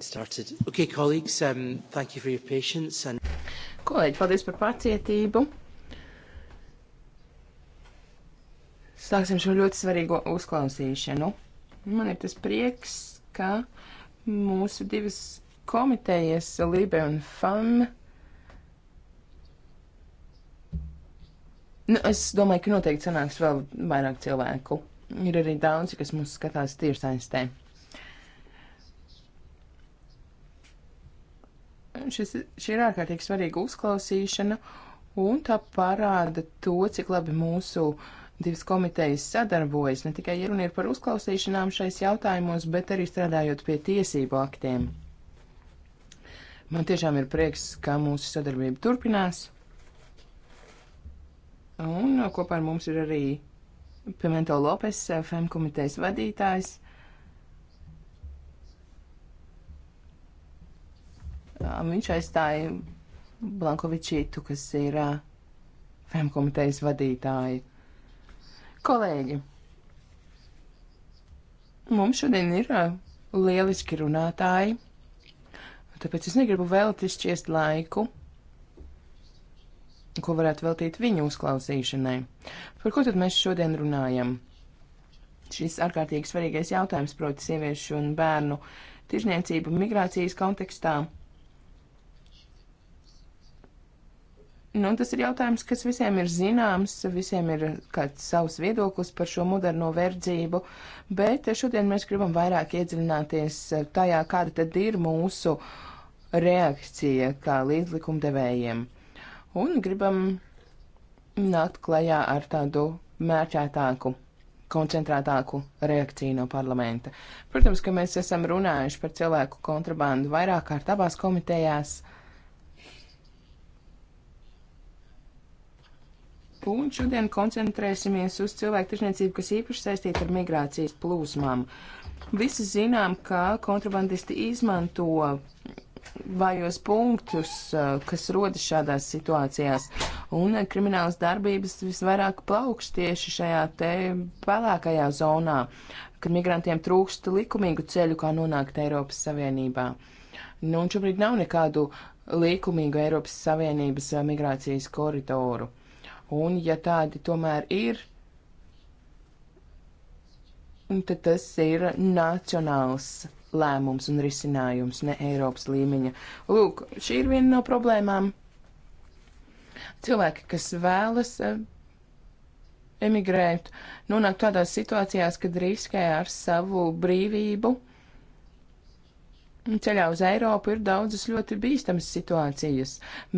Started. Okay, colleagues, um, thank you for your patience. And... Kolēģi, paldies par pacietību. Sāksim šo ļoti svarīgo uzklausīšanu. Man ir tas prieks, ka mūsu divas komitejas, Libe un FAM, Nu, es domāju, ka noteikti sanāks vēl vairāk cilvēku. Ir arī daudzi, kas mūs skatās tiešsaistē. Šis, šī ir ārkārtīgi svarīga uzklausīšana, un tā parāda to, cik labi mūsu divas komitejas sadarbojas, ne tikai ja runa ir par uzklausīšanām šais jautājumos, bet arī strādājot pie tiesību aktiem. Man tiešām ir prieks, ka mūsu sadarbība turpinās. Un kopā ar mums ir arī Pimento Lopes, FEM komitejas vadītājs. Um, viņš aizstāja Blankovičītu, kas ir uh, FEM komitejas vadītāja. Kolēģi, mums šodien ir uh, lieliski runātāji, tāpēc es negribu vēlēt izšķiest laiku, ko varētu veltīt viņu uzklausīšanai. Par ko tad mēs šodien runājam? Šis ārkārtīgi svarīgais jautājums, proti, sieviešu un bērnu tirzniecību migrācijas kontekstā. Nu, tas ir jautājums, kas visiem ir zināms, visiem ir kāds savs viedoklis par šo moderno verdzību, bet šodien mēs gribam vairāk iedziļināties tajā, kāda tad ir mūsu reakcija kā līdzlikumdevējiem. Un gribam nākt klajā ar tādu mērķētāku, koncentrētāku reakciju no parlamenta. Protams, ka mēs esam runājuši par cilvēku kontrabandu vairāk kārt abās komitejās. Uh, Un šodien koncentrēsimies uz cilvēku tirzniecību, kas īpaši saistīta ar migrācijas plūsmām. Visi zinām, ka kontrabandisti izmanto vājos punktus, kas rodas šādās situācijās, un kriminālas darbības visvairāk plaukš tieši šajā te pelēkajā zonā, kad migrantiem trūkst likumīgu ceļu, kā nonākt Eiropas Savienībā. Nu, un šobrīd nav nekādu likumīgu Eiropas Savienības migrācijas koridoru. Un, ja tādi tomēr ir, tad tas ir nacionāls lēmums un risinājums, ne Eiropas līmeņa. Lūk, šī ir viena no problēmām. Cilvēki, kas vēlas eh, emigrēt, nonāk tādās situācijās, kad riskē ar savu brīvību Ceļā uz Eiropu ir daudzas ļoti bīstamas situācijas.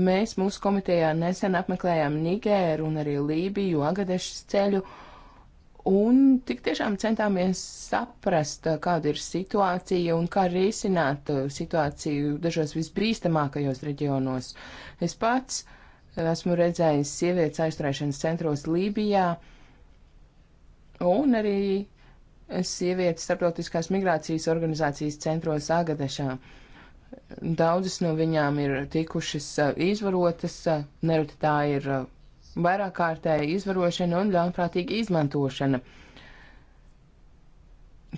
Mēs mūsu komitejā nesen apmeklējām Nigēru un arī Lībiju, Agadešas ceļu, un tik tiešām centāmies saprast, kāda ir situācija un kā risināt uh, situāciju dažos visbīstamākajos reģionos. Es pats esmu redzējis sievietes aizturēšanas centros Lībijā un arī sievietes starptautiskās migrācijas organizācijas centros Agadešā. Daudzas no viņām ir tikušas izvarotas, nereti tā ir vairāk kārtēja izvarošana un ļaunprātīga izmantošana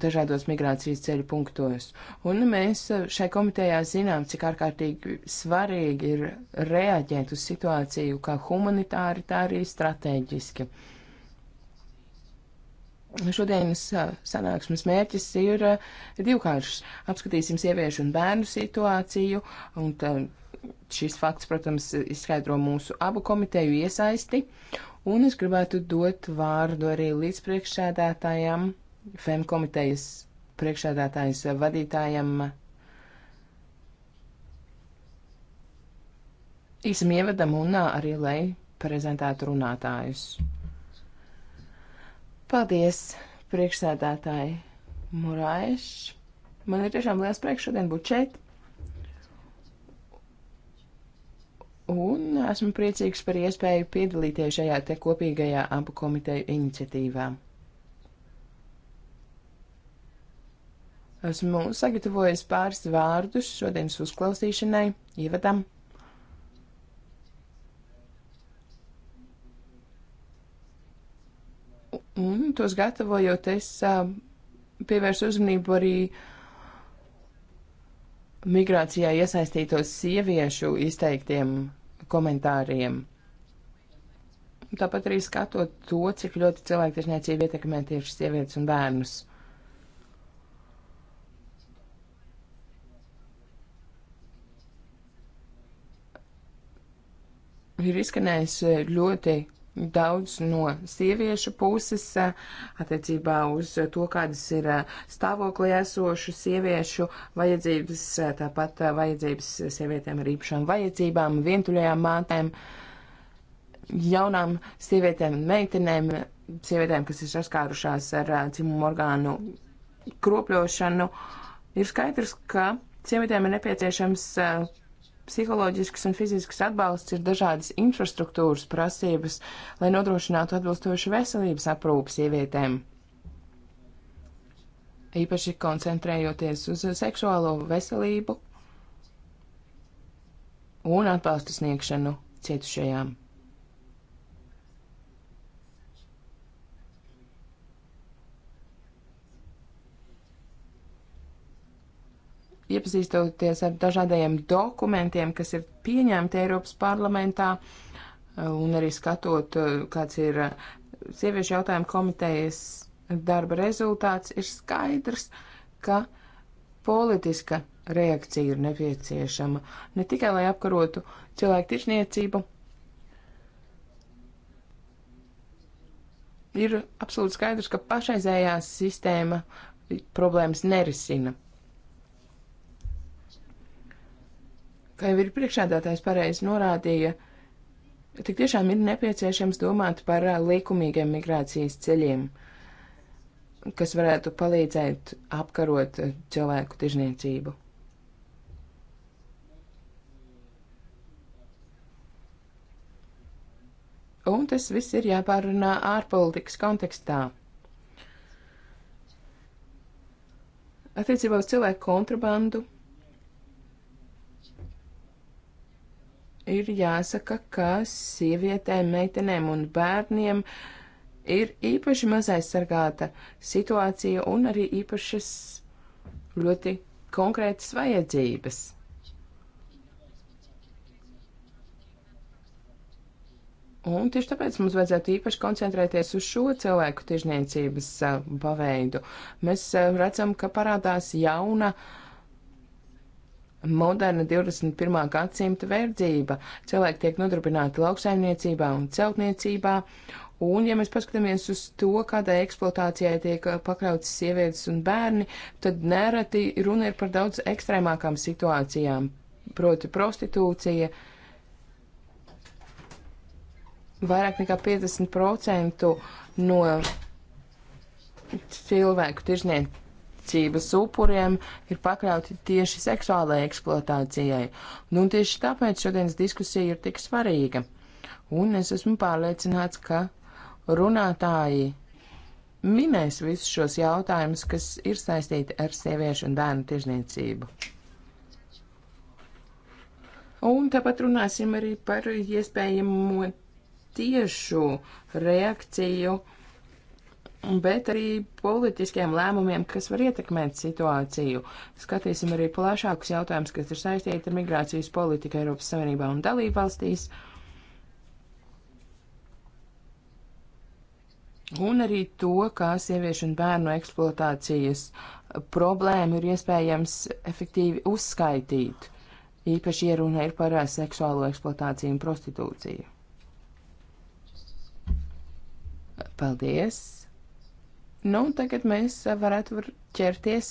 dažādos migrācijas ceļu punktos. Un mēs šai komitejā zinām, cik ārkārtīgi svarīgi ir reaģēt uz situāciju kā humanitāri, tā arī strateģiski. Uh, Šodienas sanāksmes mērķis ir divkāršs. Apskatīsim sieviešu un bērnu situāciju, un tā, šis fakts, protams, izskaidro mūsu abu komiteju iesaisti, un es gribētu dot vārdu arī līdzpriekšsēdētājam, FEM komitejas priekšsēdētājas vadītājam. Īsam ievadam un arī, lai prezentētu runātājus. Paldies, priekšsēdētāji Murāešs. Man ir tiešām liels prieks šodien būt šeit. Un esmu priecīgs par iespēju piedalīties šajā te kopīgajā abu komiteju iniciatīvā. Esmu sagatavojis pāris vārdus šodienas uzklausīšanai, ievadam. Un tos gatavojot, es pievēršu uzmanību arī migrācijā iesaistītos sieviešu izteiktiem komentāriem. Tāpat arī skatot to, cik ļoti cilvēktiesniecība ietekmē tieši sievietes un bērnus. Ir izskanējis ļoti daudz no sieviešu puses eh, attiecībā uz to, kādas ir eh, stāvoklī esošu sieviešu vajadzības, eh, tāpat vajadzības sievietēm ar īpašām vajadzībām, vientuļajām mātēm, jaunām sievietēm un meitenēm, sievietēm, kas ir saskārušās ar dzimumu orgānu kropļošanu. Ir skaidrs, ka sievietēm ir nepieciešams psiholoģisks un fizisks atbalsts ir dažādas infrastruktūras prasības, lai nodrošinātu atbilstošu veselības aprūpu sievietēm. Īpaši koncentrējoties uz seksuālo veselību un atbalstu sniegšanu cietušajām. iepazīstoties ar dažādajiem dokumentiem, kas ir pieņemti Eiropas parlamentā, un arī skatot, eh, kāds ir eh, sieviešu jautājumu komitejas darba rezultāts, ir skaidrs, ka politiska reakcija ir nepieciešama ne tikai, lai apkarotu cilvēku tirsniecību, ir absolūti skaidrs, ka pašreizējā sistēma problēmas nerisina. Kā jau ir priekšādātājs pareizi norādīja, tik tiešām ir nepieciešams domāt par likumīgiem migrācijas ceļiem, kas varētu palīdzēt apkarot cilvēku tirzniecību. Un tas viss ir jāpārunā ārpolitikas kontekstā. Attiecībā uz cilvēku kontrabandu ir jāsaka, ka sievietēm, meitenēm un bērniem ir īpaši mazaizsargāta situācija un arī īpašas ļoti konkrētas vajadzības. Un tieši tāpēc mums vajadzētu īpaši koncentrēties uz šo cilvēku tirzniecības paveidu. Mēs redzam, ka parādās jauna uh, moderna 21. gadsimta verdzība. Cilvēki tiek nodarbināti lauksaimniecībā un celtniecībā, un ja mēs paskatāmies uz to, kādai eksploatācijai tiek uh, pakļauts sievietes un bērni, tad nereti runa ir par daudz ekstrēmākām situācijām, proti prostitūcija. Vairāk nekā 50% no cilvēku tirzniecības tirzniecības upuriem ir pakļauti tieši seksuālajai eksploatācijai. Nu, un tieši tāpēc šodienas diskusija ir tik svarīga. Un es esmu pārliecināts, ka runātāji minēs visus šos jautājumus, kas ir saistīti ar sieviešu un bērnu tirzniecību. Un tāpat runāsim arī par iespējamo tiešu reakciju uh, bet arī politiskiem lēmumiem, kas var ietekmēt situāciju. Skatīsim arī plašākus jautājumus, kas ir saistīti ar migrācijas politiku Eiropas Savienībā un dalību valstīs. Un arī to, kā sieviešu un bērnu eksploatācijas problēmu ir iespējams efektīvi uzskaitīt, īpaši ieruna ir par seksuālo eksploatāciju un prostitūciju. Paldies! Nu, tagad mēs varētu ķerties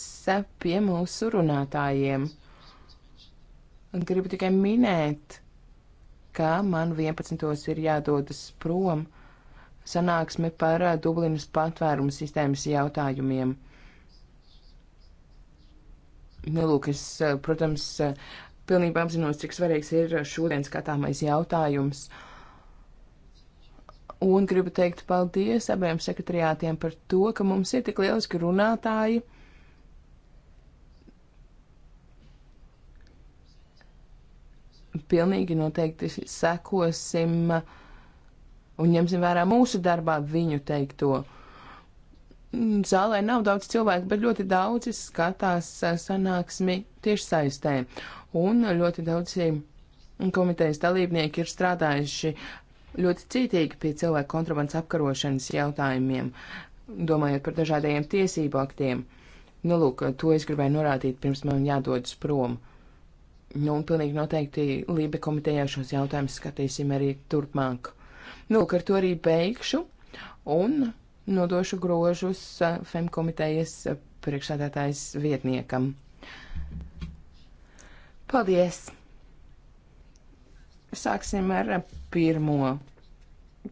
pie mūsu runātājiem. Gribu tikai minēt, ka man 11. ir jādodas prom sanāksme par Dublinas patvērumu sistēmas jautājumiem. Nu, lūk, es, protams, pilnībā apzinos, cik svarīgs ir šodien skatāmais jautājums. Uh, Un gribu teikt paldies abiem sekretariātiem par to, ka mums ir tik lieliski runātāji. Pilnīgi noteikti sekosim un ņemsim vērā mūsu darbā viņu teikto. Zālē nav daudz cilvēku, bet ļoti daudzi skatās sanāksmi tieši saistē. Un ļoti daudzi komitejas dalībnieki ir strādājuši ļoti cītīgi pie cilvēku kontrabandas apkarošanas jautājumiem, domājot par dažādajiem tiesību aktiem. Nu, lūk, to es gribēju norādīt, pirms man jādodas prom. Nu, un pilnīgi noteikti Lībe komitejā šos jautājumus skatīsim arī turpmāk. Nu, lūk, ar to arī beigšu un nodošu grožus FEM komitejas priekšsādātājs vietniekam. Paldies! Sāksim ar pirmo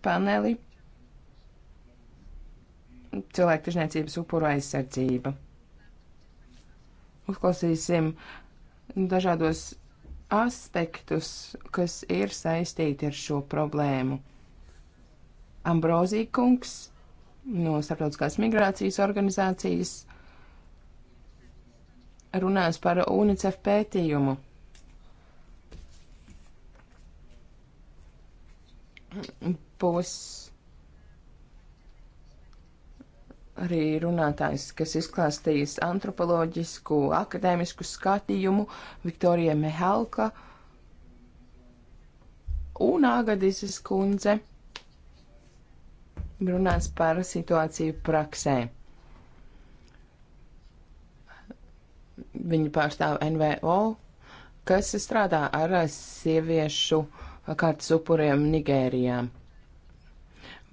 paneli. Cilvēku tirzniecības upuru aizsardzība. Uzklausīsim dažādos aspektus, kas ir saistīti ar šo problēmu. Ambrozīkungs no Starptautiskās migrācijas organizācijas runās par UNICEF pētījumu būs arī runātājs, kas izklāstījis antropoloģisku, akadēmisku skatījumu Viktorija Mehalka un Agadizes kundze runās par situāciju praksē. Viņa pārstāv NVO, kas strādā ar sieviešu uh, kārtas upuriem Nigērijā.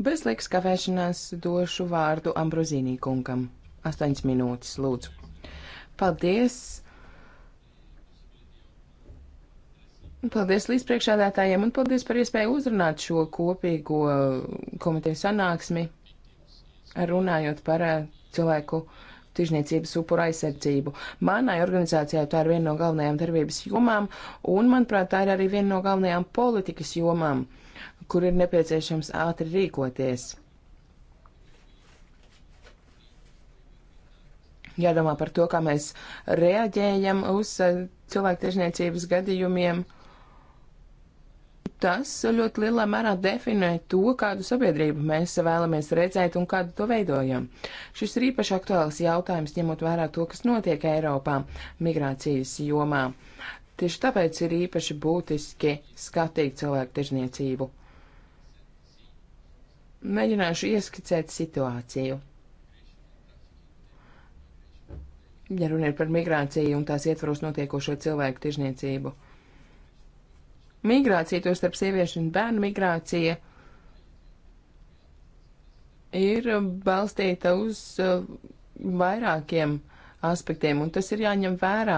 Bez liekas kavēšanās došu vārdu Ambrozīnī kungam. Astoņas minūtes, lūdzu. Paldies! Paldies līdzpriekšādātājiem un paldies par iespēju uzrunāt šo kopīgo komiteju sanāksmi, runājot par eh, cilvēku uh, tirzniecības upuru aizsardzību. Manai organizācijai tā ir viena no galvenajām darbības jomām, un, manuprāt, tā ir arī viena no galvenajām politikas jomām, kur ir nepieciešams ātri rīkoties. Jādomā par to, kā mēs reaģējam uz uh, cilvēku tirzniecības gadījumiem tas ļoti lielā mērā definē to, kādu sabiedrību mēs vēlamies redzēt un kādu to veidojam. Šis ir īpaši aktuāls jautājums, ņemot vērā to, kas notiek Eiropā migrācijas jomā. Tieši tāpēc ir īpaši būtiski skatīt cilvēku tirzniecību. Mēģināšu ieskicēt situāciju. Ja runa ir par migrāciju un tās ietvaros notiekošo cilvēku tirzniecību migrācija, to starp sieviešu un bērnu migrācija, ir balstīta uz uh, vairākiem aspektiem, un tas ir jāņem vērā.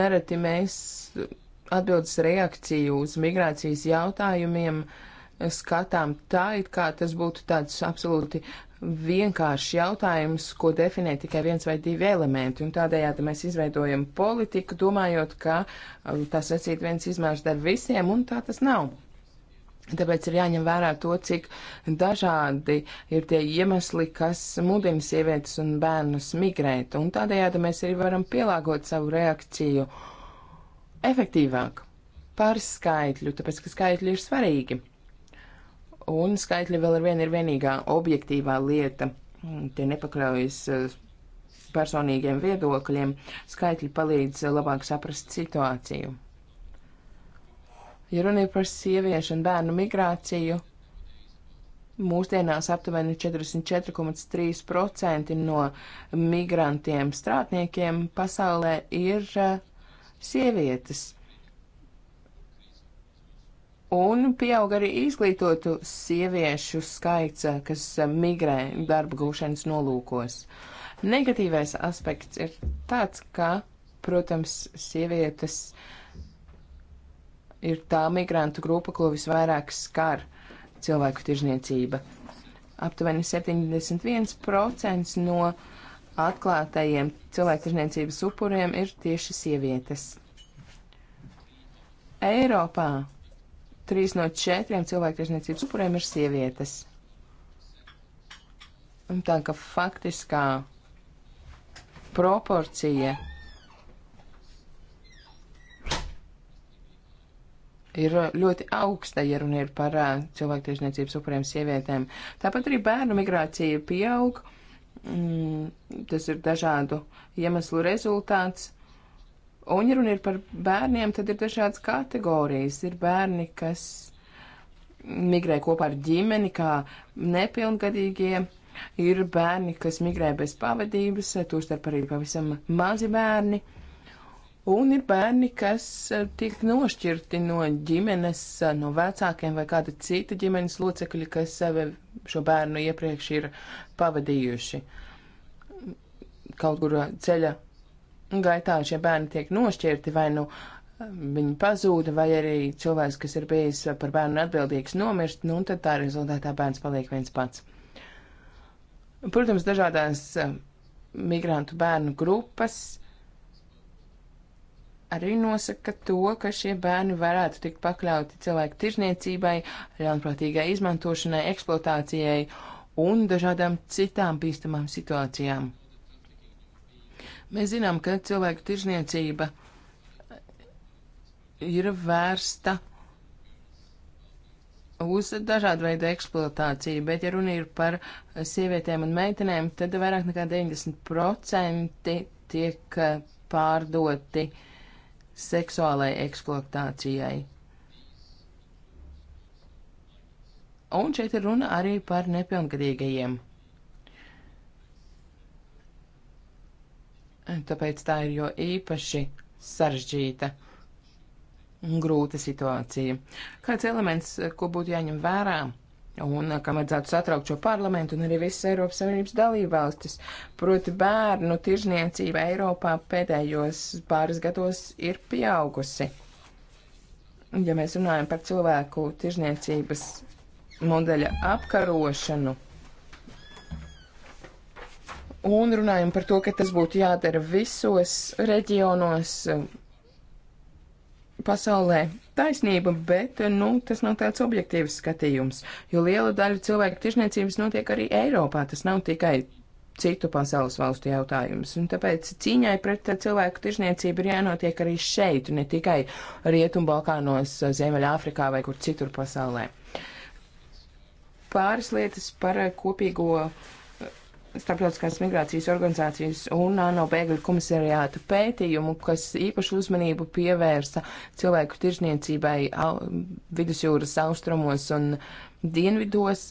Nereti mēs atbildes reakciju uz migrācijas jautājumiem skatām tā, it kā tas būtu tāds absolūti vienkāršs jautājums, ko definē tikai viens vai divi elementi, un tādējādi mēs izveidojam politiku, domājot, ka um, tas sacīt viens izmērs dar visiem, un tā tas nav. Tāpēc ir jāņem vērā to, cik dažādi ir tie iemesli, kas mudina sievietes un bērnus migrēt, un tādējādi mēs arī varam pielāgot savu reakciju efektīvāk par skaitļu, tāpēc ka skaitļi ir svarīgi. Un skaitļi vēl ar vienu ir vienīgā objektīvā lieta. Mm, tie nepakļaujas eh, personīgiem viedokļiem. Skaitļi palīdz eh, labāk saprast situāciju. Ja runa ir par sieviešu un bērnu migrāciju, mūsdienās aptuveni 44,3% no migrantiem strādniekiem pasaulē ir eh, sievietes. Un pieaug arī izglītotu sieviešu skaits, kas migrē darba gūšanas nolūkos. Negatīvais aspekts ir tāds, ka, protams, sievietes ir tā migrantu grupa, ko visvairāk skar cilvēku tirzniecība. Aptuveni 71% no atklātajiem cilvēku tirzniecības upuriem ir tieši sievietes. Eiropā Trīs no četriem cilvēktiesniecības upuriem ir sievietes. Un tā ka faktiskā proporcija ir ļoti augsta, ja runa ir par uh, cilvēktiesniecības upuriem sievietēm. Tāpat arī bērnu migrācija pieaug. Mm, tas ir dažādu iemeslu rezultāts. Un, ja runa ir par bērniem, tad ir dažādas kategorijas. Ir bērni, kas migrē kopā ar ģimeni, kā nepilngadīgie. Ir bērni, kas migrē bez pavadības, tostarp arī pavisam mazi bērni. Un ir bērni, kas eh, tiek nošķirti no ģimenes, eh, no vecākiem vai kāda cita ģimenes locekļa, kas eh, šo bērnu iepriekš ir pavadījuši kaut kur ceļa gaitā šie bērni tiek nošķirti vai nu um, viņi pazūda, vai arī cilvēks, kas ir bijis par bērnu atbildīgs, nomirst, nu, un tad tā rezultātā bērns paliek viens pats. Protams, dažādās um, migrantu bērnu grupas arī nosaka to, ka šie bērni varētu tikt pakļauti cilvēku tirzniecībai, ļaunprātīgai izmantošanai, eksploatācijai un dažādām citām bīstamām situācijām. Mēs zinām, ka cilvēku tirzniecība ir vērsta uz dažādu veidu eksploatāciju, bet, ja runa ir par sievietēm un meitenēm, tad vairāk nekā 90% tiek eh, pārdoti seksuālai eksploatācijai. Un šeit ir runa arī par nepilngadīgajiem. Tāpēc tā ir jo īpaši sarežģīta un grūta situācija. Kāds elements, ko būtu jāņem vērā un kam vajadzētu satraukt šo parlamentu un arī visas Eiropas Savienības dalībvalstis, proti bērnu tirzniecība Eiropā pēdējos pāris gados ir pieaugusi. Ja mēs runājam par cilvēku tirzniecības modeļa apkarošanu, Un runājam par to, ka tas būtu jādara visos reģionos um, pasaulē. Taisnība, bet uh, nu, tas nav tāds objektīvs skatījums, jo liela daļa cilvēku tirzniecības notiek arī Eiropā. Tas nav tikai citu pasaules valstu jautājums. Un tāpēc cīņai pret uh, cilvēku tirzniecību ir jānotiek arī šeit, ne tikai Rietumbalkānos, uh, Ziemeļāfrikā vai kur citur pasaulē. Pāris lietas par kopīgo Starptautiskās migrācijas organizācijas un ANO bēgļu komisariātu pētījumu, kas īpašu uzmanību pievērsa cilvēku tirzniecībai vidusjūras austrumos un dienvidos.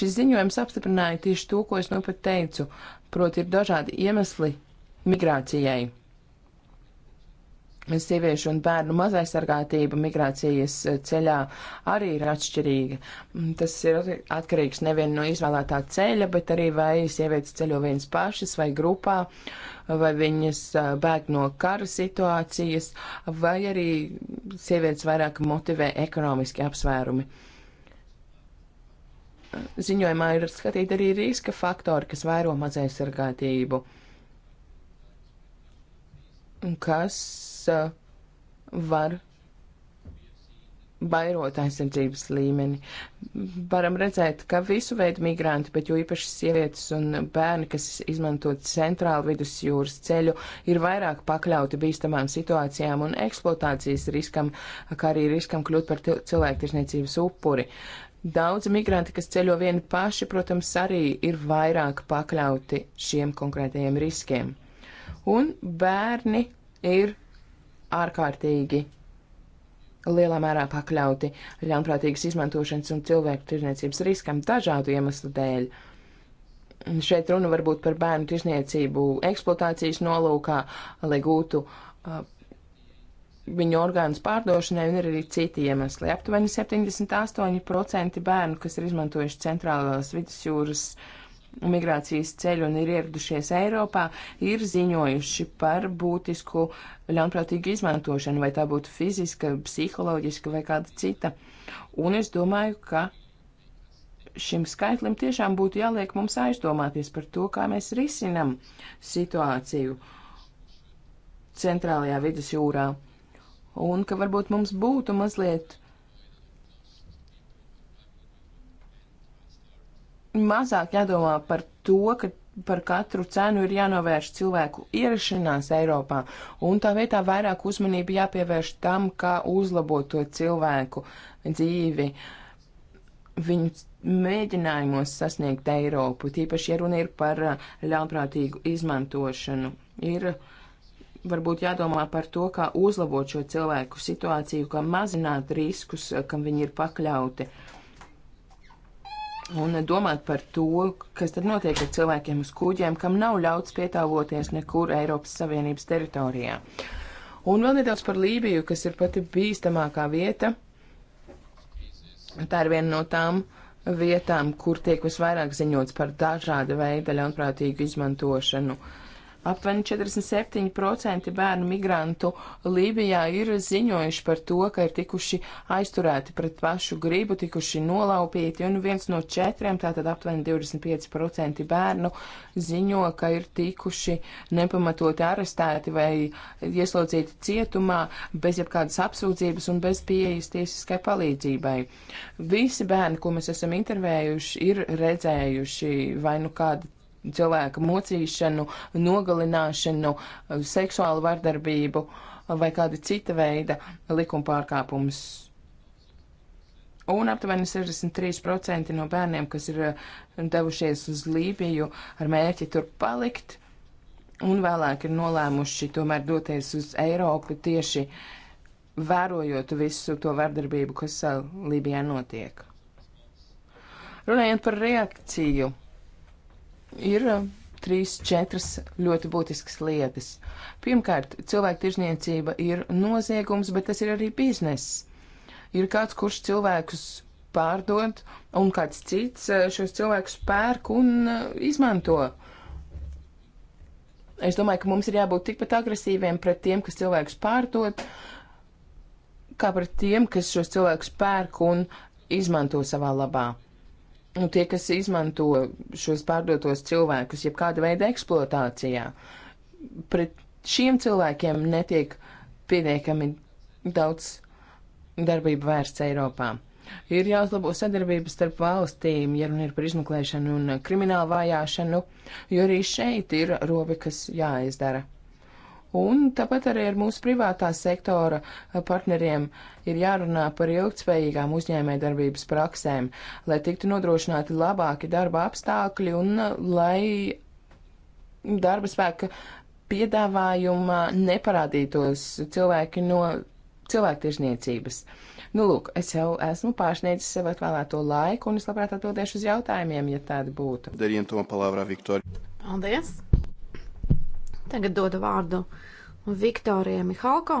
Šis ziņojums apstiprināja tieši to, ko es nu pat teicu, proti ir dažādi iemesli migrācijai sieviešu un bērnu mazaisargātība migrācijas eh, ceļā arī ir atšķirīga. Mm, tas ir atkarīgs nevien no izvēlētā ceļa, bet arī vai sievietes ceļo viens pašas vai grupā, vai viņas eh, bēg no kara situācijas, vai arī sievietes vairāk motivē ekonomiski apsvērumi. Ziņojumā ir skatīti arī riska faktori, kas vairo mazaisargātību. Kas Uh, var vairot aizsardzības līmeni. Varam redzēt, ka visu veidu migranti, bet jo īpaši sievietes un bērni, kas izmanto centrālu vidusjūras ceļu, ir vairāk pakļauti bīstamām situācijām un eksploatācijas riskam, kā arī riskam kļūt par cilvēktiesniecības upuri. Daudzi migranti, kas ceļo vieni paši, protams, arī ir vairāk pakļauti šiem konkrētajiem riskiem. Un bērni ir ārkārtīgi lielā mērā pakļauti ļaunprātīgas izmantošanas un cilvēku tirzniecības riskam dažādu iemeslu dēļ. Šeit runa var būt par bērnu tirzniecību eksploatācijas nolūkā, lai gūtu uh, viņu orgānus pārdošanai, un ir arī citi iemesli. Aptuveni 78% bērnu, kas ir izmantojuši centrālās vidusjūras uh, migrācijas ceļu un ir ieradušies Eiropā, ir ziņojuši par būtisku ļaunprātīgu izmantošanu, vai tā būtu fiziska, psiholoģiska vai kāda cita. Un es domāju, ka šim skaitlim tiešām būtu jāliek mums aizdomāties par to, kā mēs risinam situāciju centrālajā vidusjūrā. Un ka varbūt mums būtu mazliet mazāk jādomā par to, ka par katru cenu ir jānovērš cilvēku ierašanās Eiropā, un tā vietā vairāk uzmanību jāpievērš tam, kā uzlabot to cilvēku dzīvi, viņu mēģinājumos sasniegt Eiropu, tīpaši, ja runa ir par uh, ļaunprātīgu izmantošanu. Ir varbūt jādomā par to, kā uzlabot šo cilvēku situāciju, kā mazināt riskus, uh, kam viņi ir pakļauti. Uh, un domāt par to, kas tad notiek ar cilvēkiem uz kuģiem, kam nav ļauts pietāvoties nekur Eiropas Savienības teritorijā. Un vēl nedaudz par Lībiju, kas ir pati bīstamākā vieta. Tā ir viena no tām vietām, kur tiek visvairāk ziņots par dažāda veida ļaunprātīgu izmantošanu. Uh, Apmēram 47% bērnu migrantu Lībijā ir ziņojuši par to, ka ir tikuši aizturēti pret pašu gribu, tikuši nolaupīti, un viens no četriem, tātad aptuveni 25% bērnu ziņo, ka ir tikuši nepamatoti arestēti vai ieslodzīti cietumā bez jebkādas apsūdzības un bez pieejas tiesiskai palīdzībai. Visi bērni, ko mēs esam intervējuši, ir redzējuši vai nu kādu cilvēku mocīšanu, nogalināšanu, seksuālu vardarbību vai kādu cita veida likuma pārkāpumus. Un aptuveni 63% no bērniem, kas ir uh, devušies uz Lībiju ar mērķi tur palikt, un vēlāk ir nolēmuši tomēr doties uz Eiropu tieši vērojot visu to vardarbību, kas uh, Lībijā notiek. Runājot par reakciju ir uh, trīs, četras ļoti būtiskas lietas. Pirmkārt, cilvēktirzniecība ir noziegums, bet tas ir arī bizness. Ir kāds, kurš cilvēkus pārdod, un kāds cits uh, šos cilvēkus pērk un uh, izmanto. Es domāju, ka mums ir jābūt tikpat agresīviem pret tiem, kas cilvēkus pārdod, kā pret tiem, kas šos cilvēkus pērk un izmanto savā labā nu, tie, kas izmanto šos pārdotos cilvēkus, jeb kāda veida eksploatācijā, pret šiem cilvēkiem netiek pietiekami daudz darbību vērsts Eiropā. Ir jāuzlabo sadarbība starp valstīm, ja runa ir par izmeklēšanu un kriminālu vajāšanu, jo arī šeit ir robi, kas jāizdara. Un tāpat arī ar mūsu privātā sektora eh, partneriem ir jārunā par ilgtspējīgām uzņēmējdarbības praksēm, lai tiktu nodrošināti labāki darba apstākļi un eh, lai darba spēka piedāvājumā neparādītos cilvēki no cilvēktiesniecības. Nu, lūk, es jau esmu pārsniedzis sev atvēlēto laiku, un es labprāt atbildēšu uz jautājumiem, ja tādi būtu. Darījām to palavrā, Viktorija. Paldies! Tagad dodu vārdu Viktorijai Mihalko,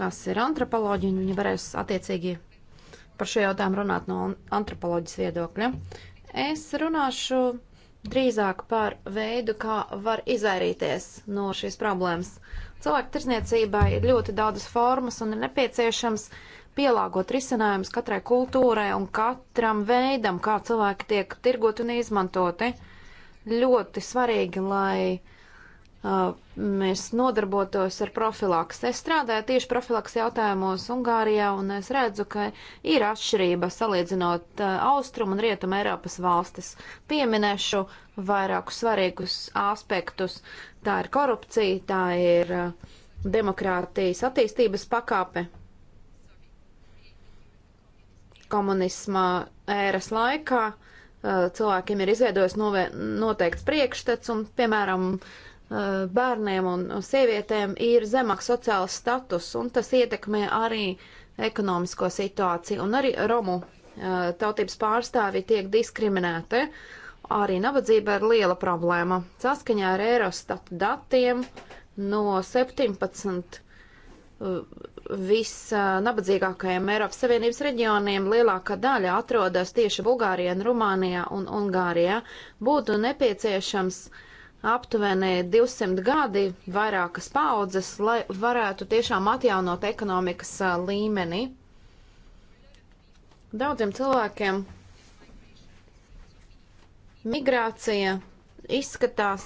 kas ir antropoloģija, un viņa varēs attiecīgi par šo jautājumu runāt no antropoloģijas viedokļa. Es runāšu drīzāk par veidu, kā var izvairīties no šīs problēmas. Cilvēku tirzniecībai ir ļoti daudzas formas un ir nepieciešams pielāgot risinājumus katrai kultūrai un katram veidam, kā cilvēki tiek tirgoti un izmantoti. Uh, ļoti svarīgi, lai uh, mēs nodarbotos ar profilaks. Es strādāju tieši profilaks jautājumos Ungārijā, un es redzu, ka ir atšķirība salīdzinot uh, Austrum un Rietum Eiropas valstis. Pieminēšu vairākus svarīgus aspektus. Tā ir korupcija, tā ir uh, demokrātijas attīstības pakāpe, komunisma ēras laikā cilvēkiem ir izveidojis noteikts priekšstats, un, piemēram, eh, bērniem un sievietēm ir zemāks sociāls status, un tas ietekmē arī ekonomisko situāciju, un arī romu eh, tautības pārstāvi tiek diskriminēti. Arī nabadzība ir liela problēma. Saskaņā ar Eurostatu datiem no 17 visnabadzīgākajiem Eiropas Savienības reģioniem lielākā daļa atrodas tieši Bulgārijā, Rumānijā un Ungārijā. Būtu nepieciešams aptuveni 200 gadi, vairākas paudzes, lai varētu tiešām atjaunot ekonomikas līmeni. Daudziem cilvēkiem migrācija izskatās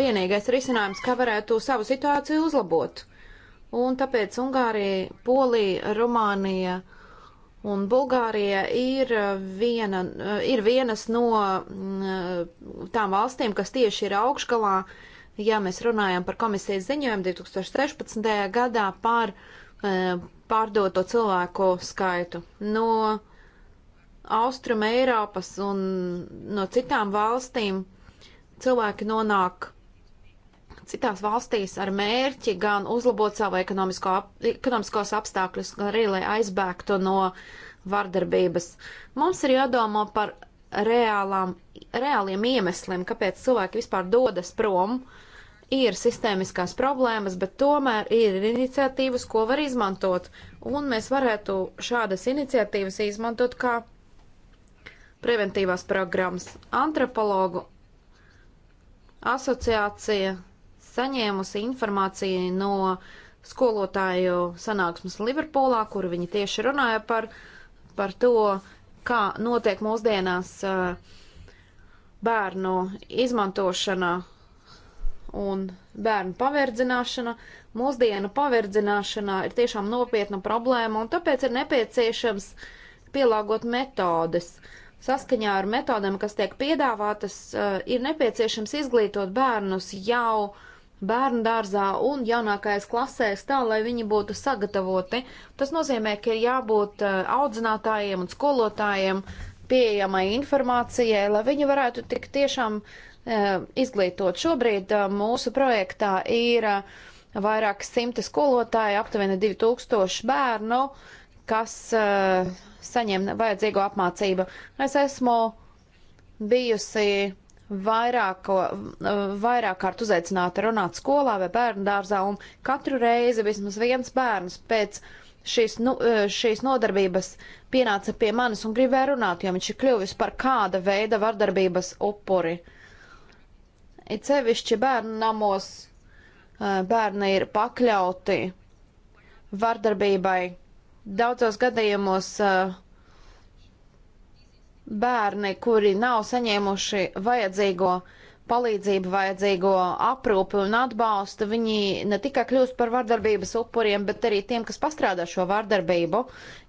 vienīgais risinājums, kā varētu savu situāciju uzlabot un tāpēc Ungārija, Polija, Rumānija un Bulgārija ir, uh, viena, uh, ir vienas no mm, tām valstīm, kas tieši ir augšgalā, ja mēs runājam par komisijas ziņojumu 2013. gadā par uh, pārdoto cilvēku skaitu. No Austruma Eiropas un no citām valstīm cilvēki nonāk citās valstīs ar mērķi gan uzlabot savu ekonomisko, ekonomiskos apstākļus, gan arī, lai aizbēgtu no vardarbības. Mums ir jādomā par reālām, reāliem iemesliem, kāpēc cilvēki vispār dodas prom. Ir sistēmiskās problēmas, bet tomēr ir iniciatīvas, ko var izmantot, un mēs varētu šādas iniciatīvas izmantot kā preventīvās programmas antropologu asociācija saņēmusi informāciju no skolotāju sanāksmes Liverpoolā, kur viņi tieši runāja par, par to, kā notiek mūsdienās eh, bērnu izmantošana un bērnu paverdzināšana. Mūsdienu paverdzināšana ir tiešām nopietna problēma, un tāpēc ir nepieciešams pielāgot metodes. Saskaņā ar metodēm, kas tiek piedāvātas, eh, ir nepieciešams izglītot bērnus jau uh, bērnu dārzā un jaunākais klasēs tā, lai viņi būtu sagatavoti. Tas nozīmē, ka ir jābūt eh, audzinātājiem un skolotājiem pieejamai informācijai, lai viņi varētu tik tiešām e, izglītot. Šobrīd e, mūsu projektā ir e, vairāk simti skolotāji, aptuveni 2000 bērnu, kas saņem vajadzīgo apmācību. Es esmu bijusi vairāko, eh, vairāk kārt uzaicināti runāt skolā vai bērnu dārzā, un katru reizi vismaz viens bērns pēc šīs, nu, eh, šīs nodarbības pienāca pie manis un gribēja runāt, jo viņš ir kļuvis par kāda veida vardarbības upuri. It sevišķi bērnu namos eh, bērni ir pakļauti vardarbībai. Daudzos gadījumos uh, bērni, kuri nav saņēmuši vajadzīgo palīdzību, vajadzīgo aprūpi un atbalstu, viņi ne tikai kļūst par vardarbības upuriem, bet arī tiem, kas pastrādā šo vardarbību,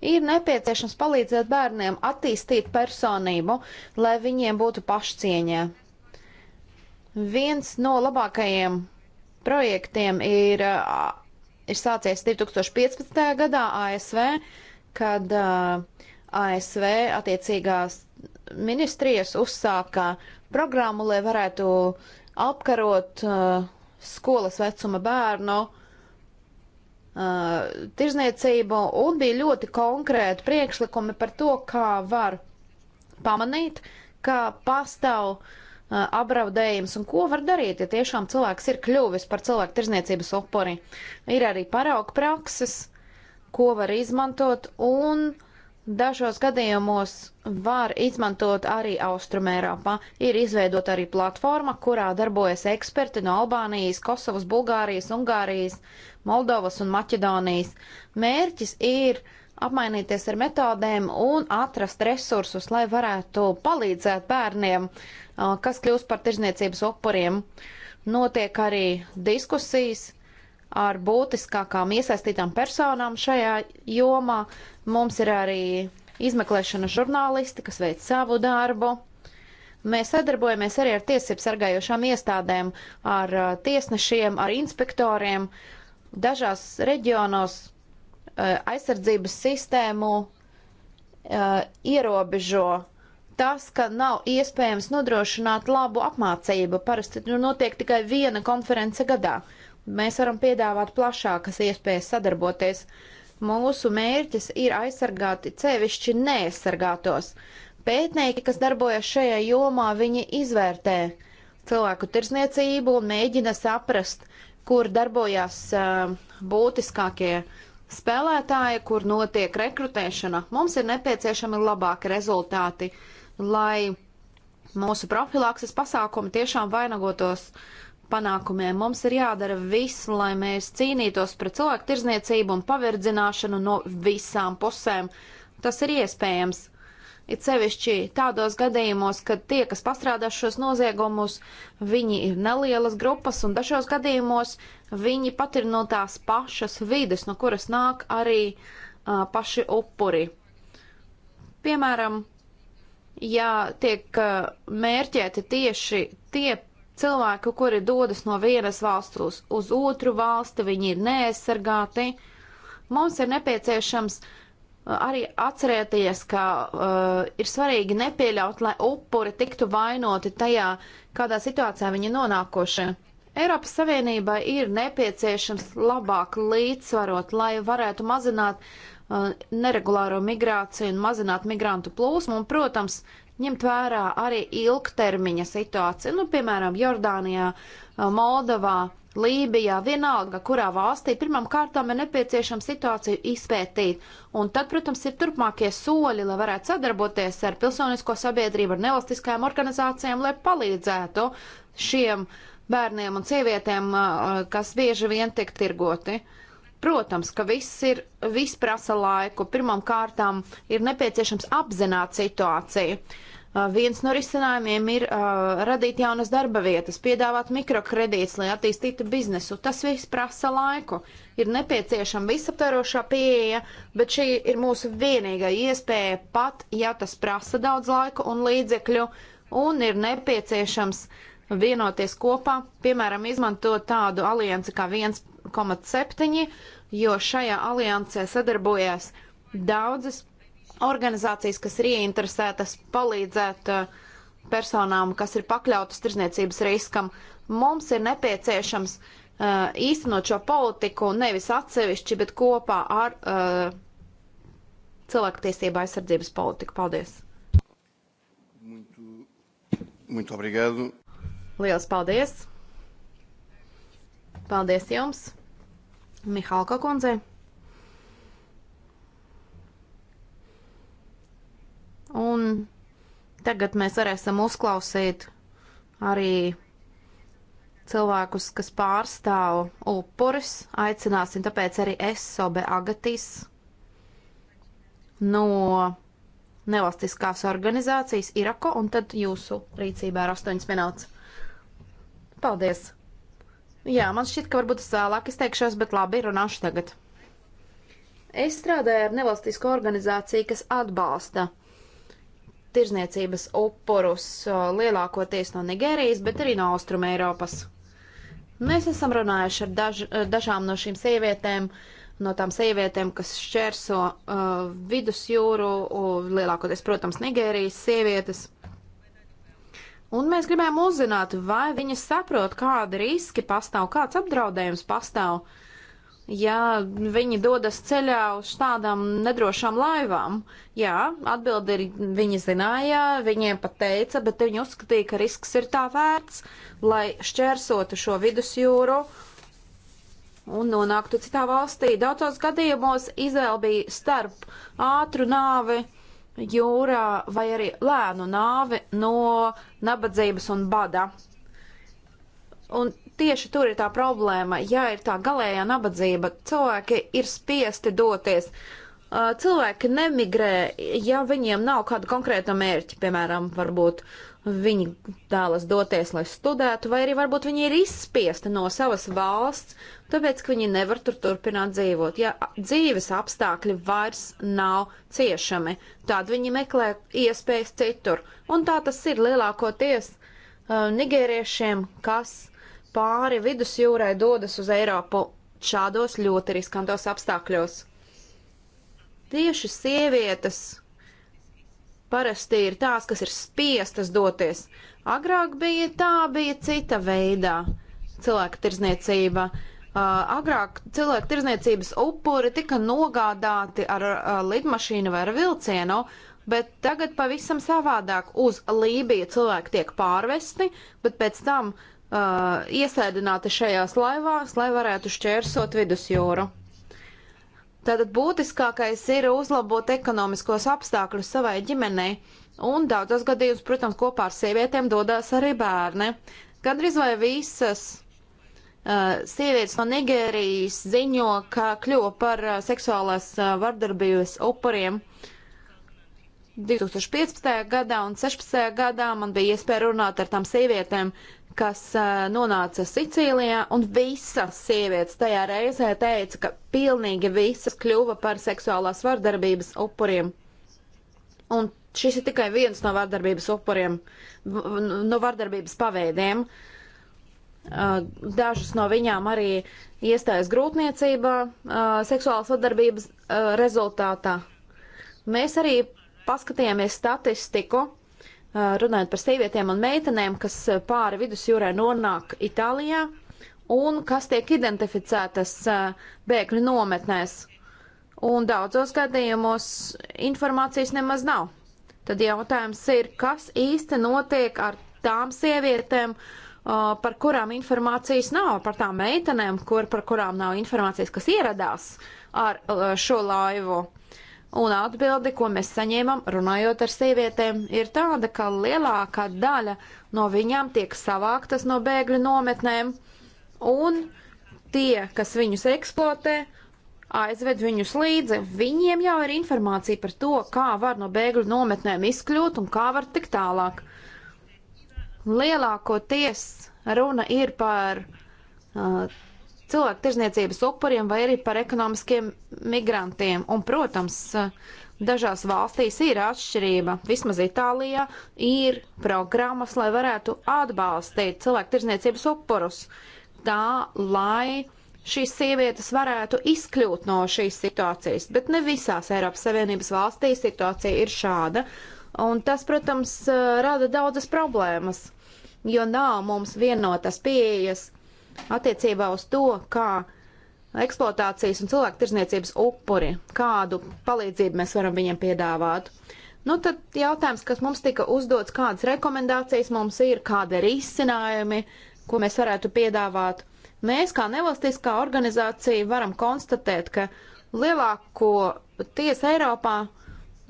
ir nepieciešams palīdzēt bērniem attīstīt personību, lai viņiem būtu pašcieņā. Viens no labākajiem projektiem ir, ir sācies 2015. gadā ASV, kad uh, ASV attiecīgās ministrijas uzsāka programmu, lai varētu apkarot uh, skolas vecuma bērnu uh, tirzniecību, un bija ļoti konkrēti priekšlikumi par to, kā var pamanīt, ka pastāv uh, apdraudējums un ko var darīt, ja tiešām cilvēks ir kļuvis par cilvēku tirzniecības upuri. Ir arī parauga prakses, ko var izmantot, un uh, Dažos gadījumos var izmantot arī Austrumērāpā. Ir izveidota arī platforma, kurā darbojas eksperti no Albānijas, Kosovas, Bulgārijas, Ungārijas, Moldovas un Maķedonijas. Mērķis ir apmainīties ar metodēm un atrast resursus, lai varētu palīdzēt bērniem, kas kļūst par tirzniecības upuriem. Notiek arī diskusijas ar būtiskākām iesaistītām personām šajā jomā. Mums ir arī izmeklēšana žurnālisti, kas veic savu darbu. Mēs sadarbojamies arī ar tiesību sargājošām iestādēm, ar uh, tiesnešiem, ar inspektoriem. Dažās reģionos uh, aizsardzības sistēmu uh, ierobežo tas, ka nav iespējams nodrošināt labu apmācību. Parasti nu, notiek tikai viena konference gadā. Uh, Mēs varam piedāvāt plašākas iespējas sadarboties. Mūsu mērķis ir aizsargāt cevišķi neaizsargātos. Pētnieki, kas darbojas šajā jomā, viņi izvērtē cilvēku tirsniecību un mēģina saprast, kur darbojas uh, būtiskākie spēlētāji, kur notiek rekrutēšana. Mums ir nepieciešami labāki rezultāti, lai mūsu profilakses pasākumi tiešām vainagotos uh, panākumiem. Mums ir jādara viss, lai mēs cīnītos pret cilvēku tirzniecību un paverdzināšanu no visām pusēm. Tas ir iespējams. It sevišķi tādos gadījumos, kad tie, kas pastrādā šos noziegumus, viņi ir nelielas grupas, un dažos gadījumos viņi pat ir no tās pašas vides, no kuras nāk arī uh, paši upuri. Piemēram, ja tiek uh, mērķēti tieši tie cilvēku, kuri dodas no vienas valsts uz, uz otru valsti, viņi ir neaizsargāti. Mums ir nepieciešams uh, arī atcerēties, ka uh, ir svarīgi nepieļaut, lai upuri tiktu vainoti tajā, kādā situācijā viņi nonākoši. Eiropas Savienībai ir nepieciešams labāk līdzsvarot, lai varētu mazināt uh, neregulāro migrāciju un mazināt migrantu plūsmu, un, protams, uh, ņemt vērā arī ilgtermiņa situāciju, nu, piemēram, Jordānijā, Moldovā, Lībijā, vienalga, kurā valstī pirmām kārtām ir nepieciešama situāciju izpētīt, un tad, protams, ir turpmākie soļi, lai varētu sadarboties ar pilsonisko sabiedrību, ar nevalstiskajām organizācijām, lai palīdzētu šiem bērniem un sievietēm, kas bieži vien tiek tirgoti. Uh, Protams, ka viss ir, viss prasa laiku. Pirmām kārtām ir nepieciešams apzināt situāciju. Uh, viens no risinājumiem ir uh, radīt jaunas darba vietas, piedāvāt mikrokredītus, lai attīstītu biznesu. Tas viss prasa laiku. Ir nepieciešama visaptvarošā pieeja, bet šī ir mūsu vienīgā iespēja, pat ja tas prasa daudz laika un līdzekļu, un ir nepieciešams vienoties kopā, piemēram, izmantot tādu aliansi kā viens 2,7, jo šajā aliansē sadarbojās daudzas organizācijas, kas ir ieinteresētas palīdzēt uh, personām, kas ir pakļautas tirzniecības riskam. Mums ir nepieciešams uh, īstenot šo politiku nevis atsevišķi, bet kopā ar uh, cilvēktiesība aizsardzības politiku. Paldies! Muito, muito obrigado! Lielas paldies! Paldies jums, Mihalka kundze. Un tagad mēs varēsim uzklausīt arī cilvēkus, kas pārstāv upuris. Aicināsim tāpēc arī Esobe Agatīs no nevalstiskās organizācijas Irako, un tad jūsu rīcībā ir 8 minūtes. Paldies! Jā, man šķiet, ka varbūt es vēlāk izteikšos, bet labi, runāšu tagad. Es strādāju ar nevalstisko organizāciju, kas atbalsta tirzniecības upurus lielākoties no Nigērijas, bet arī no Austruma Eiropas. Mēs esam runājuši ar daž, e, dažām no šīm sievietēm, no tām sievietēm, kas šķērso uh, vidusjūru, lielākoties, protams, Nigērijas sievietes. Un mēs gribējām uzzināt, vai viņi saprot, kādi riski pastāv, kāds apdraudējums pastāv, ja viņi dodas ceļā uz tādām nedrošām laivām. Jā, atbildi ir, viņi zināja, viņiem pat teica, bet viņi uzskatīja, ka risks ir tā vērts, lai šķērsotu šo vidusjūru un nonāktu citā valstī. Daudzos gadījumos Izraela bija starp ātru nāvi jūrā vai arī lēnu nāvi no nabadzības un bada. Un tieši tur ir tā problēma, ja ir tā galējā nabadzība, cilvēki ir spiesti doties. Cilvēki nemigrē, ja viņiem nav kāda konkrēta mērķa, piemēram, varbūt viņi vēlas doties, lai studētu, vai arī varbūt viņi ir izspiesti no savas valsts, tāpēc, ka viņi nevar tur turpināt dzīvot. Ja dzīves apstākļi vairs nav ciešami, tad viņi meklē iespējas citur. Un tā tas ir lielākoties uh, nigēriešiem, kas pāri vidusjūrai dodas uz Eiropu šādos ļoti riskantos apstākļos. Tieši sievietes parasti ir tās, kas ir spiestas doties. Agrāk bija tā, bija cita veidā cilvēka tirzniecība. Uh, agrāk cilvēku tirzniecības upuri tika nogādāti ar uh, lidmašīnu vai ar vilcienu, bet tagad pavisam savādāk uz Lībiju cilvēki tiek pārvesti, bet pēc tam uh, iesēdināti šajās laivās, lai varētu šķērsot vidusjūru. Tātad būtiskākais ir uzlabot ekonomiskos apstākļus savai ģimenei, un daudzos gadījumos, protams, kopā ar sievietēm dodas arī bērni. Gandrīz vai visas Uh, sievietes no Nigērijas ziņo, ka kļuva par uh, seksuālās uh, vardarbības upuriem. 2015. gadā un 16. gadā man bija iespēja runāt ar tām sievietēm, kas nonāca Sicīlijā, un visas sievietes tajā reizē teica, ka pilnīgi visas kļuva par seksuālās vardarbības upuriem. Un šis ir tikai viens no vardarbības upuriem, no nu, vardarbības paveidiem. Uh, Eh, dažas no viņām arī iestājas grūtniecībā, eh, seksuālas sadarbības eh, rezultātā. Mēs arī paskatījāmies statistiku, runājot par sievietēm un meitenēm, kas pāri vidusjūrē nonāk Itālijā un kas tiek identificētas bēgļu nometnēs. Un daudzos gadījumos informācijas nemaz nav. Tad jautājums ir, kas īsti notiek ar tām sievietēm, uh, par kurām informācijas nav, par tām meitenēm, kur, par kurām nav informācijas, kas ieradās ar šo laivu. Un atbildi, ko mēs saņēmam runājot ar sievietēm, ir tāda, ka lielākā daļa no viņām tiek savāktas no bēgļu nometnēm, un tie, kas viņus eksploatē, aizved viņus līdzi. Viņiem jau ir informācija par to, kā var no bēgļu nometnēm izkļūt un kā var tik tālāk lielākoties runa ir par uh, cilvēku tirzniecības upuriem vai arī par ekonomiskiem migrantiem. Un, protams, uh, dažās valstīs ir atšķirība. Vismaz Itālijā ir programmas, lai varētu atbalstīt cilvēku tirzniecības upurus. Tā, lai šīs sievietes varētu izkļūt no šīs situācijas, bet ne visās Eiropas Savienības valstīs situācija ir šāda. Un tas, protams, uh, rada daudzas problēmas jo nav mums vienotas pieejas attiecībā uz to, kā eksploatācijas un cilvēku tirzniecības upuri, kādu palīdzību mēs varam viņiem piedāvāt. Nu, tad jautājums, kas mums tika uzdots, kādas rekomendācijas mums ir, kāda ir izcinājumi, ko mēs varētu piedāvāt. Mēs, kā nevalstiskā organizācija, varam konstatēt, ka lielāko tiesu Eiropā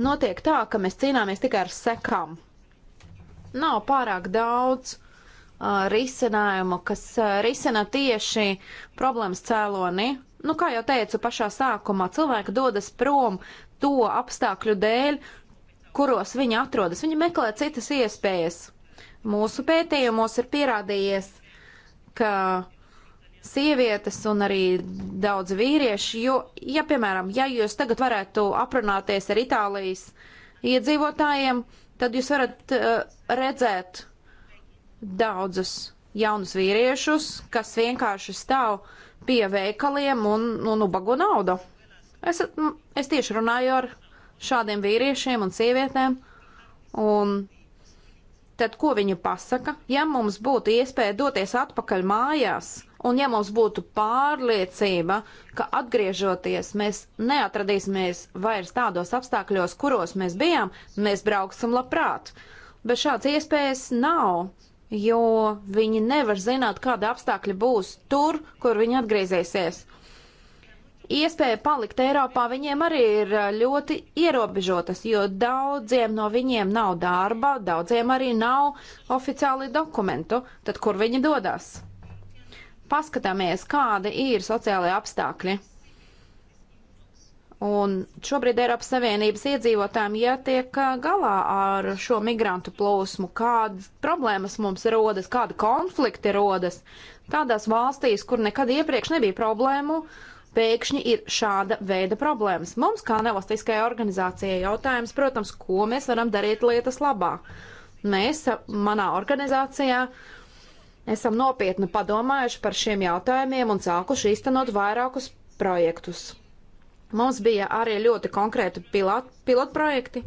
notiek tā, ka mēs cīnāmies tikai ar sekām. Nav pārāk daudz risinājumu, kas risina tieši problēmas cēloni. Nu, kā jau teicu pašā sākumā, cilvēki dodas prom to apstākļu dēļ, kuros viņi atrodas. Viņi meklē citas iespējas. Mūsu pētījumos ir pierādījies, ka sievietes un arī daudz vīrieši, jo, ja, piemēram, ja jūs tagad varētu aprunāties ar Itālijas iedzīvotājiem, tad jūs varat uh, redzēt, daudzus jaunus vīriešus, kas vienkārši stāv pie veikaliem un, un nu, nu, ubago naudu. Es, es tieši runāju ar šādiem vīriešiem un sievietēm, un tad ko viņi pasaka? Ja mums būtu iespēja doties atpakaļ mājās, un ja mums būtu pārliecība, ka atgriežoties mēs neatradīsimies vairs tādos apstākļos, kuros mēs bijām, mēs brauksim labprāt. Bet šāds iespējas nav jo viņi nevar zināt, kāda apstākļa būs tur, kur viņi atgriezīsies. Iespēja palikt Eiropā viņiem arī ir eh, ļoti ierobežotas, jo daudziem no viņiem nav darba, daudziem arī nav oficiāli dokumentu, tad kur viņi dodas? Paskatāmies, kādi ir sociālai apstākļi. Un šobrīd Eiropas Savienības iedzīvotājiem jātiek galā ar šo migrantu plūsmu, kādas problēmas mums rodas, kādi konflikti rodas. Tādās valstīs, kur nekad iepriekš nebija problēmu, pēkšņi ir šāda veida problēmas. Mums, kā nevalstiskajai organizācijai, jautājums, protams, ko mēs varam darīt lietas labā. Mēs manā organizācijā esam nopietni padomājuši par šiem jautājumiem un sākuši īstenot vairākus projektus. Mums bija arī ļoti konkrēti pilot, pilotprojekti.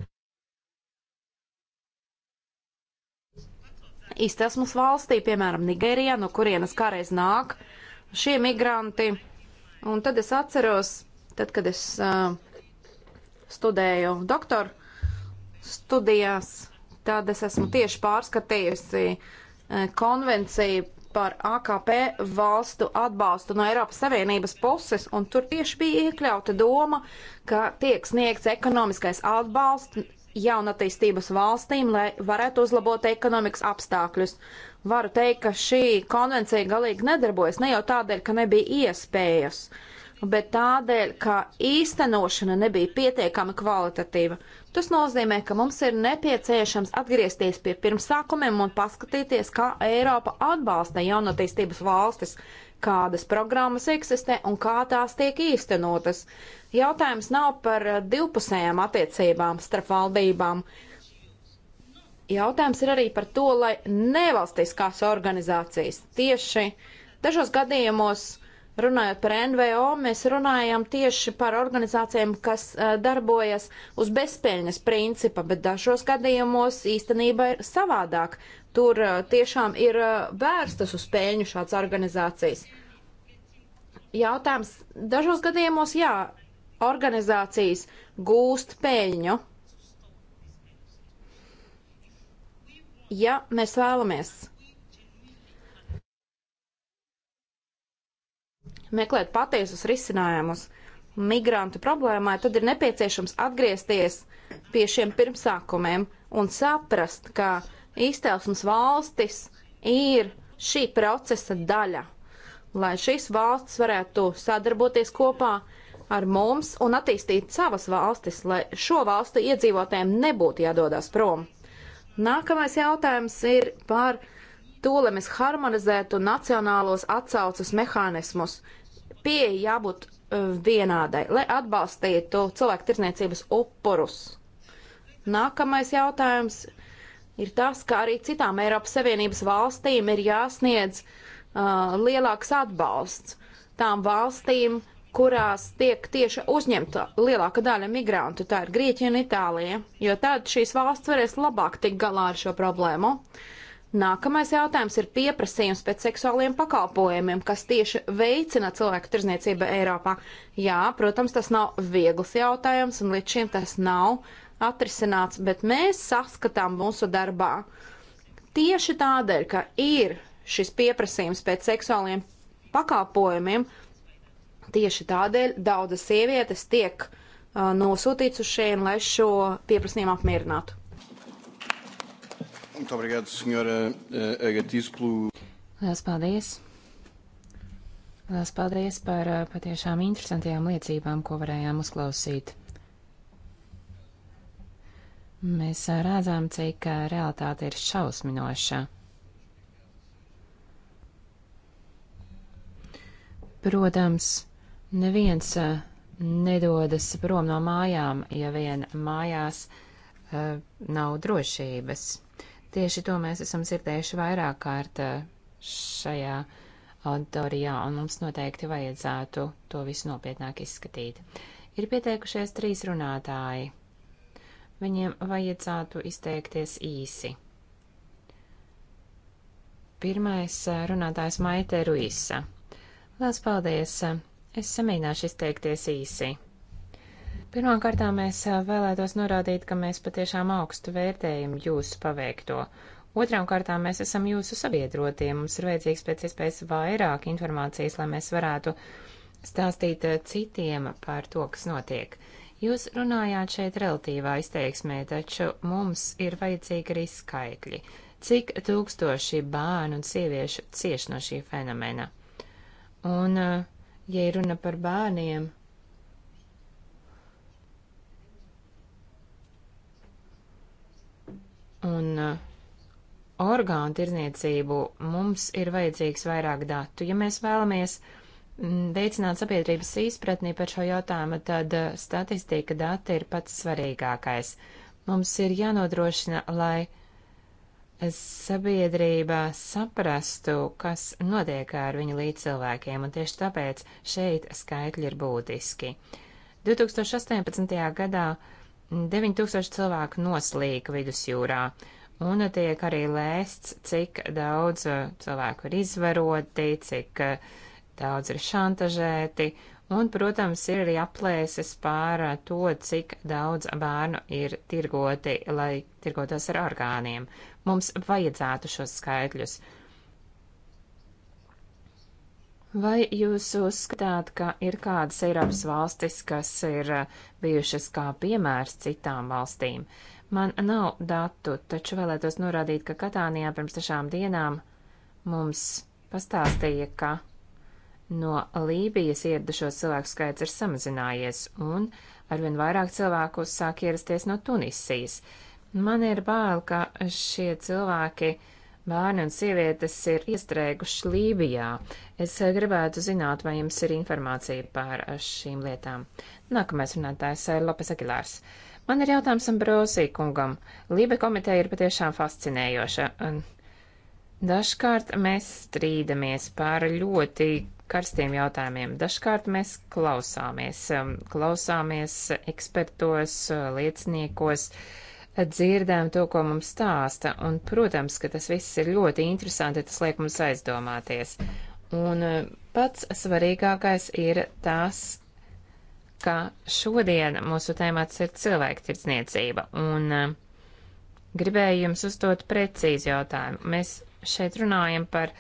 Izcelsmes valstī, piemēram, Nigērijā, no kurienes kādreiz nāk šie migranti. Un tad es atceros, tad, kad es uh, studēju doktoru studijās, tad es esmu tieši pārskatījusi uh, konvenciju par AKP valstu atbalstu no Eiropas Savienības puses, un tur tieši bija iekļauta doma, ka tiek sniegts ekonomiskais atbalsts jaunatīstības valstīm, lai varētu uzlabot ekonomikas apstākļus. Varu teikt, ka šī konvencija galīgi nedarbojas ne jau tādēļ, ka nebija iespējas, bet tādēļ, ka īstenošana nebija pietiekami kvalitatīva. Tas nozīmē, ka mums ir nepieciešams atgriezties pie pirmsākumiem un paskatīties, kā Eiropa atbalsta jaunatīstības valstis, kādas programmas eksistē un kā tās tiek īstenotas. Jautājums nav par divpusējām attiecībām starp valdībām. Jautājums ir arī par to, lai nevalstiskās organizācijas tieši dažos gadījumos Runājot par NVO, mēs runājam tieši par organizācijām, kas darbojas uz bezpēļņas principa, bet dažos gadījumos īstenībā ir savādāk. Tur tiešām ir vērstas uz pēļņu šāds organizācijas. Jautājums. Dažos gadījumos, jā, organizācijas gūst peļņu. Ja mēs vēlamies meklēt patiesus risinājumus migrantu problēmai, tad ir nepieciešams atgriezties pie šiem pirmsākumiem un saprast, ka izcelsmes valstis ir šī procesa daļa, lai šīs valstis varētu sadarboties kopā ar mums un attīstīt savas valstis, lai šo valstu iedzīvotājiem nebūtu jādodas prom. Nākamais jautājums ir par to, lai mēs harmonizētu nacionālos atsaucas mehānismus pieeja jābūt e, vienādai, lai atbalstītu cilvēku tirsniecības upurus. Nākamais jautājums ir tas, ka arī citām Eiropas Savienības valstīm ir jāsniedz uh, lielāks atbalsts tām valstīm, kurās tiek tieši uzņemta lielāka daļa migrantu, tā ir Grieķija un Itālija, jo tad šīs valsts varēs labāk tikt galā ar šo problēmu. Uh, Nākamais jautājums ir pieprasījums pēc seksuāliem pakalpojumiem, kas tieši veicina cilvēku tirzniecību Eiropā. Jā, protams, tas nav viegls jautājums, un līdz šim tas nav atrisināts, bet mēs saskatām mūsu darbā. Tieši tādēļ, ka ir šis pieprasījums pēc seksuāliem pakalpojumiem, tieši tādēļ daudzas sievietes tiek uh, nosūtīts uz šiem, lai šo pieprasījumu apmierinātu. Muito obrigado, senhora eh, Agatis, pelo. Lielas paldies! Lielas paldies par eh, patiešām interesantajām liecībām, ko varējām uzklausīt. Mēs eh, redzam, cik realitāte ir šausminoša. Protams, neviens nedodas prom no mājām, ja vien mājās uh, nav drošības. Tieši to mēs esam dzirdējuši vairāk kārt eh, šajā auditorijā, un mums noteikti vajadzētu to visu nopietnāk izskatīt. Ir pieteikušies trīs runātāji. Viņiem vajadzētu izteikties īsi. Pirmais eh, runātājs Maite Ruisa. Lielas paldies! Es samīnāšu izteikties īsi. Pirmkārt, mēs vēlētos norādīt, ka mēs patiešām augstu vērtējam jūsu paveikto. Otrām kārtām mēs esam jūsu sabiedrotie, mums ir vajadzīgs pēc iespējas vairāk informācijas, lai mēs varētu stāstīt citiem par to, kas notiek. Jūs runājāt šeit relatīvā izteiksmē, taču mums ir vajadzīgi arī skaitļi. Cik tūkstoši bērnu un sieviešu cieš no šī fenomena? Un, ja runa par bērniem, un uh, orgānu tirzniecību mums ir vajadzīgs vairāk datu. Ja mēs vēlamies mm, veicināt sabiedrības izpratni par šo jautājumu, tad uh, statistika dati ir pats svarīgākais. Mums ir jānodrošina, lai sabiedrība saprastu, kas notiek ar viņu līdzcilvēkiem, un tieši tāpēc šeit skaitļi ir būtiski. 2018. gadā 9000 cilvēku noslīka vidusjūrā, un tiek arī lēsts, cik daudz uh, cilvēku ir izvaroti, cik uh, daudz ir šantažēti, un, protams, ir arī aplēses pār uh, to, cik daudz bērnu ir tirgoti, lai tirgotos ar orgāniem. Mums vajadzētu šos skaitļus. Vai jūs uzskatāt, ka ir kādas Eiropas valstis, kas ir uh, bijušas kā piemērs citām valstīm? Man nav datu, taču vēlētos norādīt, ka Katānijā pirms dažām dienām mums pastāstīja, ka no Lībijas ieradušo cilvēku skaits ir samazinājies un arvien vairāk cilvēku sāk ierasties no Tunisijas. Man ir bail, ka šie cilvēki uh, Bērni un sievietes ir iestrēguši Lībijā. Es eh, gribētu zināt, vai jums ir informācija par eh, šīm lietām. Nākamais runātājs ir eh, Lopes Agilārs. Man ir jautājums Ambrosī kungam. Lībe komiteja ir patiešām fascinējoša. Dažkārt mēs strīdamies par ļoti karstiem jautājumiem. Dažkārt mēs klausāmies, um, klausāmies ekspertos, uh, lieciniekos. Uh, dzirdām to, ko mums stāsta, un, protams, ka tas viss ir ļoti interesanti, tas liek mums aizdomāties. Un eh, pats svarīgākais ir tas, ka šodien mūsu tēmats ir cilvēktirdzniecība, un eh, gribēju jums uzdot precīzi jautājumu. Mēs šeit runājam par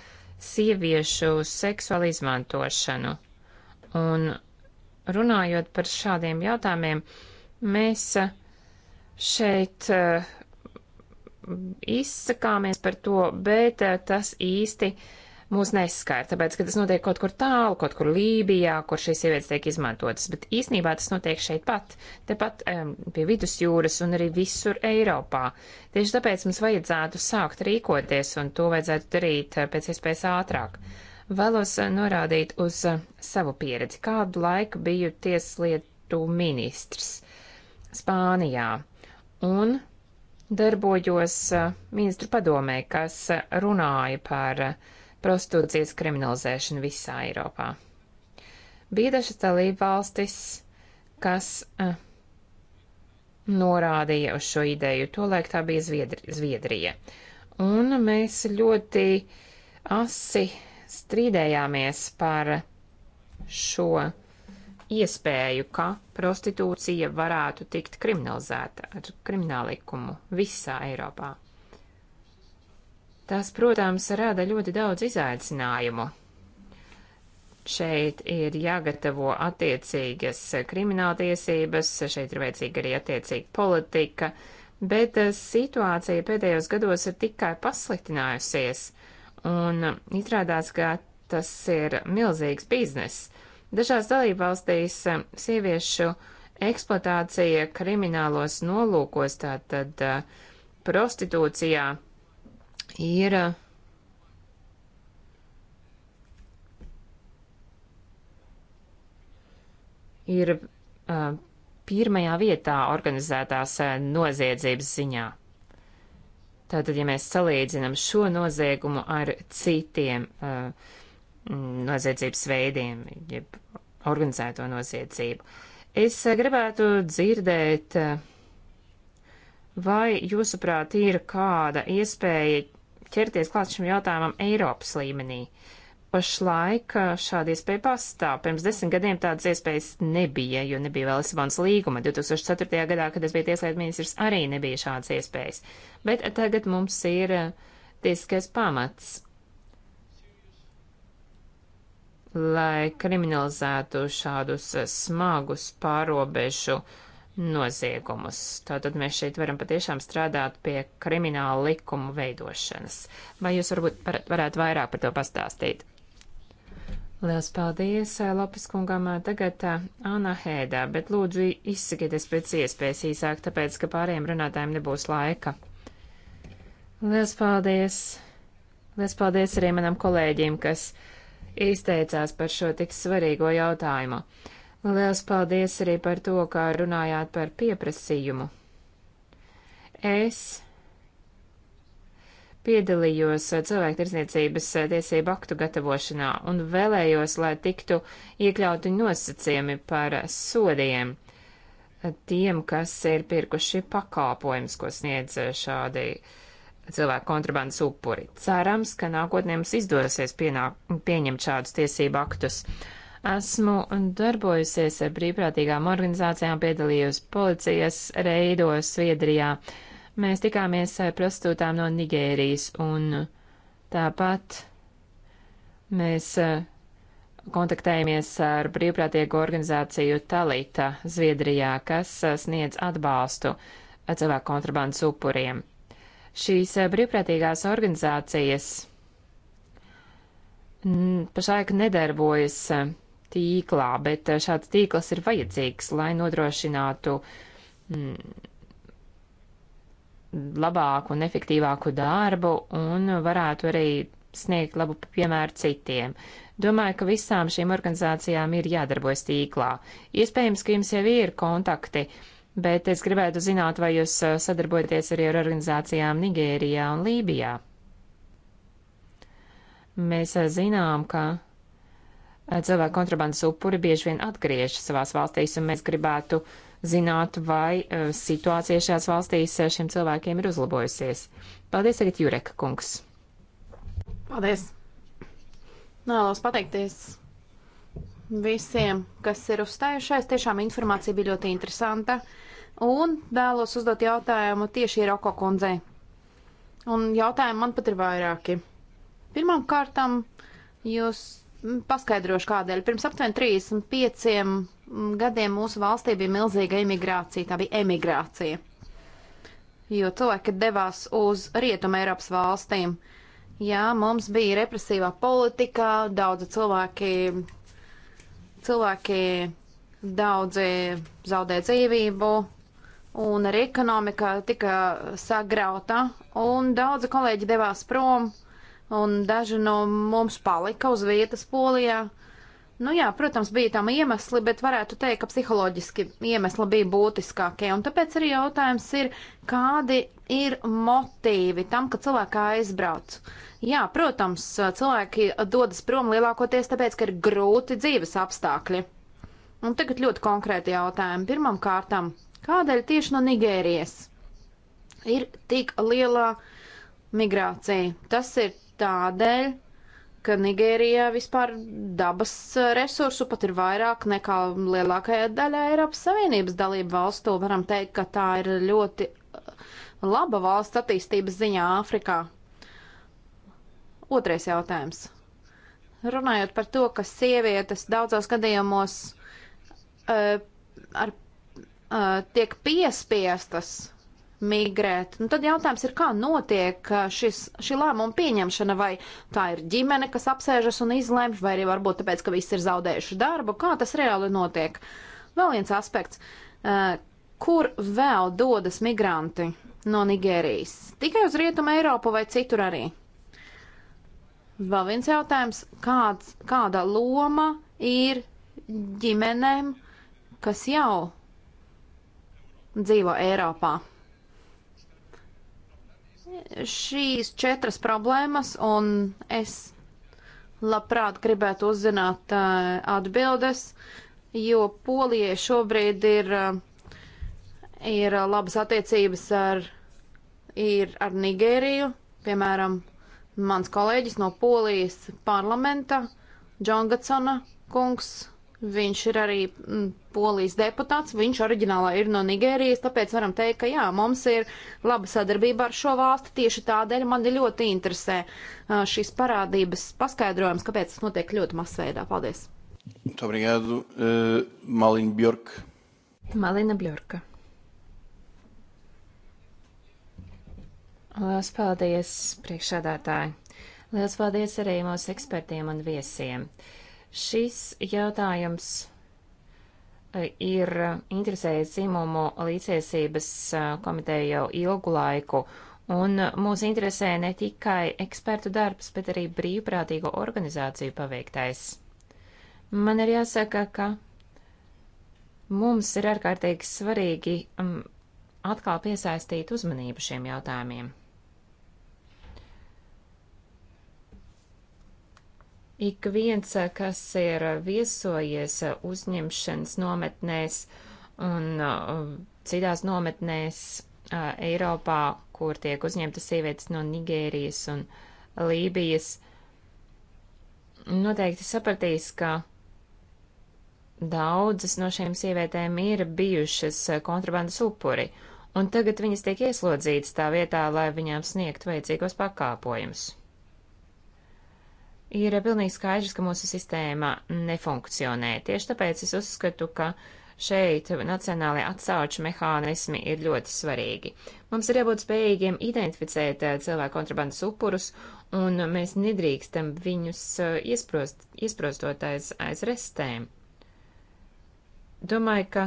sieviešu seksuālu izmantošanu, un runājot par šādiem jautājumiem, mēs uh, šeit eh, izsakāmies par to, bet eh, tas īsti mūs neskār, tāpēc, ka tas notiek kaut kur tālu, kaut kur Lībijā, kur šīs sievietes tiek izmantotas, bet īsnībā tas notiek šeit pat, tepat um, pie vidusjūras un arī visur Eiropā. Tieši tāpēc mums vajadzētu sākt rīkoties, un to vajadzētu darīt eh, pēc iespējas ātrāk. Vēlos norādīt uz savu pieredzi. Kādu laiku biju tieslietu ministrs Spānijā un darbojos eh, ministru padomē, kas runāja par eh, prostitūcijas kriminalizēšanu visā Eiropā. Bija dažas dalība valstis, kas eh, norādīja uz šo ideju. Tolaik tā bija Zviedri Zviedrija. Un mēs ļoti asi strīdējāmies par šo iespēju, ka prostitūcija varētu tikt kriminalizēta ar krimināllikumu visā Eiropā. Tas, protams, rada ļoti daudz izaicinājumu. Šeit ir jāgatavo attiecīgas krimināltiesības, šeit ir vajadzīga arī attiecīga politika, bet situācija pēdējos gados ir tikai pasliktinājusies, un izrādās, ka tas ir milzīgs bizness Dažās dalībvalstīs eh, sieviešu eksploatācija kriminālos nolūkos, tātad eh, prostitūcijā, ir eh, ir uh, pirmajā vietā organizētās uh, noziedzības ziņā. Tātad, ja mēs salīdzinām šo noziegumu ar citiem uh, Mm, noziedzības veidiem, jeb organizēto noziedzību. Es eh, gribētu dzirdēt, eh, vai jūsuprāt ir kāda iespēja ķerties klāt šim jautājumam Eiropas līmenī. Pašlaik eh, šāda iespēja pastāv. Pirms desmit gadiem tādas iespējas nebija, jo nebija vēl Lisabonas līguma. 2004. gadā, kad es biju tieslietu ministrs, arī nebija šādas iespējas. Bet tagad mums ir tiesiskais pamats lai kriminalizētu šādus smagus pārobežu noziegumus. Tātad mēs šeit varam patiešām strādāt pie krimināla likumu veidošanas. Vai jūs varbūt par, varētu vairāk par to pastāstīt? Liels paldies, eh, Lopes kungam. Eh, tagad eh, Anna Hēdā, bet lūdzu izsakieties pēc iespējas īsāk, tāpēc, ka pārējiem runātājiem nebūs laika. Liels paldies! Liels paldies arī manam kolēģim, kas izteicās par šo tik svarīgo jautājumu. Liels paldies arī par to, kā runājāt par pieprasījumu. Es piedalījos cilvēktirdzniecības tiesību aktu gatavošanā un vēlējos, lai tiktu iekļauti nosacījumi par sodiem tiem, kas ir pirkuši pakāpojums, ko sniedz šādi cilvēku kontrabandas upuri. Cerams, ka nākotnē mums izdosies pienā, pieņemt šādus tiesību aktus. Esmu darbojusies ar brīvprātīgām organizācijām, piedalījos policijas reidos Sviedrijā. Mēs tikāmies ar prostitūtām no Nigērijas un tāpat mēs eh, kontaktējamies ar brīvprātīgo organizāciju Talita Zviedrijā, kas eh, sniedz atbalstu eh, cilvēku kontrabandas upuriem. Šīs eh, brīvprātīgās organizācijas pašlaik nedarbojas eh, tīklā, bet eh, šāds tīkls ir vajadzīgs, lai nodrošinātu mm, labāku un efektīvāku darbu un varētu arī sniegt labu piemēru citiem. Domāju, ka visām šīm organizācijām ir jādarbojas tīklā. Iespējams, ka jums jau ir kontakti bet es gribētu zināt, vai jūs uh, sadarbojaties arī ar organizācijām Nigērijā un Lībijā. Mēs uh, zinām, ka uh, cilvēku kontrabandas upuri bieži vien atgriežas savās valstīs, un mēs gribētu zināt, vai situācija šajās valstīs šiem cilvēkiem ir uzlabojusies. Paldies, tagad Jureka kungs. Paldies! Vēlos pateikties visiem, kas ir uzstājušies. Tiešām informācija bija ļoti interesanta. Uh, Un vēlos uzdot jautājumu tieši Iroko kundzei. Un jautājumi man pat ir vairāki. Pirmām kārtām jūs paskaidrošu kādēļ. Pirms aptuveni 35 gadiem mūsu valstī bija milzīga imigrācija, tā bija emigrācija. Jo cilvēki devās uz rietumu Eiropas valstīm. Jā, mums bija represīvā politika, daudzi cilvēki, cilvēki daudzi zaudēja dzīvību, un arī ekonomika tika sagrauta, un daudzi kolēģi devās prom, un daži no mums palika uz vietas polijā. Nu jā, protams, bija tam iemesli, bet varētu teikt, ka psiholoģiski iemesli bija būtiskākie. Un tāpēc arī jautājums ir, kādi ir motīvi tam, ka cilvēki aizbrauc? Jā, protams, cilvēki dodas prom lielākoties tāpēc, ka ir grūti dzīves apstākļi. Un tagad ļoti konkrēti jautājumi. Pirmam kārtam, Kādēļ tieši no Nigērijas ir tik lielā migrācija? Tas ir tādēļ, ka Nigērijā vispār dabas resursu pat ir vairāk nekā lielākajā daļā Eiropas Savienības dalību valstu. Varam teikt, ka tā ir ļoti laba valsts attīstības ziņā Āfrikā. Otrais jautājums. Runājot par to, ka sievietes daudzos gadījumos uh, ar uh, tiek piespiestas migrēt. Nu, tad jautājums ir, kā notiek eh, šis, šī lēmuma pieņemšana, vai tā ir ģimene, kas apsēžas un izlemj, vai arī varbūt tāpēc, ka visi ir zaudējuši darbu, kā tas reāli notiek. Vēl viens aspekts, eh, kur vēl dodas migranti no Nigērijas? Tikai uz Rietumu Eiropu vai citur arī? Vēl viens jautājums, kāds, kāda loma ir ģimenēm, kas jau dzīvo Eiropā. Šīs četras problēmas, un es labprāt gribētu uzzināt uh, atbildes, jo Polijai šobrīd ir, uh, ir labas attiecības ar, ir ar Nigēriju. Piemēram, mans kolēģis no Polijas parlamenta, Džongatsona kungs, viņš ir arī. Mm, polijas deputāts, viņš oriģinālā ir no Nigērijas, tāpēc varam teikt, ka jā, mums ir laba sadarbība ar šo valsti, tieši tādēļ mani ļoti interesē šīs parādības paskaidrojums, kāpēc tas notiek ļoti masveidā. Paldies! Obrigado, uh, Malin Bjork. Malina Bjorka. Lielas paldies, priekšādātāji! Lielas paldies arī mūsu ekspertiem un viesiem! Šis jautājums ir interesējies dzimumu līdztiesības komiteju jau ilgu laiku, un mūs interesē ne tikai ekspertu darbs, bet arī brīvprātīgo organizāciju paveiktais. Man ir jāsaka, ka mums ir ārkārtīgi svarīgi mm, atkal piesaistīt uzmanību šiem jautājumiem. Ik viens, eh, kas ir viesojies eh, uzņemšanas nometnēs un eh, citās nometnēs Eiropā, kur tiek uzņemtas sievietes no Nigērijas un Lībijas, noteikti sapratīs, ka daudzas no šīm sievietēm ir bijušas kontrabandas upuri, un tagad viņas tiek ieslodzītas tā vietā, lai viņām sniegtu vajadzīgos pakāpojumus. Ir pilnīgi skaidrs, ka mūsu sistēma nefunkcionē. Tieši tāpēc es uzskatu, ka šeit nacionālajie atsauču mehānismi ir ļoti svarīgi. Mums ir jābūt spējīgiem identificēt eh, cilvēku kontrabandas upurus, un mēs nedrīkstam viņus eh, iesprost, iesprostot aiz, aiz restēm. Domāju, ka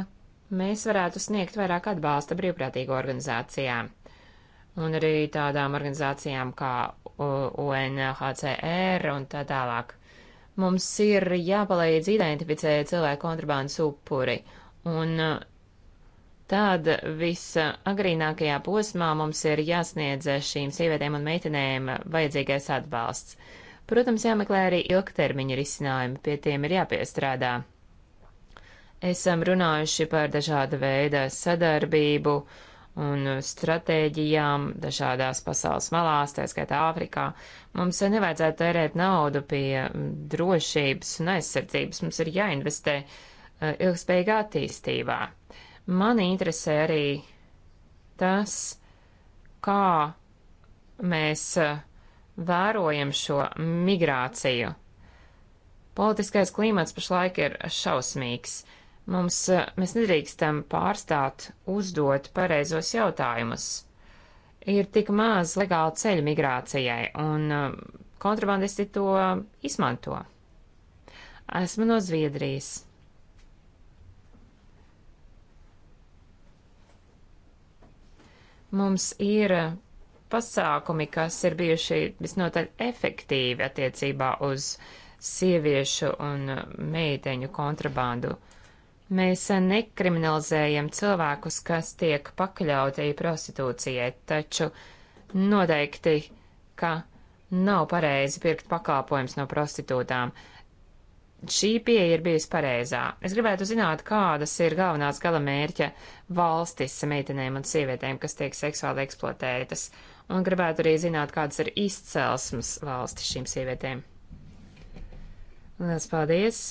mēs varētu sniegt vairāk atbalsta brīvprātīgo organizācijām un arī tādām organizācijām kā UNHCR un tā tālāk. Mums ir jāpalīdz identificēt cilvēku kontrabandas upuri, un uh, tad visa agrīnākajā posmā mums ir jāsniedz šīm sievietēm un meitenēm vajadzīgais atbalsts. Protams, jāmeklē arī ilgtermiņa risinājumi, pie tiem ir jāpiestrādā. Esam runājuši par dažāda veida sadarbību, uh, un uh, stratēģijām dažādās pasaules malās, tā skaitā Āfrikā. Mums nevajadzētu tērēt naudu pie mm, drošības un aizsardzības, mums ir jāinvestē uh, ilgspējīgā attīstībā. Mani interesē arī tas, kā mēs uh, vērojam šo migrāciju. Politiskais klimats pašlaik ir šausmīgs. Mums, eh, mēs nedrīkstam pārstāt uzdot pareizos jautājumus. Ir tik maz legāla ceļa migrācijai, un eh, kontrabandisti to izmanto. Esmu no Zviedrijas. Mums ir eh, pasākumi, kas ir bijuši visnotaļ efektīvi attiecībā uz sieviešu un meiteņu kontrabandu. Uh, Mēs nekriminalizējam cilvēkus, kas tiek pakļauti prostitūcijai, taču noteikti, ka nav pareizi pirkt pakāpojums no prostitūtām. Šī pieeja ir bijusi pareizā. Es gribētu zināt, kādas ir galvenās gala mērķa valstis meitenēm un sievietēm, kas tiek seksuāli eksploatētas, un gribētu arī zināt, kādas ir izcelsmes valstis šīm sievietēm. Lielas paldies!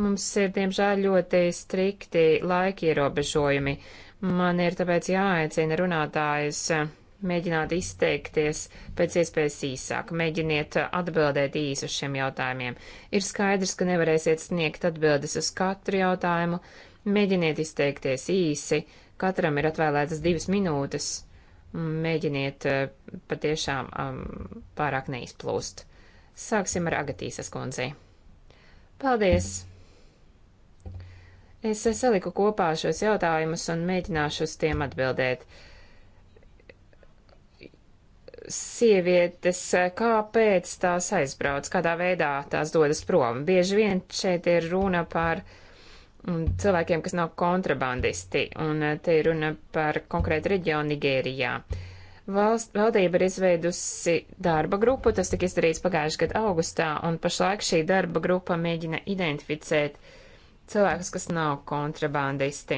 Mums ir, diemžēl, ļoti strikti laika ierobežojumi. Man ir tāpēc jāaicina runātājs eh, mēģināt izteikties pēc iespējas īsāk, mēģiniet eh, atbildēt īsi uz šiem jautājumiem. Ir skaidrs, ka nevarēsiet sniegt atbildes uz katru jautājumu, mēģiniet izteikties īsi, katram ir atvēlētas divas minūtes, mēģiniet eh, patiešām um, pārāk neizplūst. Sāksim ar Agatīsas kundzi. Paldies! Es saliku kopā šos jautājumus un mēģināšu uz tiem atbildēt. Sievietes, kāpēc tās aizbrauc, kādā veidā tās dodas prom? Bieži vien šeit ir runa par mm, cilvēkiem, kas nav kontrabandisti, un eh, te ir runa par konkrētu reģionu Nigērijā. Valst, valdība ir izveidusi darba grupu, tas tika izdarīts pagājušajā gadā augustā, un pašlaik šī darba grupa mēģina identificēt uh, cilvēkus, kas nav kontrabandisti.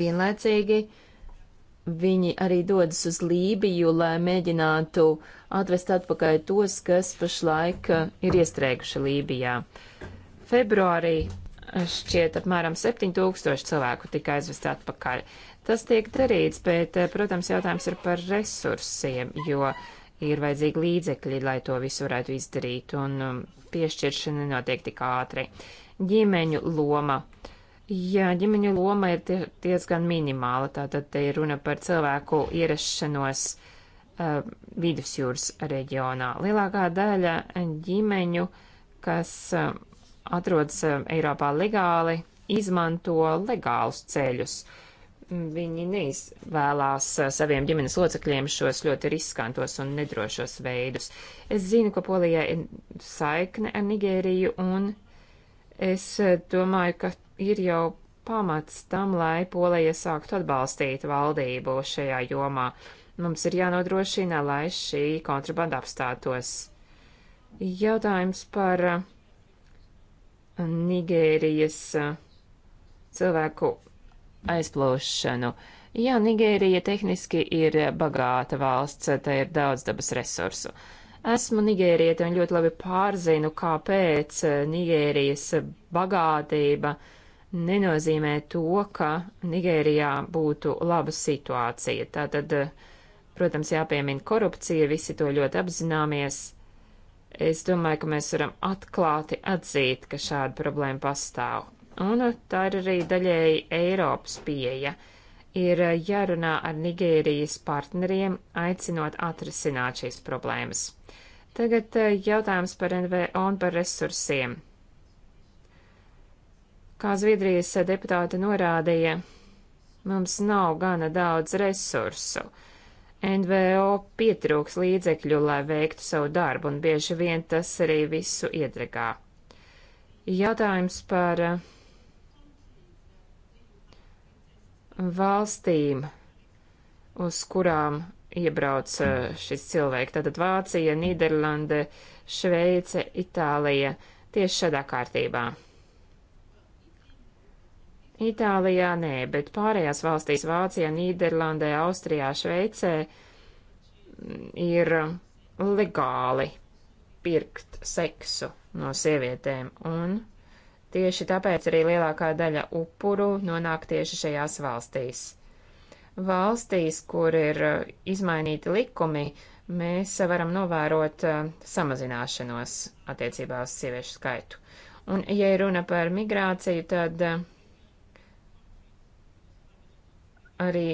Vienlaicīgi viņi arī dodas uz Lībiju, lai mēģinātu atvest atpakaļ tos, kas pašlaik eh, ir iestrēguši Lībijā. Februārī eh, šķiet apmēram 7000 cilvēku tika aizvest atpakaļ. Tas tiek darīts, bet, eh, protams, jautājums ir par resursiem, jo ir vajadzīgi līdzekļi, lai to visu varētu izdarīt, un um, piešķiršana nenotiek tik ātri ģimeņu loma. Jā, ģimeņu loma ir tie, diezgan minimāla, tātad te ir runa par cilvēku ierašanos uh, vidusjūras reģionā. Lielākā daļa ģimeņu, kas uh, atrodas uh, Eiropā legāli, izmanto legālus ceļus. Viņi neizvēlās saviem ģimenes locekļiem šos ļoti riskantos un nedrošos veidus. Es zinu, ka Polijai ir saikne ar Nigēriju un Es eh, domāju, ka ir jau pamats tam, lai Polija sāktu atbalstīt valdību šajā jomā. Mums ir jānodrošina, lai šī kontrabanda apstātos. Jautājums par eh, Nigērijas eh, cilvēku aizplūšanu. Jā, Nigērija tehniski ir bagāta valsts, tai ir daudz dabas resursu. Uh, Esmu nigērieta un ļoti labi pārzinu, kāpēc eh, Nigērijas bagātība nenozīmē to, ka Nigērijā būtu laba situācija. Tātad, eh, protams, jāpiemina korupcija, visi to ļoti apzināmies. Es domāju, ka mēs varam atklāti atzīt, ka šāda problēma pastāv. Un eh, tā ir arī daļēji Eiropas pieeja. Ir jārunā ar Nigērijas partneriem, aicinot atrisināt šīs problēmas. Tagad eh, jautājums par NVO un par resursiem. Kā Zviedrijas deputāte norādīja, mums nav gana daudz resursu. NVO pietrūks līdzekļu, lai veiktu savu darbu, un bieži vien tas arī visu iedegā. Jautājums par eh, valstīm, uz kurām iebrauc eh, šis cilvēks. Tātad Vācija, Nīderlande, Šveice, Itālija tieši šādā kārtībā. Itālijā nē, bet pārējās valstīs Vācijā, Nīderlandē, Austrijā, Šveicē mm, ir legāli pirkt seksu no sievietēm, un tieši tāpēc arī lielākā daļa upuru nonāk tieši šajās valstīs valstīs, kur ir eh, izmainīti likumi, mēs varam novērot eh, samazināšanos attiecībā uz sieviešu skaitu. Un, ja runa par migrāciju, tad eh, arī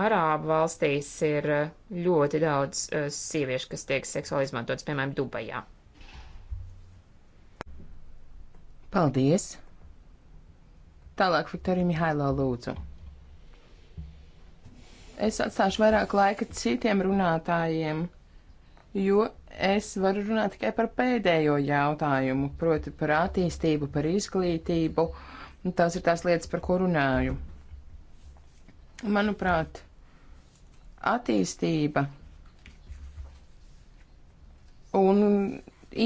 Arābu valstīs ir ļoti daudz sieviešu, kas tiek seksuāli izmantotas, piemēram, Dubajā. Paldies! Tālāk Viktorija Mihailo lūdzu es atstāšu vairāk laika citiem runātājiem, jo es varu runāt tikai par pēdējo jautājumu, proti par attīstību, par izglītību. Tās ir tās lietas, par ko runāju. Manuprāt, attīstība un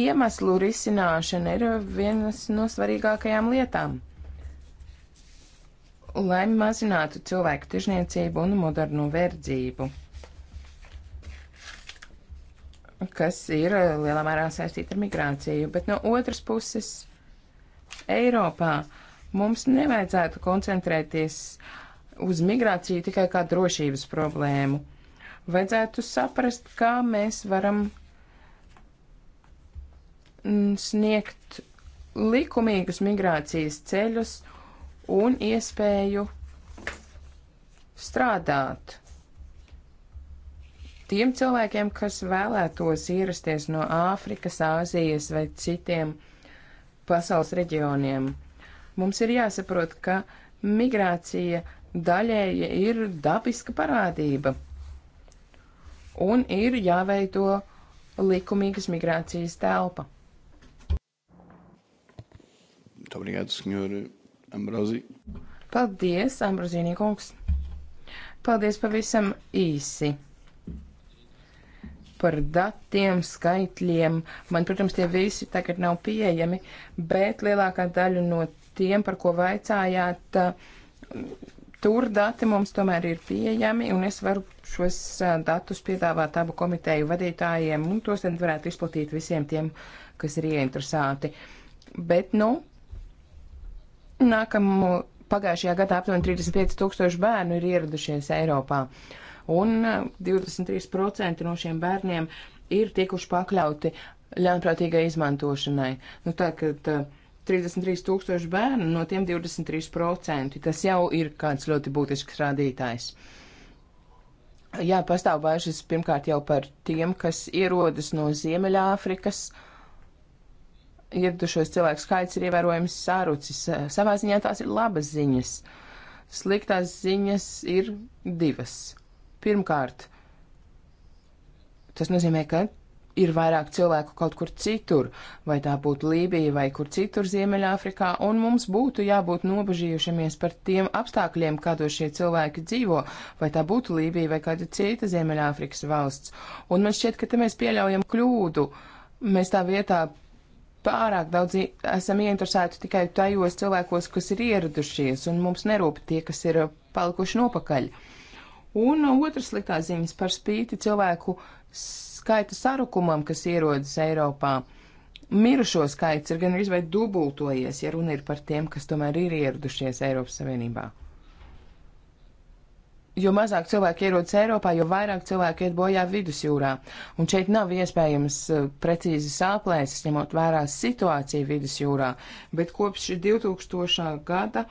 iemeslu risināšana ir vienas no svarīgākajām lietām lai mazinātu cilvēku tirzniecību un modernu verdzību, kas ir eh, lielā mērā saistīta ar migrāciju. Bet no otras puses, Eiropā mums nevajadzētu koncentrēties uz migrāciju tikai kā drošības problēmu. Vajadzētu saprast, kā mēs varam mm, sniegt likumīgus migrācijas ceļus un iespēju strādāt tiem cilvēkiem, kas vēlētos ierasties no Āfrikas, Āzijas vai citiem pasaules reģioniem. Mums ir jāsaprot, ka migrācija daļēji ir dabiska parādība un ir jāveido likumīgas migrācijas telpa. Muito obrigado, senhor Ambrozī. Paldies, Ambrozīnī kungs. Paldies pavisam īsi. Par datiem, skaitļiem. Man, protams, tie visi tagad nav pieejami, bet lielākā daļa no tiem, par ko vaicājāt, tur dati mums tomēr ir pieejami, un es varu šos datus piedāvāt abu komiteju vadītājiem, un tos tad varētu izplatīt visiem tiem, kas ir ieinteresēti. Bet, nu, Nākamo pagājušajā gadā aptuveni 35 tūkstoši bērnu ir ieradušies Eiropā, un 23% uh, no šiem bērniem ir tiekuši pakļauti ļaunprātīgai izmantošanai. Nu, tā, kad, uh, 33,000 bērnu, no tiem 23%. Tas jau ir kāds ļoti būtisks rādītājs. Jā, pastāv bažas pirmkārt jau par tiem, kas ierodas no Ziemeļāfrikas, uh, ieradušos cilvēku skaits ir ievērojami sārucis. Savā ziņā tās ir labas ziņas. Sliktās ziņas ir divas. Pirmkārt, tas nozīmē, ka ir vairāk cilvēku kaut kur citur, vai tā būtu Lībija vai kur citur Ziemeļāfrikā, un mums būtu jābūt nobežījušamies par tiem apstākļiem, kādos šie cilvēki dzīvo, vai tā būtu Lībija vai kāda cita Ziemeļāfrikas valsts. Un man šķiet, ka te mēs pieļaujam kļūdu. Mēs tā vietā pārāk daudz esam ieinteresēti tikai tajos cilvēkos, kas ir ieradušies, un mums nerūp tie, kas ir palikuši nopakaļ. Un otrs sliktā ziņas par spīti cilvēku skaita sarukumam, kas ierodas Eiropā. Mirušo skaits ir gan arī vai dubultojies, ja runa ir par tiem, kas tomēr ir ieradušies Eiropas Savienībā jo mazāk cilvēku ierodas Eiropā, jo vairāk cilvēku iet bojā vidusjūrā. Un šeit nav iespējams eh, precīzi sāplēsis, ņemot vērā situāciju vidusjūrā, bet kopš 2000. gada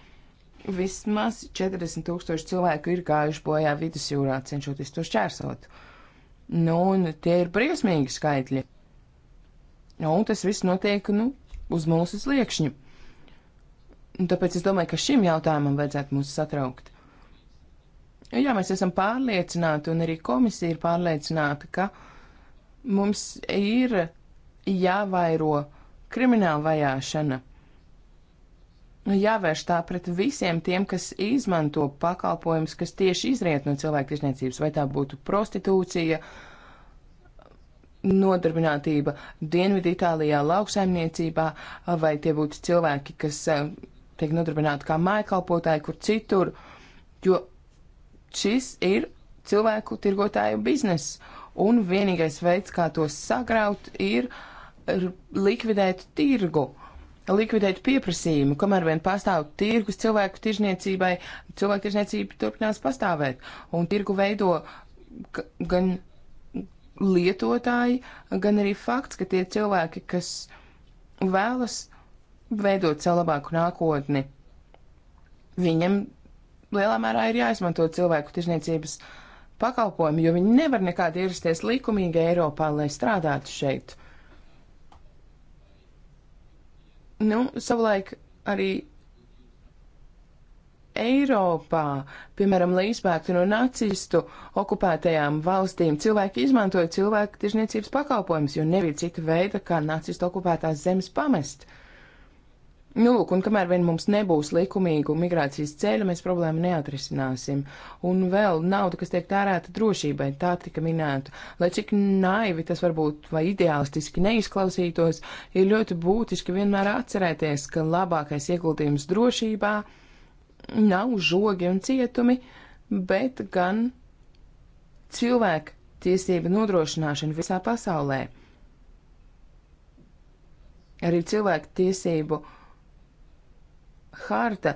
vismaz 40 tūkstoši cilvēku ir gājuši bojā vidusjūrā, cenšoties to šķērsot. Nu, un tie ir briesmīgi skaitļi. Nu, un tas viss notiek, nu, uz mūsu sliekšņa. Un tāpēc es domāju, ka šim jautājumam vajadzētu mūs satraukt. Jo, jā, mēs esam pārliecināti, un arī komisija ir pārliecināta, ka mums ir jāvairo krimināla vajāšana, jāvērš tā pret visiem tiem, kas izmanto pakalpojumus, kas tieši izriet no cilvēktiesniecības, vai tā būtu prostitūcija, nodarbinātība Dienvidu Itālijā, lauksaimniecībā, vai tie būtu cilvēki, kas eh, tiek nodarbināti kā mājkalpotāji, kur citur, jo Šis ir cilvēku tirgotāju bizness, un vienīgais veids, kā to sagraut, ir likvidēt tirgu likvidēt pieprasījumu, kamēr vien pastāv tirgus cilvēku tirzniecībai, cilvēku tirzniecība turpinās pastāvēt. Un tirgu veido gan lietotāji, gan arī fakts, ka tie cilvēki, kas vēlas veidot savu labāku nākotni, viņam lielā mērā ir jāizmanto cilvēku tirzniecības pakalpojumi, jo viņi nevar nekādi ierasties likumīgi Eiropā, lai strādātu šeit. Nu, savulaik arī Eiropā, piemēram, lai izbēgtu no nacistu okupētajām valstīm, cilvēki izmantoja cilvēku tirzniecības pakalpojumus, jo nebija cita veida, kā nacistu okupētās zemes pamest. Uh, Nu, lūk, un kamēr vien mums nebūs likumīgu migrācijas ceļu, mēs problēmu neatrisināsim. Un vēl nauda, kas tiek tērēta drošībai, tā tika minēta. Lai cik naivi tas varbūt vai ideālistiski neizklausītos, ir ļoti būtiski vienmēr atcerēties, ka labākais ieguldījums drošībā nav žogi un cietumi, bet gan cilvēku tiesība nodrošināšana visā pasaulē. Arī cilvēku tiesību harta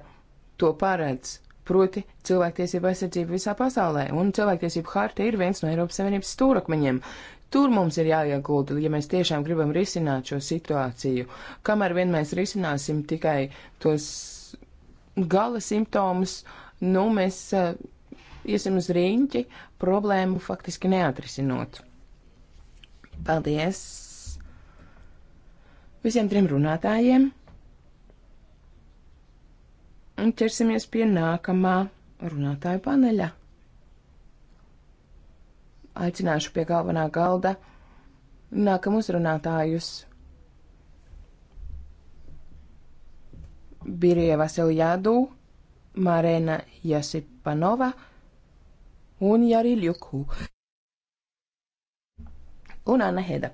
to paredz, proti cilvēktiesība aizsardzība visā pasaulē, un cilvēktiesība harta ir viens no Eiropas Savienības stūrakmeņiem. Tur mums ir jāiegulda, ja mēs tiešām gribam risināt šo situāciju. Kamēr vien mēs risināsim tikai tos gala simptomus, nu mēs uh, iesim uz riņķi, problēmu faktiski neatrisinot. Paldies visiem trim runātājiem! Un ķersimies pie nākamā runātāju paneļa. Aicināšu pie galvenā galda nākamus runātājus. Birija Vasiljādu, Marēna Jasipanova un Jari Ljuku. Un Anna Heda.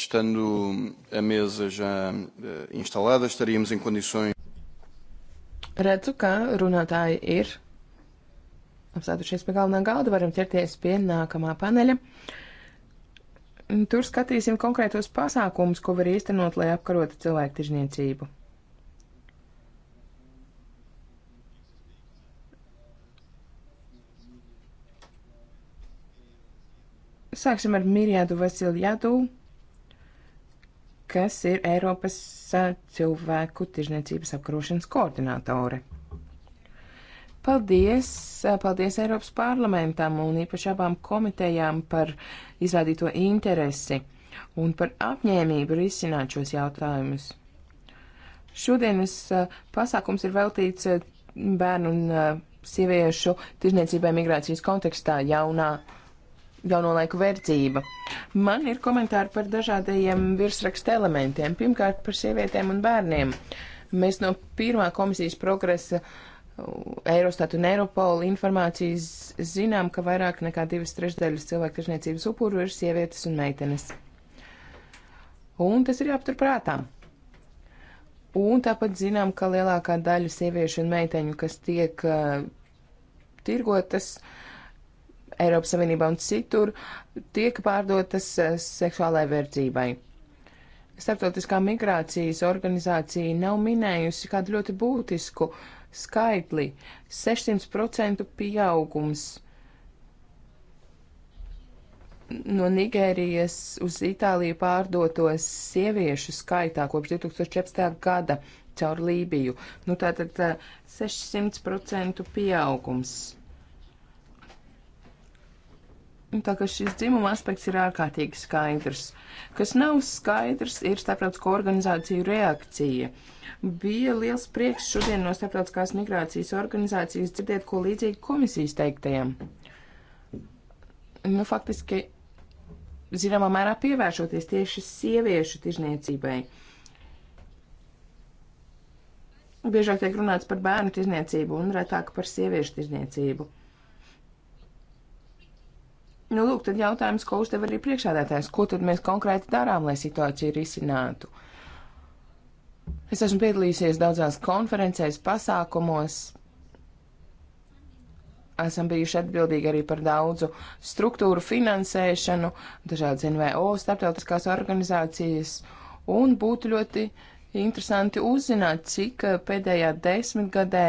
estando a mesa já eh, instalada, estaríamos em condições. Redzu, ka runātāji ir apsēdušies pie galvenā galda, varam ķerties pie nākamā paneļa. Tur skatīsim konkrētos pasākumus, ko var īstenot, lai apkarotu cilvēku tirzniecību. Sāksim ar Mirjādu Vasiljādu kas ir Eiropas cilvēku tirzniecības apkarošanas koordinātore. Paldies! Paldies Eiropas parlamentam un īpaši abām komitejām par izrādīto interesi un par apņēmību risināt šos jautājumus. Šodienas pasākums ir veltīts bērnu un sieviešu tirzniecībai migrācijas kontekstā jaunā jauno laiku verdzība. Man ir komentāri par dažādajiem virsraksta elementiem. Pirmkārt, par sievietēm un bērniem. Mēs no pirmā komisijas progresa uh, Eurostat un Eiropola informācijas zinām, ka vairāk nekā divas trešdaļas cilvēku tirsniecības upuru ir sievietes un meitenes. Un tas ir jāaptur prātā. Un tāpat zinām, ka lielākā daļa sieviešu un meiteņu, kas tiek uh, tirgotas, uh, Eiropas Savienībā un citur tiek pārdotas eh, seksuālai verdzībai. Starptautiskā migrācijas organizācija nav minējusi kādu ļoti būtisku skaitli - 600% pieaugums no Nigērijas uz Itāliju pārdotos sieviešu skaitā kopš 2014. gada caur Lībiju. Nu, tātad 600% eh, pieaugums. Tā kā šis dzimuma aspekts ir ārkārtīgi skaidrs. Kas nav skaidrs, ir starptautisko organizāciju reakcija. Bija liels prieks šodien no starptautiskās migrācijas organizācijas dzirdēt, ko līdzīgi komisijas teiktajam. Nu, faktiski, zināmā mērā pievēršoties tieši sieviešu tirzniecībai. Biežāk tiek runāts par bērnu tirzniecību un retāk par sieviešu tirzniecību Nu, lūk, tad jautājums, ko uzdev arī priekšādātājs, ko tad mēs konkrēti darām, lai situāciju risinātu? Es esmu piedalījusies daudzās konferencēs, pasākumos, esam bijuši atbildīgi arī par daudzu struktūru finansēšanu, dažādas NVO, starptautiskās organizācijas, un būtu ļoti interesanti uzzināt, cik pēdējā desmitgadē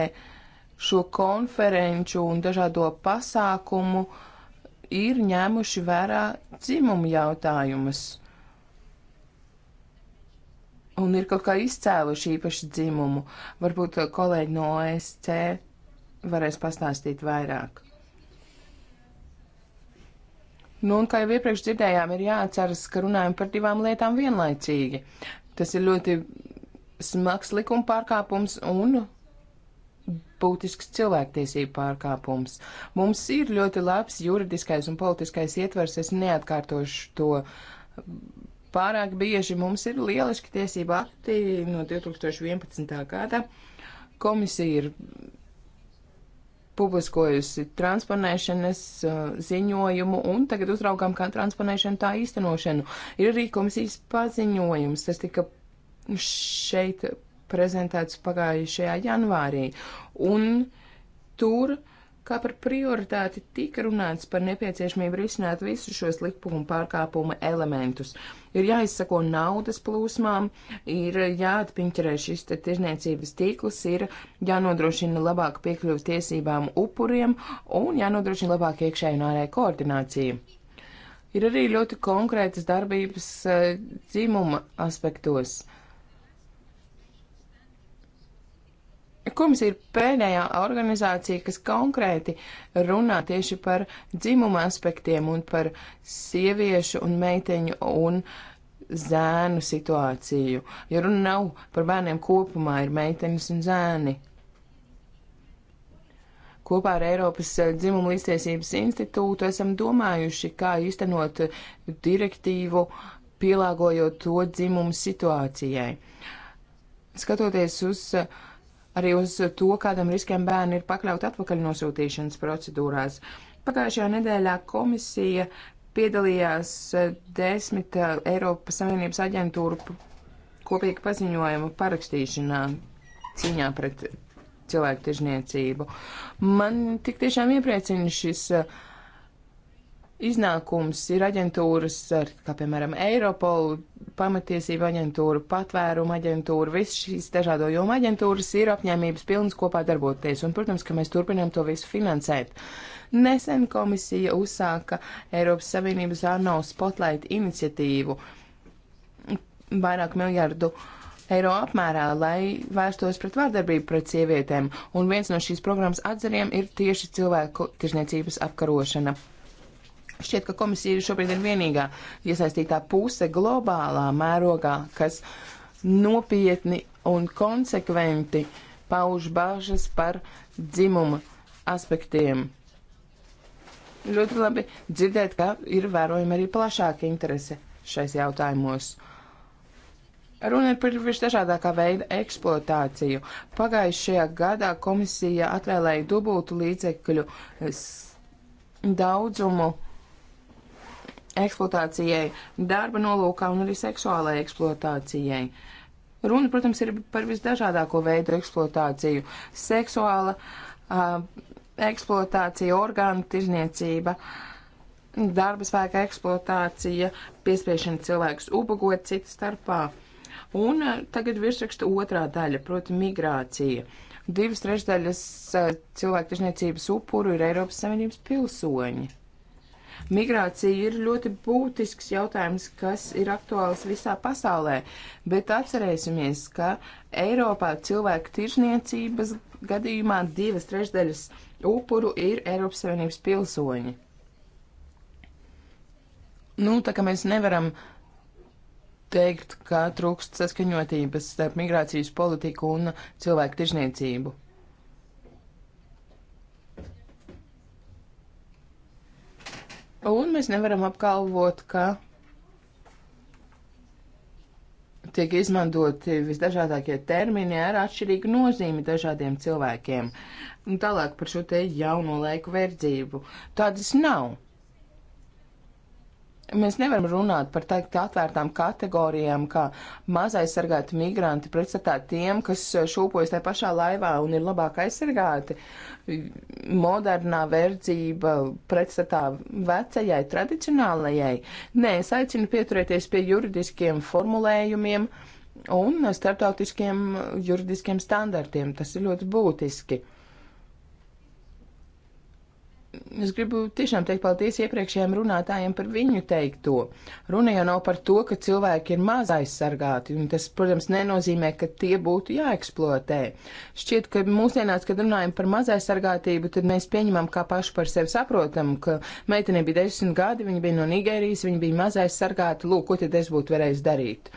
šo konferenču un dažādo pasākumu uh, ir ņēmuši vērā dzimumu jautājumus un ir kaut kā izcēluši īpaši dzimumu. Varbūt uh, kolēģi no OSC varēs pastāstīt vairāk. Nu, un kā jau iepriekš dzirdējām, ir jāatceras, ka runājam par divām lietām vienlaicīgi. Tas ir ļoti smags likuma pārkāpums un būtisks cilvēktiesību pārkāpums. Mums ir ļoti labs juridiskais un politiskais ietvers, es neatkārtošu to. Pārāk bieži mums ir lieliski tiesība akti no 2011. gada. Komisija ir publiskojusi transponēšanas uh, ziņojumu, un tagad uzraugām, kā transponēšana tā īstenošanu. Ir arī komisijas paziņojums, tas tika šeit prezentēts pagājušajā janvārī. Un tur kā par prioritāti tika runāts par nepieciešamību risināt visus šos likuma pārkāpuma elementus. Ir jāizsako naudas plūsmām, ir jāatpiņķerē šis te tirzniecības tīkls, ir jānodrošina labāk piekļuvi tiesībām upuriem un jānodrošina labāk iekšēju un ārēju koordināciju. Ir arī ļoti konkrētas darbības eh, dzimuma aspektos. Uh, Komisija ir pēdējā organizācija, kas konkrēti runā tieši par dzimuma aspektiem un par sieviešu un meiteņu un zēnu situāciju. Jo runa nav par bērniem kopumā, ir meiteņas un zēni. Kopā ar Eiropas dzimuma līdztiesības institūtu esam domājuši, kā īstenot direktīvu, pielāgojot to dzimumu situācijai. Skatoties uz uh, arī uz to, kādam riskiem bērni ir pakļauti atpakaļ nosūtīšanas procedūrās. Pagājušajā nedēļā komisija piedalījās eh, desmit eh, Eiropas Savienības aģentūru kopīgu paziņojumu parakstīšanā cīņā pret cilvēku tirzniecību. Man tik tiešām iepriecina šis uh, iznākums ir aģentūras, ar, kā piemēram Eiropola, pamatiesība aģentūra, patvēruma aģentūra, visas šīs dažādo jomu aģentūras ir apņēmības pilnas kopā darboties, un, protams, ka mēs turpinām to visu finansēt. Nesen komisija uzsāka Eiropas Savienības ANO Spotlight iniciatīvu vairāk miljardu eiro apmērā, lai vērstos pret vārdarbību pret sievietēm, un viens no šīs programmas atzariem ir tieši cilvēku tirzniecības apkarošana. Šķiet, ka komisija šobrīd ir vienīgā iesaistītā puse globālā mērogā, kas nopietni un konsekventi pauž bāžas par dzimumu aspektiem. Ļoti labi dzirdēt, ka ir vērojama arī plašāka interese šais jautājumos. Runa ir par visdažādākā veida eksploatāciju. Pagājušajā gadā komisija atvēlēja dubultu līdzekļu daudzumu eksploatācijai, darba nolūkā un arī seksuālajai eksploatācijai. Runa, protams, ir par visdažādāko veidu eksploatāciju - seksuāla uh, eksploatācija, orgānu tirzniecība, darba spēka eksploatācija, piespiešana cilvēkus ubagot citu starpā. Un uh, tagad virsraksta otrā daļa, proti migrācija. Divas trešdaļas uh, cilvēku tirzniecības upuru ir Eiropas Savienības pilsoņi. Migrācija ir ļoti būtisks jautājums, kas ir aktuāls visā pasaulē, bet atcerēsimies, ka Eiropā cilvēku tirzniecības gadījumā divas trešdaļas upuru ir Eiropas Savienības pilsoņi. Nu, tā kā mēs nevaram teikt, ka trūkst saskaņotības starp migrācijas politiku un cilvēku tirzniecību. Un mēs nevaram apgalvot, ka tiek izmantoti visdažādākie termini ar atšķirīgu nozīmi dažādiem cilvēkiem. Un tālāk par šo te jauno laiku verdzību. Tādas nav. Mēs nevaram runāt par teikt atvērtām kategorijām, kā mazaizsargāti migranti pretstatā tiem, kas šūpojas tajā pašā laivā un ir labāk aizsargāti. Modernā verdzība pretstatā vecajai, tradicionālajai. Nē, es aicinu pieturēties pie juridiskiem formulējumiem un starptautiskiem juridiskiem standartiem. Tas ir ļoti būtiski es gribu tiešām teikt paldies iepriekšējiem runātājiem par viņu teikto. Runa jau nav par to, ka cilvēki ir maz aizsargāti, un tas, protams, nenozīmē, ka tie būtu jāeksploatē. Šķiet, ka mūsdienās, kad runājam par maz aizsargātību, tad mēs pieņemam kā pašu par sevi saprotam, ka meitene bija 10 gadi, viņa bija no Nigērijas, viņa bija maz aizsargāta, lūk, ko tad es būtu varējis darīt.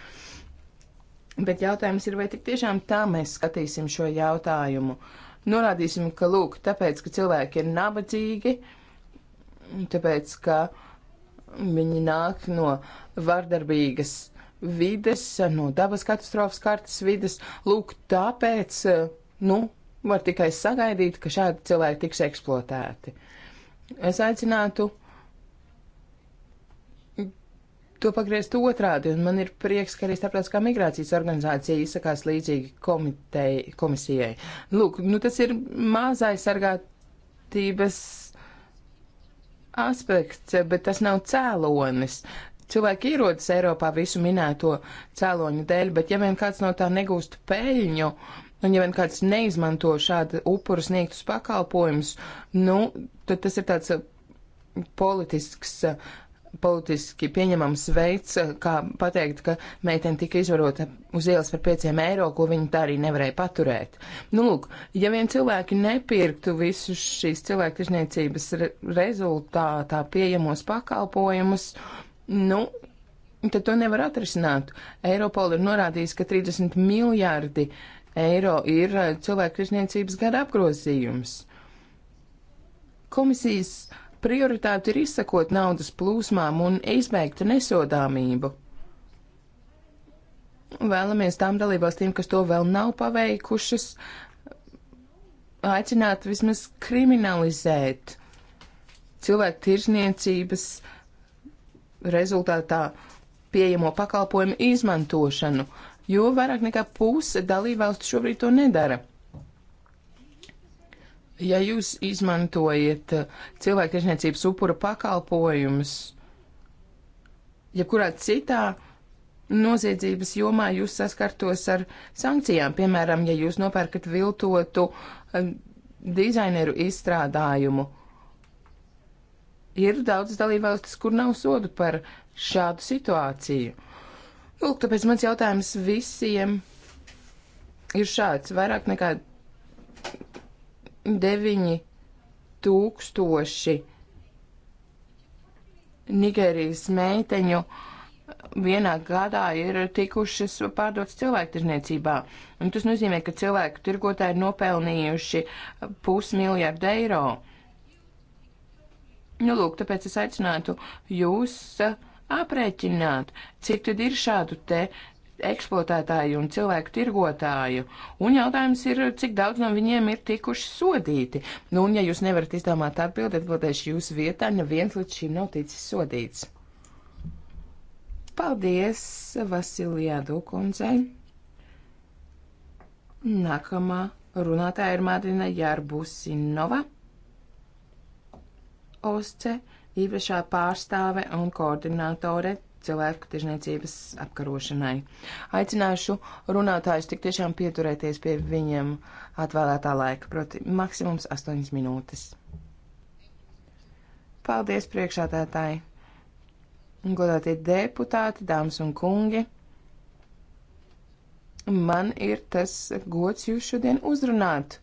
Bet jautājums ir, vai tik tiešām tā mēs skatīsim šo jautājumu. Uh, norādīsim, ka lūk, tāpēc, ka cilvēki ir nabadzīgi, tāpēc, ka viņi nāk no vardarbīgas vides, no dabas katastrofas kartas vides, lūk, tāpēc, nu, var tikai sagaidīt, ka šādi cilvēki tiks eksploatēti. Es aicinātu to pagriezt otrādi, un man ir prieks, ka arī starptautiskā migrācijas organizācija izsakās līdzīgi komitei, komisijai. Lūk, nu tas ir mazais sargātības aspekts, bet tas nav cēlonis. Cilvēki ierodas Eiropā visu minēto cēloņu dēļ, bet ja vien kāds no tā negūst peļņu, un ja vien kāds neizmanto šādu upuru sniegtus pakalpojumus, nu, tad tas ir tāds uh, politisks uh, politiski pieņemams veids, eh, kā pateikt, ka meitene tika izvarota uz ielas par pieciem eiro, ko viņa tā arī nevarēja paturēt. Nu, lūk, ja vien cilvēki nepirktu visus šīs cilvēktiesniecības re rezultātā pieejamos pakalpojumus, nu, tad to nevar atrisināt. Eiropola ir norādījis, ka 30 miljārdi eiro ir eh, cilvēktiesniecības gada apgrozījums. Komisijas uh, prioritāte ir izsakot naudas plūsmām un izbeigt nesodāmību. Vēlamies tām dalībvalstīm, kas to vēl nav paveikušas, aicināt vismaz kriminalizēt cilvēku tirzniecības rezultātā pieejamo pakalpojumu izmantošanu, jo vairāk nekā puse dalībvalstu šobrīd to nedara. Ja jūs izmantojat uh, cilvēktiesniecības upura pakalpojumus, jebkurā ja citā noziedzības jomā, jūs saskartos ar sankcijām. Piemēram, ja jūs nopērkat viltotu uh, dizaineru izstrādājumu, ir daudz dalībvalstis, kur nav sodu par šādu situāciju. Lūk, tāpēc mans jautājums visiem ir šāds. Vairāk nekā 9 tūkstoši Nigērijas meiteņu vienā gadā ir tikušas pārdotas cilvēktirniecībā. Un tas nozīmē, ka cilvēku tirgotāji ir nopelnījuši pusmiljardu eiro. Nu, lūk, tāpēc es aicinātu jūs uh, aprēķināt, cik tad ir šādu te eksploatētāju un cilvēku tirgotāju. Un jautājums ir, cik daudz no viņiem ir tikuši sodīti. Nu, un ja jūs nevarat izdomāt atbildi, atbildēšu jūsu vietā, neviens līdz šim nav ticis sodīts. Paldies Vasilijā Dukundzei. Nākamā runātāja ir Madrina Jarbusinova, OSCE īpašā pārstāve un koordinātore cilvēku tirzniecības apkarošanai. Aicināšu runātājus tik tiešām pieturēties pie viņiem atvēlētā laika, proti maksimums 8 minūtes. Paldies priekšādātāji! Godātie deputāti, dāmas un kungi! Man ir tas gods jūs šodien uzrunāt.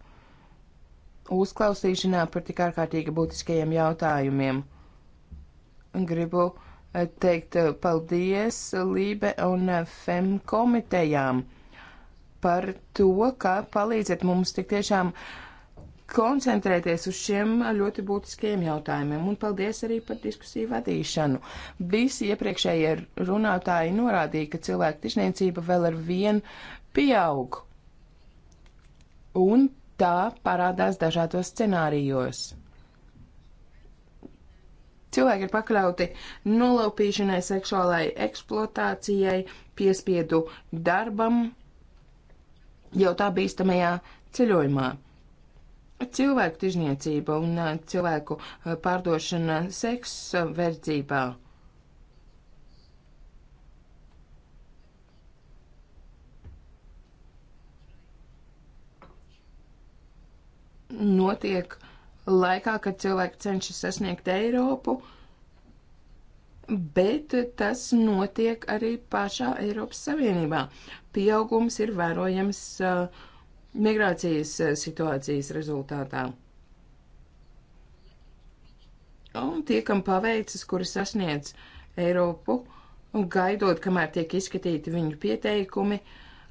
Uzklausīšanā par tik ārkārtīgi būtiskajiem jautājumiem. Gribu uh, teikt eh, paldies Lībe un eh, FEM komitejām par to, ka palīdzat mums tik tiešām koncentrēties uz šiem ļoti būtiskiem jautājumiem, un paldies arī par diskusiju vadīšanu. Visi iepriekšējie runātāji norādīja, ka cilvēku tirzniecība vēl ar vienu pieaug, un tā parādās dažādos scenārijos. Cilvēki ir pakļauti nolaupīšanai, seksuālai eksploatācijai, piespiedu darbam jau tā bīstamajā ceļojumā. Cilvēku tirzniecība un uh, cilvēku uh, pārdošana seksa uh, verdzībā. notiek laikā, kad cilvēki cenšas sasniegt Eiropu, bet tas notiek arī pašā Eiropas Savienībā. Pieaugums ir vērojams uh, migrācijas uh, situācijas rezultātā. Un tie, kam paveicis, kuri sasniedz Eiropu, un gaidot, kamēr tiek izskatīti viņu pieteikumi,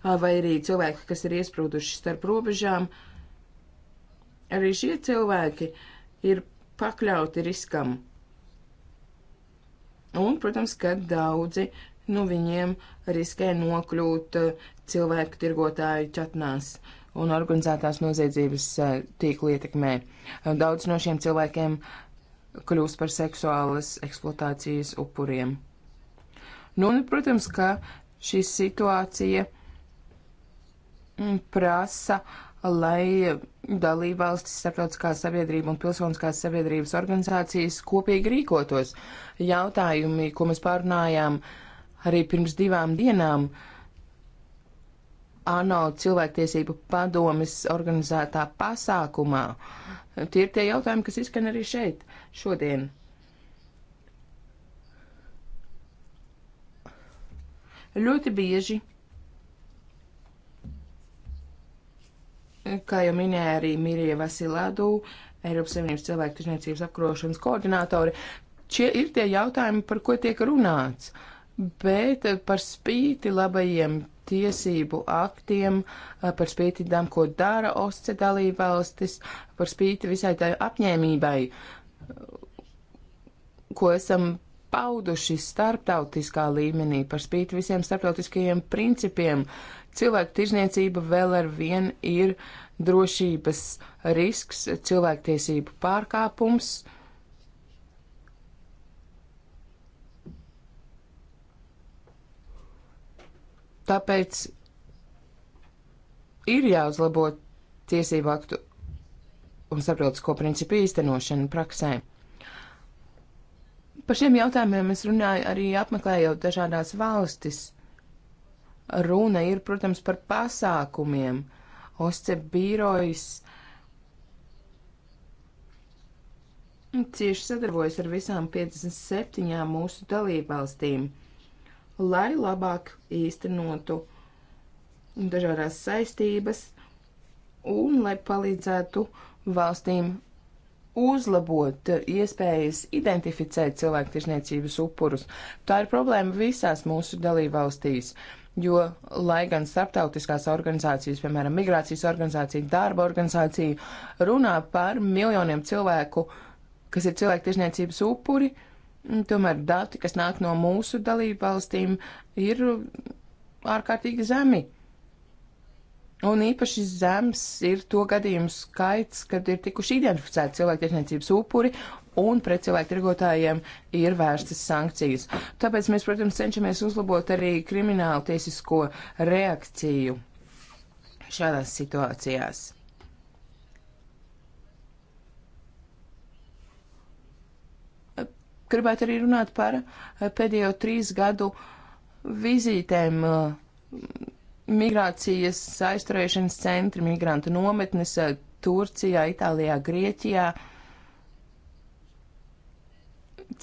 uh, vai arī cilvēki, kas ir iesprūduši starp robežām, uh, Arī šie cilvēki ir pakļauti riskam. Un, protams, ka daudzi nu, viņiem riskē nokļūt eh, cilvēku tirgotāju čatnās un organizētās noziedzības eh, tīkla ietekmē. Daudz no šiem cilvēkiem kļūst par seksuālas eksploatācijas upuriem. Nu, un, protams, ka šī situācija mm, prasa uh, lai dalībvalstis, starptautiskās sabiedrība un pilsoniskās sabiedrības organizācijas kopīgi rīkotos. Jautājumi, ko mēs pārunājām arī pirms divām dienām, ANO cilvēktiesību padomis organizētā pasākumā. Tie ir tie jautājumi, kas izskan arī šeit šodien. Ļoti bieži Kā jau minēja arī Mirija Vasilādu, Eiropas Savienības cilvēku tirzniecības apkarošanas koordinātori, šie ir tie jautājumi, par ko tiek runāts. Bet eh, par spīti labajiem tiesību aktiem, eh, par spīti tam, ko dara OSCE dalībvalstis, par spīti visai tai apņēmībai, ko esam pauduši starptautiskā līmenī, par spīti visiem starptautiskajiem principiem, uh, Cilvēku tirzniecība vēl ar vien ir drošības risks, cilvēktiesību pārkāpums. Tāpēc ir jāuzlabo tiesību aktu un saprotisko principu īstenošanu praksē. Par šiem jautājumiem es runāju arī apmeklējot dažādās valstis. Runa ir, protams, par pasākumiem. Osce bīrojas cieši sadarbojas ar visām 57 mūsu dalībvalstīm, lai labāk īstenotu dažādās saistības un lai palīdzētu valstīm uzlabot eh, iespējas identificēt cilvēktiesniecības upurus. Tā ir problēma visās mūsu dalībvalstīs, jo, lai gan starptautiskās organizācijas, piemēram, migrācijas organizācija, darba organizācija, runā par miljoniem cilvēku, kas ir cilvēktiesniecības upuri, mm, tomēr dati, kas nāk no mūsu dalībvalstīm, ir ārkārtīgi zemi. Un īpaši zems ir to gadījumu skaits, kad ir tikuši identificēti cilvēktiesniecības upuri un pret cilvēku tirgotājiem ir vērstas sankcijas. Tāpēc mēs, protams, cenšamies uzlabot arī kriminālu tiesisko reakciju šādās situācijās. Gribētu arī runāt par pēdējo trīs gadu vizītēm migrācijas aizturēšanas centri, migrantu nometnes eh, Turcijā, Itālijā, Grieķijā,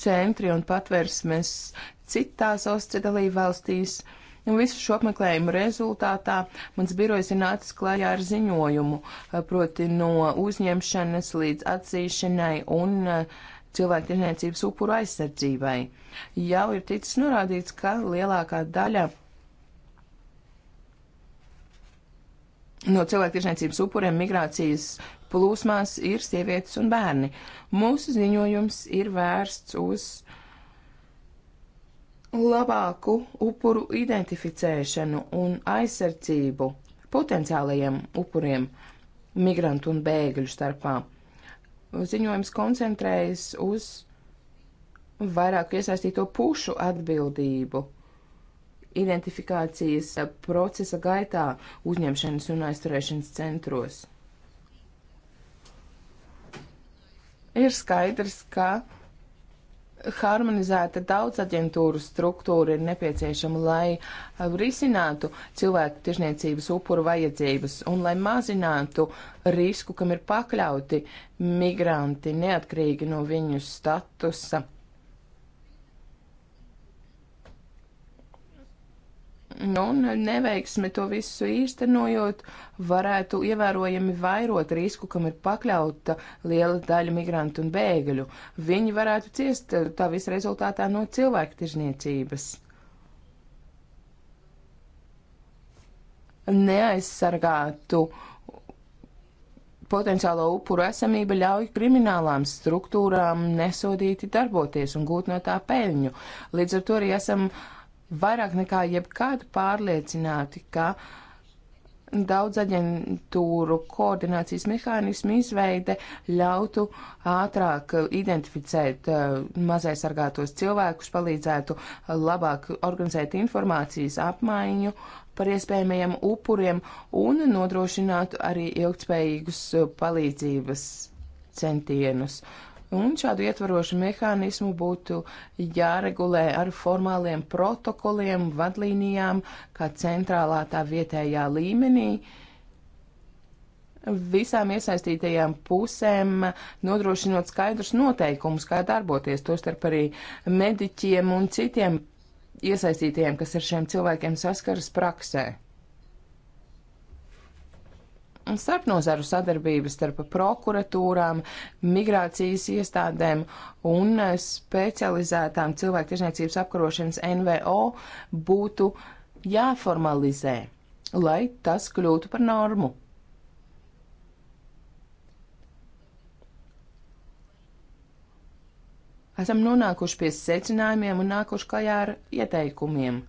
centri un patversmes citās OSCE dalību valstīs. Un visu šo apmeklējumu rezultātā mans birojs ir nācis klajā ar ziņojumu, eh, proti no uzņemšanas līdz atzīšanai un eh, cilvēktirniecības upuru aizsardzībai. Jau ir ticis norādīts, ka lielākā daļa no cilvēktiesniecības upuriem migrācijas plūsmās ir sievietes un bērni. Mūsu ziņojums ir vērsts uz labāku upuru identificēšanu un aizsardzību potenciālajiem upuriem migrantu un bēgļu starpā. Ziņojums koncentrējas uz vairāk iesaistīto pušu atbildību identifikācijas eh, procesa gaitā uzņemšanas un aizturēšanas centros. Ir skaidrs, ka harmonizēta daudz aģentūru struktūra ir nepieciešama, lai eh, risinātu cilvēku tiešniecības upuru vajadzības un lai mazinātu risku, kam ir pakļauti migranti neatkarīgi no viņu statusa Nu, un neveiksme to visu īstenojot varētu ievērojami vairot risku, kam ir pakļauta liela daļa migrantu un bēgļu. Viņi varētu ciest tā visa rezultātā no cilvēku tirzniecības. Neaizsargātu potenciālo upuru esamība ļauj kriminālām struktūrām nesodīti darboties un gūt no tā peļņu. Līdz ar to arī esam uh, vairāk nekā jebkad pārliecināti, ka daudz aģentūru koordinācijas mehānismu izveide ļautu ātrāk identificēt eh, mazai sargātos cilvēkus, palīdzētu labāk organizēt informācijas apmaiņu par iespējamajiem upuriem un nodrošinātu arī ilgtspējīgus palīdzības centienus. Uh, Un šādu ietvarošu mehānismu būtu jāregulē ar formāliem protokoliem, vadlīnijām, kā centrālā tā vietējā līmenī. Visām iesaistītajām pusēm nodrošinot skaidrus noteikumus, kā darboties, tostarp arī mediķiem un citiem iesaistītajiem, kas ar šiem cilvēkiem saskaras praksē starpnozaru sadarbības starp prokuratūrām, migrācijas iestādēm un specializētām cilvēktiesniecības apkarošanas NVO būtu jāformalizē, lai tas kļūtu par normu. Esam nonākuši pie secinājumiem un nākuši klajā ar ieteikumiem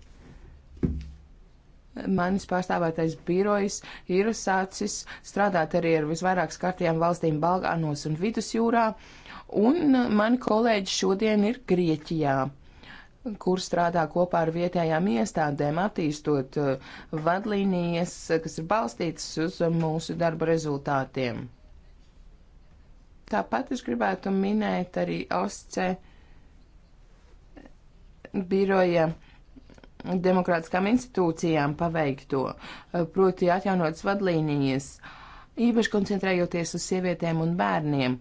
manis pārstāvētais birojs ir sācis strādāt arī ar visvairāk skartajām valstīm Balkānos un Vidusjūrā, un mani kolēģi šodien ir Grieķijā kur strādā kopā ar vietējām iestādēm, attīstot uh, vadlīnijas, kas ir balstītas uz uh, mūsu darba rezultātiem. Tāpat es gribētu minēt arī OSCE biroja uh, demokrātiskām institūcijām paveikto, eh, proti atjaunotas vadlīnijas, īpaši koncentrējoties uz sievietēm un bērniem.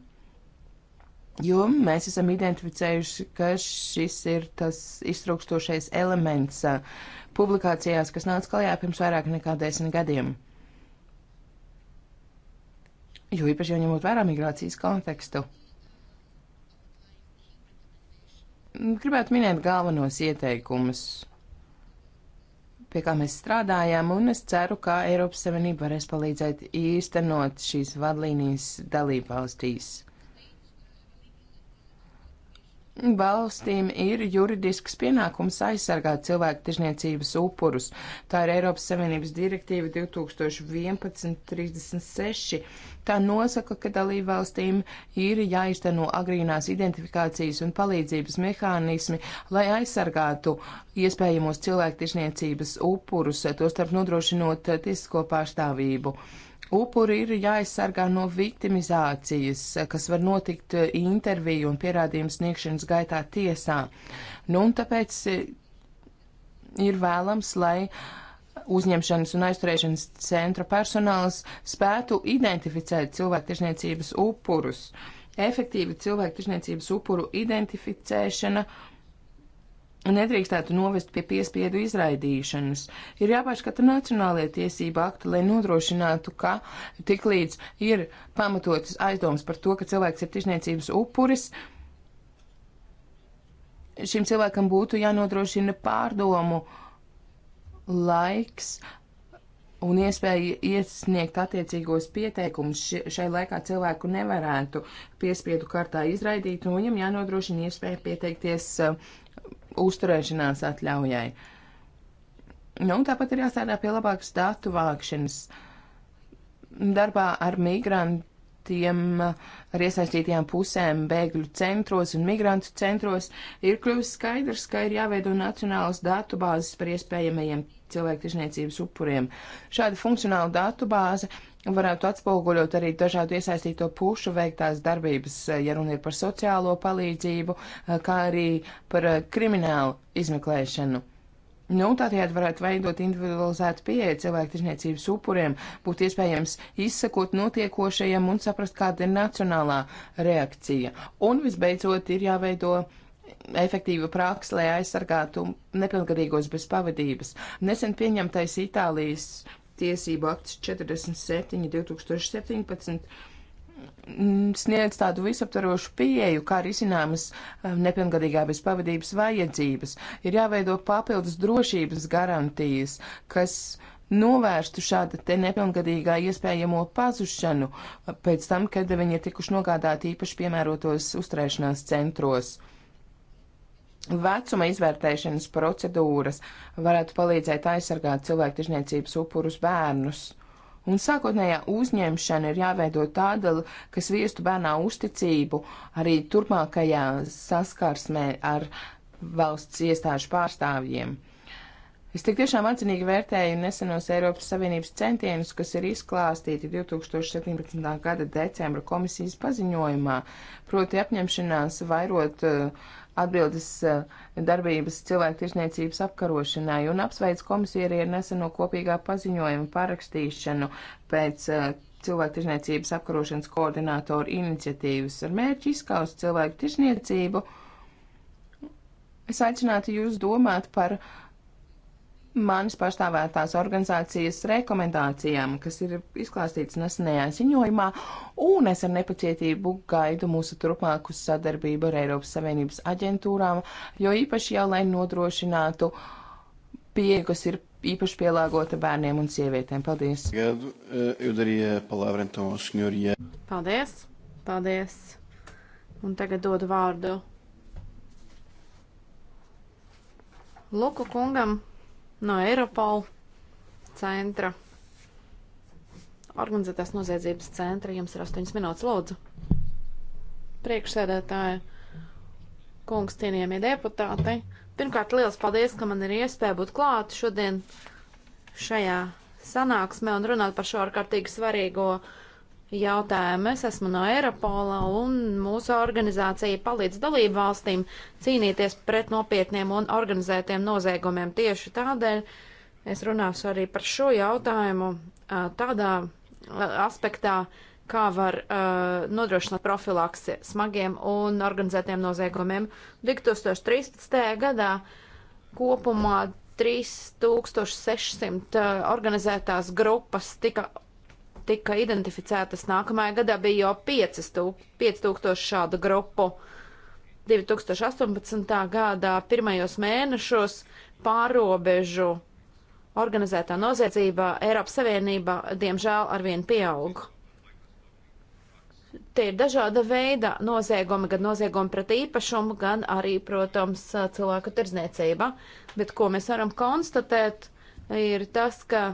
Jo mēs esam identificējuši, ka šis ir tas iztrūkstošais elements eh, publikācijās, kas nāca klajā pirms vairāk nekā desmit gadiem. Jo īpaši jau ņemot vērā migrācijas kontekstu. Gribētu minēt galvenos ieteikumus pie kā mēs strādājam, un es ceru, ka Eiropas Savienība varēs palīdzēt īstenot šīs vadlīnijas dalību valstīs. Valstīm ir juridisks pienākums aizsargāt cilvēku tirzniecības upurus. Tā ir Eiropas Savienības direktīva 2011-36. Tā nosaka, ka dalībvalstīm ir jāizteno agrīnās identifikācijas un palīdzības mehānismi, lai aizsargātu iespējamos cilvēku tirzniecības upurus, tostarp nodrošinot tiesisko pārstāvību. Uh, Upuri ir jāaizsargā no viktimizācijas, kas var notikt eh, interviju un pierādījumu sniegšanas gaitā tiesā. Nu, un tāpēc eh, ir vēlams, lai uzņemšanas un aizturēšanas centra personāls spētu identificēt cilvēktiesniecības upurus. Efektīva cilvēktiesniecības upuru identificēšana uh, nedrīkstētu novest pie piespiedu izraidīšanas. Ir jāpārskata nacionālajie tiesība akti, lai nodrošinātu, ka tiklīdz ir pamatotas aizdomas par to, ka cilvēks ir tirzniecības upuris, šim cilvēkam būtu jānodrošina pārdomu laiks un iespēja iesniegt attiecīgos pieteikumus. Šai laikā cilvēku nevarētu piespiedu kārtā izraidīt, un viņam jānodrošina iespēja pieteikties uzturēšanās atļaujai. Nu, tāpat ir jāstrādā pie labākas datu vākšanas darbā ar migrantiem, ar iesaistītajām pusēm, bēgļu centros un migrantu centros. Ir kļuvis skaidrs, ka ir jāveido nacionālas datu bāzes par iespējamajiem cilvēku tiešniecības upuriem. Šāda funkcionāla datu bāze varētu atspoguļot arī dažādu iesaistīto pušu veiktās darbības, ja runa ir par sociālo palīdzību, eh, kā arī par eh, kriminālu izmeklēšanu. Nu, tādējādi varētu veidot individualizētu pieeju cilvēku tirzniecības upuriem, būtu iespējams izsakot notiekošajam un saprast, kāda ir nacionālā reakcija. Un visbeidzot ir jāveido efektīva praksa, lai aizsargātu nepilngadīgos bez pavadības. Nesen pieņemtais Itālijas tiesību akts 47 2017 mm, sniedz tādu visaptarošu pieeju, kā risināmas eh, nepilngadīgā bezpavadības vajadzības. Ir jāveido papildus drošības garantijas, kas novērstu šāda te nepilngadīgā iespējamo pazušanu eh, pēc tam, kad viņi ir tikuši nogādāti īpaši piemērotos uzturēšanās centros. Vecuma izvērtēšanas procedūras varētu palīdzēt aizsargāt cilvēktiesniecības upurus bērnus. Un sākotnējā uzņemšana ir jāveido tāda, kas viestu bērnā uzticību arī turpmākajā saskarsmē ar valsts iestāžu pārstāvjiem. Es tik tiešām atzinīgi vērtēju nesenos Eiropas Savienības centienus, kas ir izklāstīti 2017. gada decembra komisijas paziņojumā, proti apņemšanās vairot uh, atbildes eh, darbības cilvēku tiešniecības apkarošanai un apsveic komisiju arī ar neseno kopīgā paziņojuma parakstīšanu pēc eh, cilvēku tiešniecības apkarošanas koordinātoru iniciatīvas ar mērķi izskaust cilvēku tiešniecību. Es aicinātu jūs domāt par uh, manis pārstāvētās organizācijas rekomendācijām, kas ir izklāstīts nesenajā ziņojumā, un es ar nepacietību gaidu mūsu turpmāku sadarbību ar Eiropas Savienības aģentūrām, jo īpaši jau, lai nodrošinātu pieeju, kas ir īpaši pielāgota bērniem un sievietēm. Paldies! Paldies! Paldies! Un tagad dodu vārdu Luku kungam no Eiropola centra, organizētās noziedzības centra. Jums ir 8 minūtes, lūdzu. Priekšsēdētāja, kungs, cienījamie deputāti. Pirmkārt, liels paldies, ka man ir iespēja būt klāt šodien šajā sanāksmē un runāt par šo ārkārtīgi svarīgo uh, jautājumu. Es esmu no Eiropola un mūsu organizācija palīdz dalību valstīm cīnīties pret nopietniem un organizētiem noziegumiem. Tieši tādēļ es runāšu arī par šo jautājumu tādā aspektā, kā var uh, nodrošināt profilaksi smagiem un organizētiem noziegumiem. 2013. gadā kopumā 3600 organizētās grupas tika tika identificētas. Nākamajā gadā bija jau 5000 šādu grupu. 2018. gadā pirmajos mēnešos pārobežu organizētā noziedzība Eiropas Savienībā diemžēl arvien pieaug. Tie ir dažāda veida noziegumi, gan noziegumi pret īpašumu, gan arī, protams, cilvēku tirdzniecība. Bet ko mēs varam konstatēt, ir tas, ka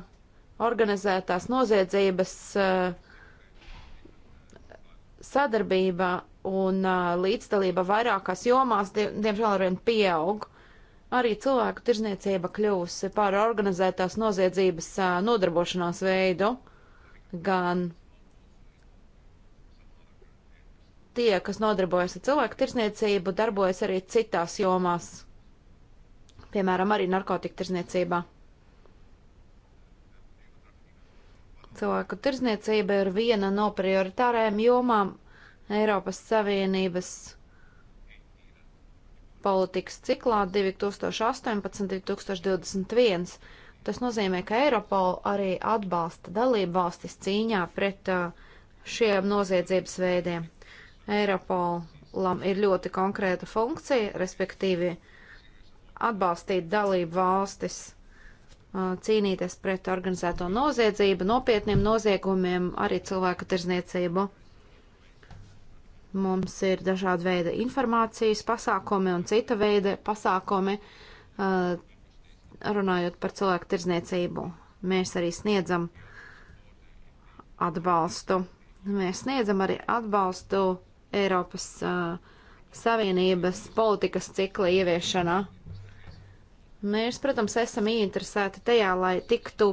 organizētās noziedzības eh, sadarbība un eh, līdzdalība vairākās jomās, diemžēl, arvien pieaug. Arī cilvēku tirzniecība kļūs par organizētās noziedzības eh, nodarbošanās veidu, gan tie, kas nodarbojas ar cilvēku tirsniecību, darbojas arī citās jomās, piemēram, arī narkotika tirsniecībā. Cilvēku tirzniecība ir viena no prioritārajām jomām Eiropas Savienības politikas ciklā 2018-2021. Tas nozīmē, ka Eiropola arī atbalsta dalību valstis cīņā pret uh, šiem noziedzības veidiem. Eiropolam ir ļoti konkrēta funkcija, respektīvi atbalstīt dalību valstis cīnīties pret organizēto noziedzību, nopietniem noziegumiem, arī cilvēku tirzniecību. Mums ir dažādi veidi informācijas pasākumi un cita veida pasākumi, runājot par cilvēku tirzniecību. Mēs arī sniedzam atbalstu. Mēs sniedzam arī atbalstu Eiropas Savienības politikas cikla ieviešanā. Mēs, protams, esam ieinteresēti tajā, lai tiktu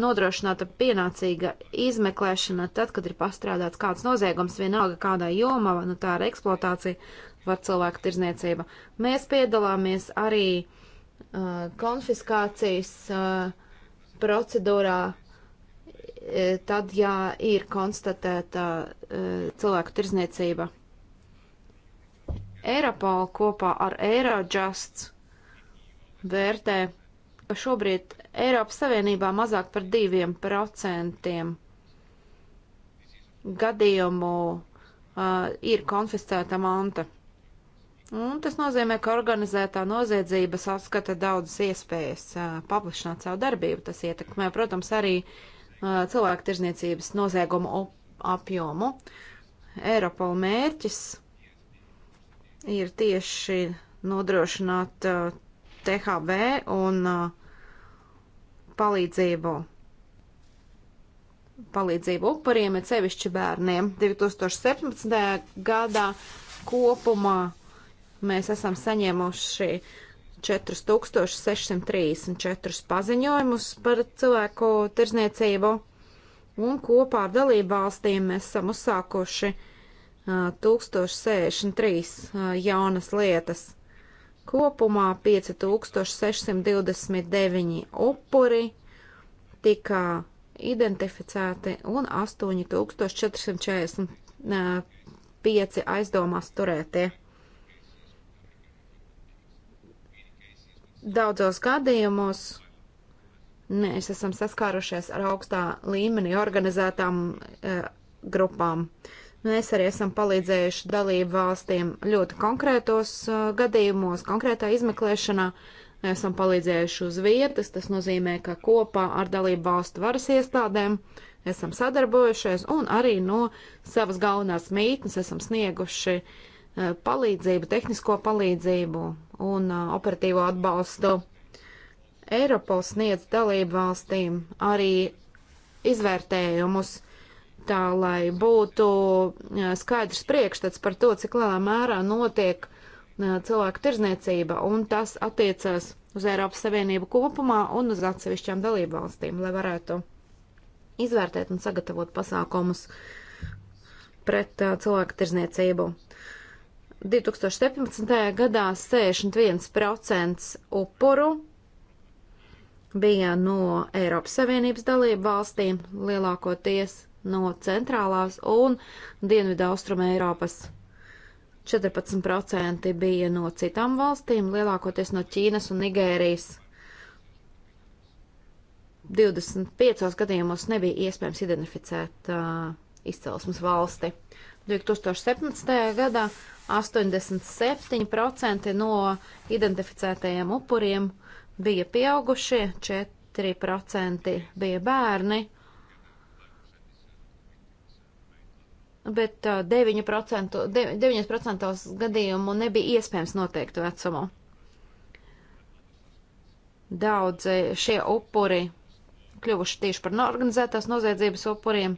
nodrošināta pienācīga izmeklēšana tad, kad ir pastrādāts kāds noziegums, vienalga kādā jomā, nu tā ir eksploatācija vai cilvēka tirzniecība. Mēs piedalāmies arī uh, konfiskācijas uh, procedūrā, e, tad, ja ir konstatēta uh, cilvēka tirzniecība. Eiropol kopā ar Eirojusts vērtē, ka šobrīd Eiropas Savienībā mazāk par diviem procentiem gadījumu uh, ir konfiscēta manta. Un tas nozīmē, ka organizētā noziedzība saskata daudzas iespējas uh, paplašināt savu darbību. Tas ietekmē, protams, arī uh, cilvēku tirzniecības noziegumu apjomu. Eiropola mērķis ir tieši nodrošināt uh, CHB un uh, palīdzību, palīdzību upuriem, ir sevišķi bērniem. 2017. gadā kopumā mēs esam saņēmuši 4634 paziņojumus par cilvēku tirzniecību, un kopā ar dalību valstīm mēs esam uzsākuši 1063 uh, uh, jaunas lietas. Kopumā 5629 upuri tika identificēti un 8445 eh, aizdomās turētie. Daudzos gadījumos mēs esam saskārušies ar augstā līmenī organizētām e, grupām. Mēs arī esam palīdzējuši dalību valstīm ļoti konkrētos uh, gadījumos, konkrētā izmeklēšanā. Mēs esam palīdzējuši uz vietas, tas nozīmē, ka kopā ar dalību valstu varas iestādēm esam sadarbojušies un arī no savas galvenās mītnes esam snieguši uh, palīdzību, tehnisko palīdzību un uh, operatīvo atbalstu. Eiropols sniedz dalību valstīm arī izvērtējumus tā lai būtu skaidrs priekšstats par to, cik lielā mērā notiek cilvēku tirzniecība, un tas attiecās uz Eiropas Savienību kopumā un uz atsevišķām dalību valstīm, lai varētu izvērtēt un sagatavot pasākumus pret uh, cilvēku tirzniecību. 2017. gadā 61% upuru bija no Eiropas Savienības dalību valstīm lielākoties no centrālās un dienvidu austruma Eiropas. 14% bija no citām valstīm, lielākoties no Ķīnas un Nigērijas. 25 gadījumos nebija iespējams identificēt uh, izcelsmes valsti. 2017. gadā 87% no identificētajiem upuriem bija pieaugušie, 4% bija bērni, bet 9%, 9% gadījumu nebija iespējams noteikt vecumu. Daudzi šie upuri kļuvuši tieši par norganizētās noziedzības upuriem.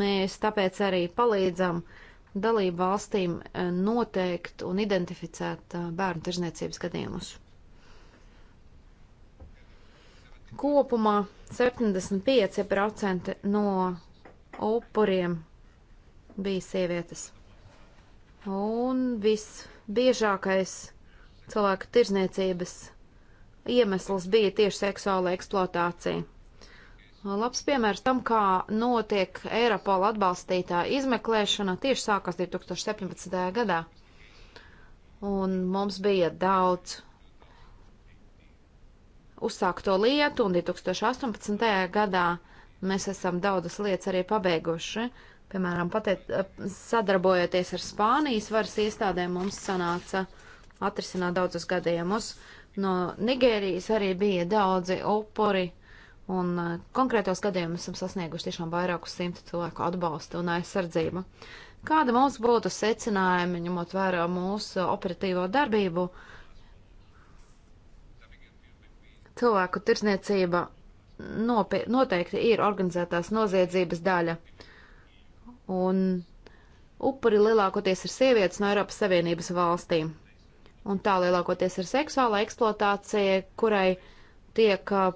Mēs tāpēc arī palīdzam dalību valstīm noteikt un identificēt bērnu tirzniecības gadījumus. Kopumā 75% no upuriem bija sievietes. Un visbiežākais cilvēku tirzniecības iemesls bija tieši seksuāla eksploatācija. Labs piemērs tam, kā notiek Eiropola atbalstītā izmeklēšana, tieši sākās 2017. gadā. Un mums bija daudz uzsākto lietu, un 2018. gadā mēs esam daudzas lietas arī pabeiguši. Piemēram, patiet, sadarbojoties ar Spānijas varas iestādēm, mums sanāca atrisināt daudzus gadījumus. No Nigērijas arī bija daudzi upuri, un eh, konkrētos gadījumus esam sasnieguši tiešām vairāku simtu cilvēku atbalstu un aizsardzību. Kāda mums būtu secinājumi, ņemot vērā mūsu operatīvo darbību? Cilvēku tirsniecība noteikti ir organizētās noziedzības daļa un upuri lielākoties ir sievietes no Eiropas Savienības valstīm. Un tā lielākoties ir seksuāla eksploatācija, kurai tiek uh,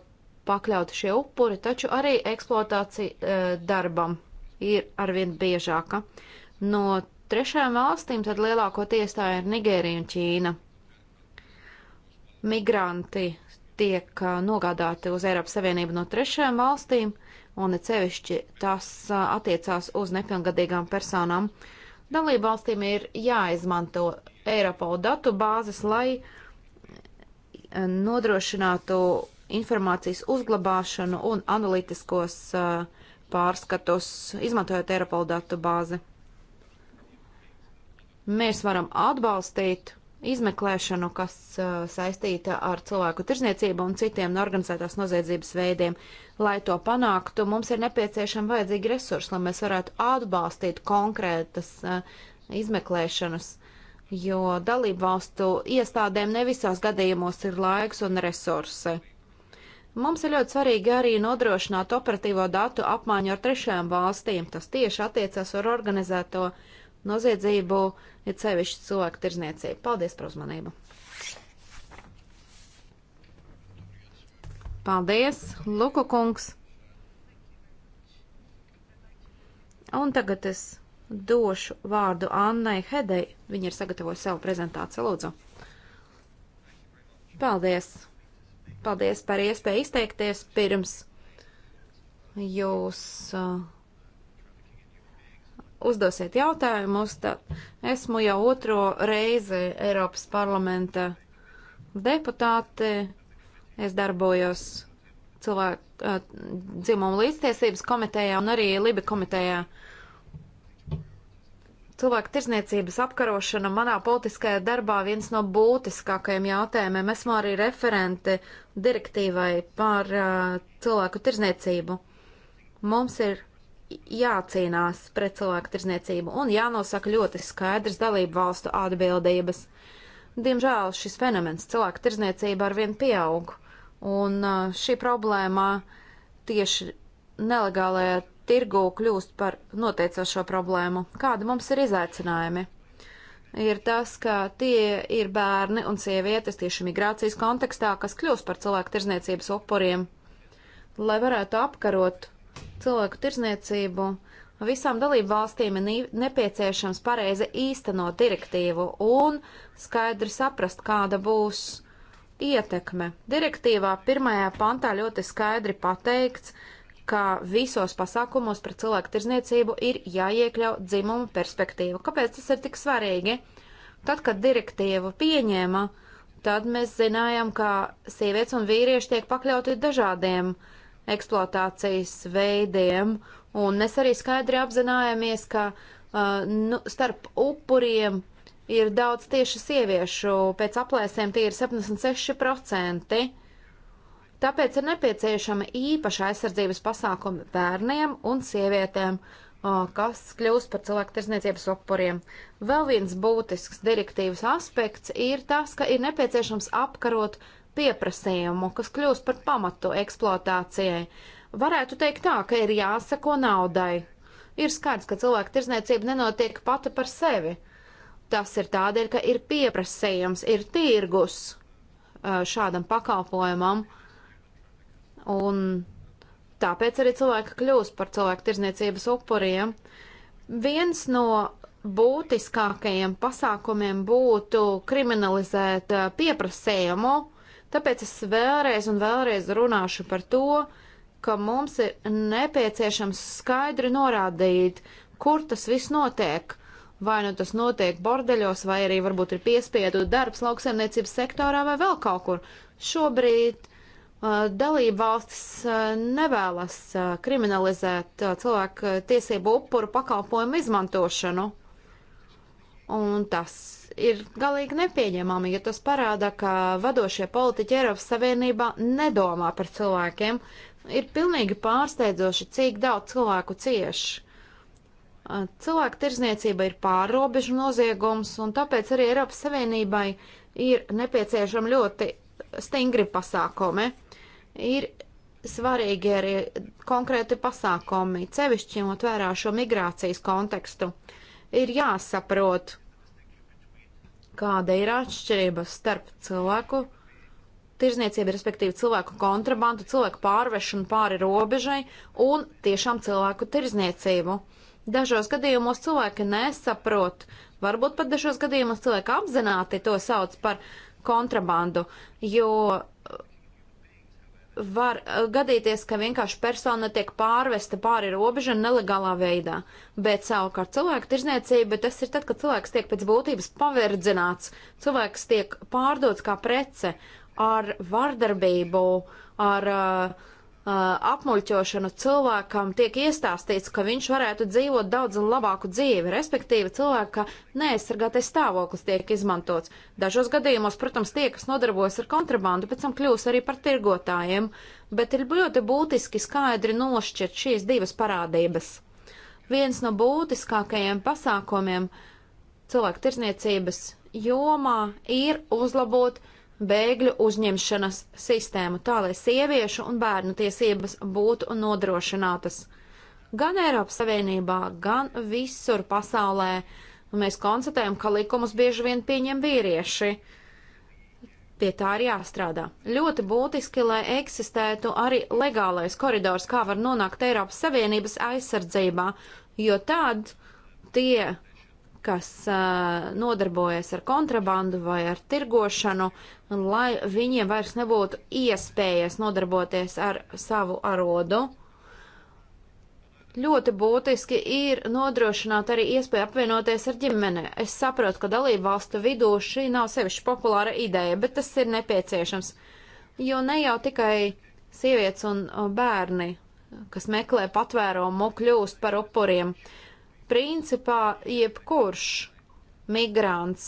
pakļauti šie upuri, taču arī eksploatācija uh, darbam ir arvien biežāka. No trešajām valstīm tad lielākoties tā ir Nigērija un Ķīna. Migranti tiek uh, nogādāti uz Eiropas Savienību no trešajām valstīm, uh, un cevišķi tas attiecās uz nepilngadīgām personām. Dalībvalstīm ir jāizmanto Eiropola datu bāzes, lai nodrošinātu informācijas uzglabāšanu un analītiskos pārskatus, izmantojot Eiropola datu bāzi. Mēs varam atbalstīt izmeklēšanu, kas saistīta ar cilvēku tirzniecību un citiem organizētās noziedzības veidiem. Lai to panāktu, mums ir nepieciešama vajadzīga resursa, lai mēs varētu atbalstīt konkrētas uh, izmeklēšanas, jo dalību valstu iestādēm ne visās gadījumos ir laiks un resursi. Mums ir ļoti svarīgi arī nodrošināt operatīvo datu apmaiņu ar trešajām valstīm. Tas tieši attiecas ar organizēto noziedzību, ir sevišķi cilvēku tirzniecību. Paldies par uzmanību! Paldies, Luka kungs! Un tagad es došu vārdu Annai Hedei. Viņa ir sagatavojusi savu prezentāciju, lūdzu. Paldies! Paldies par iespēju izteikties pirms jūs uh, uzdosiet jautājumus, tad esmu jau otro reizi Eiropas parlamenta deputāte. Es darbojos cilvēku dzimumu līdztiesības komitejā un arī Libi komitejā. Cilvēku tirzniecības apkarošana manā politiskajā darbā viens no būtiskākajiem jautājumiem. Esmu arī referente direktīvai par uh, cilvēku tirzniecību. Mums ir jācīnās pret cilvēku tirzniecību un jānosaka ļoti skaidrs dalību valstu atbildības. Diemžēl šis fenomens cilvēku tirzniecība arvien pieaug. Uh, Un šī problēma tieši nelegālajā tirgū kļūst par noteicošo problēmu. Kāda mums ir izaicinājumi? Ir tas, ka tie ir bērni un sievietes tieši migrācijas kontekstā, kas kļūst par cilvēku tirzniecības upuriem. Lai varētu apkarot cilvēku tirzniecību, visām dalību valstīm ir nepieciešams pareizi īstenot direktīvu un skaidri saprast, kāda būs uh, ietekme. Direktīvā pirmajā pantā ļoti skaidri pateikts, ka visos pasākumos par cilvēku tirzniecību ir jāiekļau dzimumu perspektīvu. Kāpēc tas ir tik svarīgi? Tad, kad direktīvu pieņēma, tad mēs zinājām, ka sievietes un vīrieši tiek pakļauti dažādiem eksploatācijas veidiem, un mēs arī skaidri apzinājāmies, ka uh, nu, starp upuriem ir daudz tieši sieviešu, pēc aplēsēm tie ir 76%. Tāpēc ir nepieciešama īpaša aizsardzības pasākuma bērniem un sievietēm, kas kļūst par cilvēku tirzniecības upuriem. Vēl viens būtisks direktīvas aspekts ir tas, ka ir nepieciešams apkarot pieprasījumu, kas kļūst par pamatu eksploatācijai. Varētu teikt tā, ka ir jāsako naudai. Ir skaidrs, ka cilvēku tirzniecība nenotiek pati par sevi. Tas ir tādēļ, ka ir pieprasījums, ir tirgus uh, šādam pakalpojumam, un tāpēc arī cilvēki kļūst par cilvēku tirzniecības upuriem. Viens no būtiskākajiem pasākumiem būtu kriminalizēt uh, pieprasījumu, tāpēc es vēlreiz un vēlreiz runāšu par to, ka mums ir nepieciešams skaidri norādīt, kur tas viss notiek, Vai nu tas notiek bordeļos, vai arī varbūt ir piespiedu darbs lauksaimniecības sektorā vai vēl kaut kur. Šobrīd uh, dalība valstis uh, nevēlas uh, kriminalizēt uh, cilvēku uh, tiesību upuru pakalpojumu izmantošanu. Un tas ir galīgi nepieņemami, jo tas parāda, ka vadošie politiķi Eiropas Savienībā nedomā par cilvēkiem. Ir pilnīgi pārsteidzoši, cik daudz cilvēku cieši Cilvēku tirzniecība ir pārrobežu noziegums, un tāpēc arī Eiropas Savienībai ir nepieciešami ļoti stingri pasākumi. Ir svarīgi arī konkrēti pasākumi, cevišķi ņemot vērā šo migrācijas kontekstu. Ir jāsaprot, kāda ir atšķirība starp cilvēku tirzniecību, respektīvi cilvēku kontrabandu, cilvēku pārvešanu pāri robežai un tiešām cilvēku tirzniecību. Uh, Dažos gadījumos cilvēki nesaprot, varbūt pat dažos gadījumos cilvēki apzināti to sauc par kontrabandu, jo uh, var uh, gadīties, ka vienkārši persona tiek pārvesta pāri robežai nelegālā veidā. Bet savukārt cilvēku tirzniecība tas ir tad, kad cilvēks tiek pēc būtības paverdzināts, cilvēks tiek pārdots kā prece ar vardarbību, ar uh, apmuļķošanu cilvēkam tiek iestāstīts, ka viņš varētu dzīvot daudz labāku dzīvi, respektīvi cilvēka neaizsargātais stāvoklis tiek izmantots. Dažos gadījumos, protams, tie, kas nodarbojas ar kontrabandu, pēc tam kļūs arī par tirgotājiem, bet ir ļoti būtiski skaidri nošķirt šīs divas parādības. Viens no būtiskākajiem pasākumiem cilvēku tirzniecības jomā ir uzlabot uh, bēgļu uzņemšanas sistēmu, tā lai sieviešu un bērnu tiesības būtu nodrošinātas. Gan Eiropas Savienībā, gan visur pasaulē mēs konstatējam, ka likumus bieži vien pieņem vīrieši. Pie tā ir jāstrādā. Ļoti būtiski, lai eksistētu arī legālais koridors, kā var nonākt Eiropas Savienības aizsardzībā, jo tad tie kas uh, nodarbojas ar kontrabandu vai ar tirgošanu, lai viņiem vairs nebūtu iespējas nodarboties ar savu arodu. Ļoti būtiski ir nodrošināt arī iespēju apvienoties ar ģimeni. Es saprotu, ka dalību valstu vidū šī nav sevišķi populāra ideja, bet tas ir nepieciešams, jo ne jau tikai sievietes un bērni, kas meklē patvērumu, kļūst par upuriem. Uh, Principā jebkurš migrants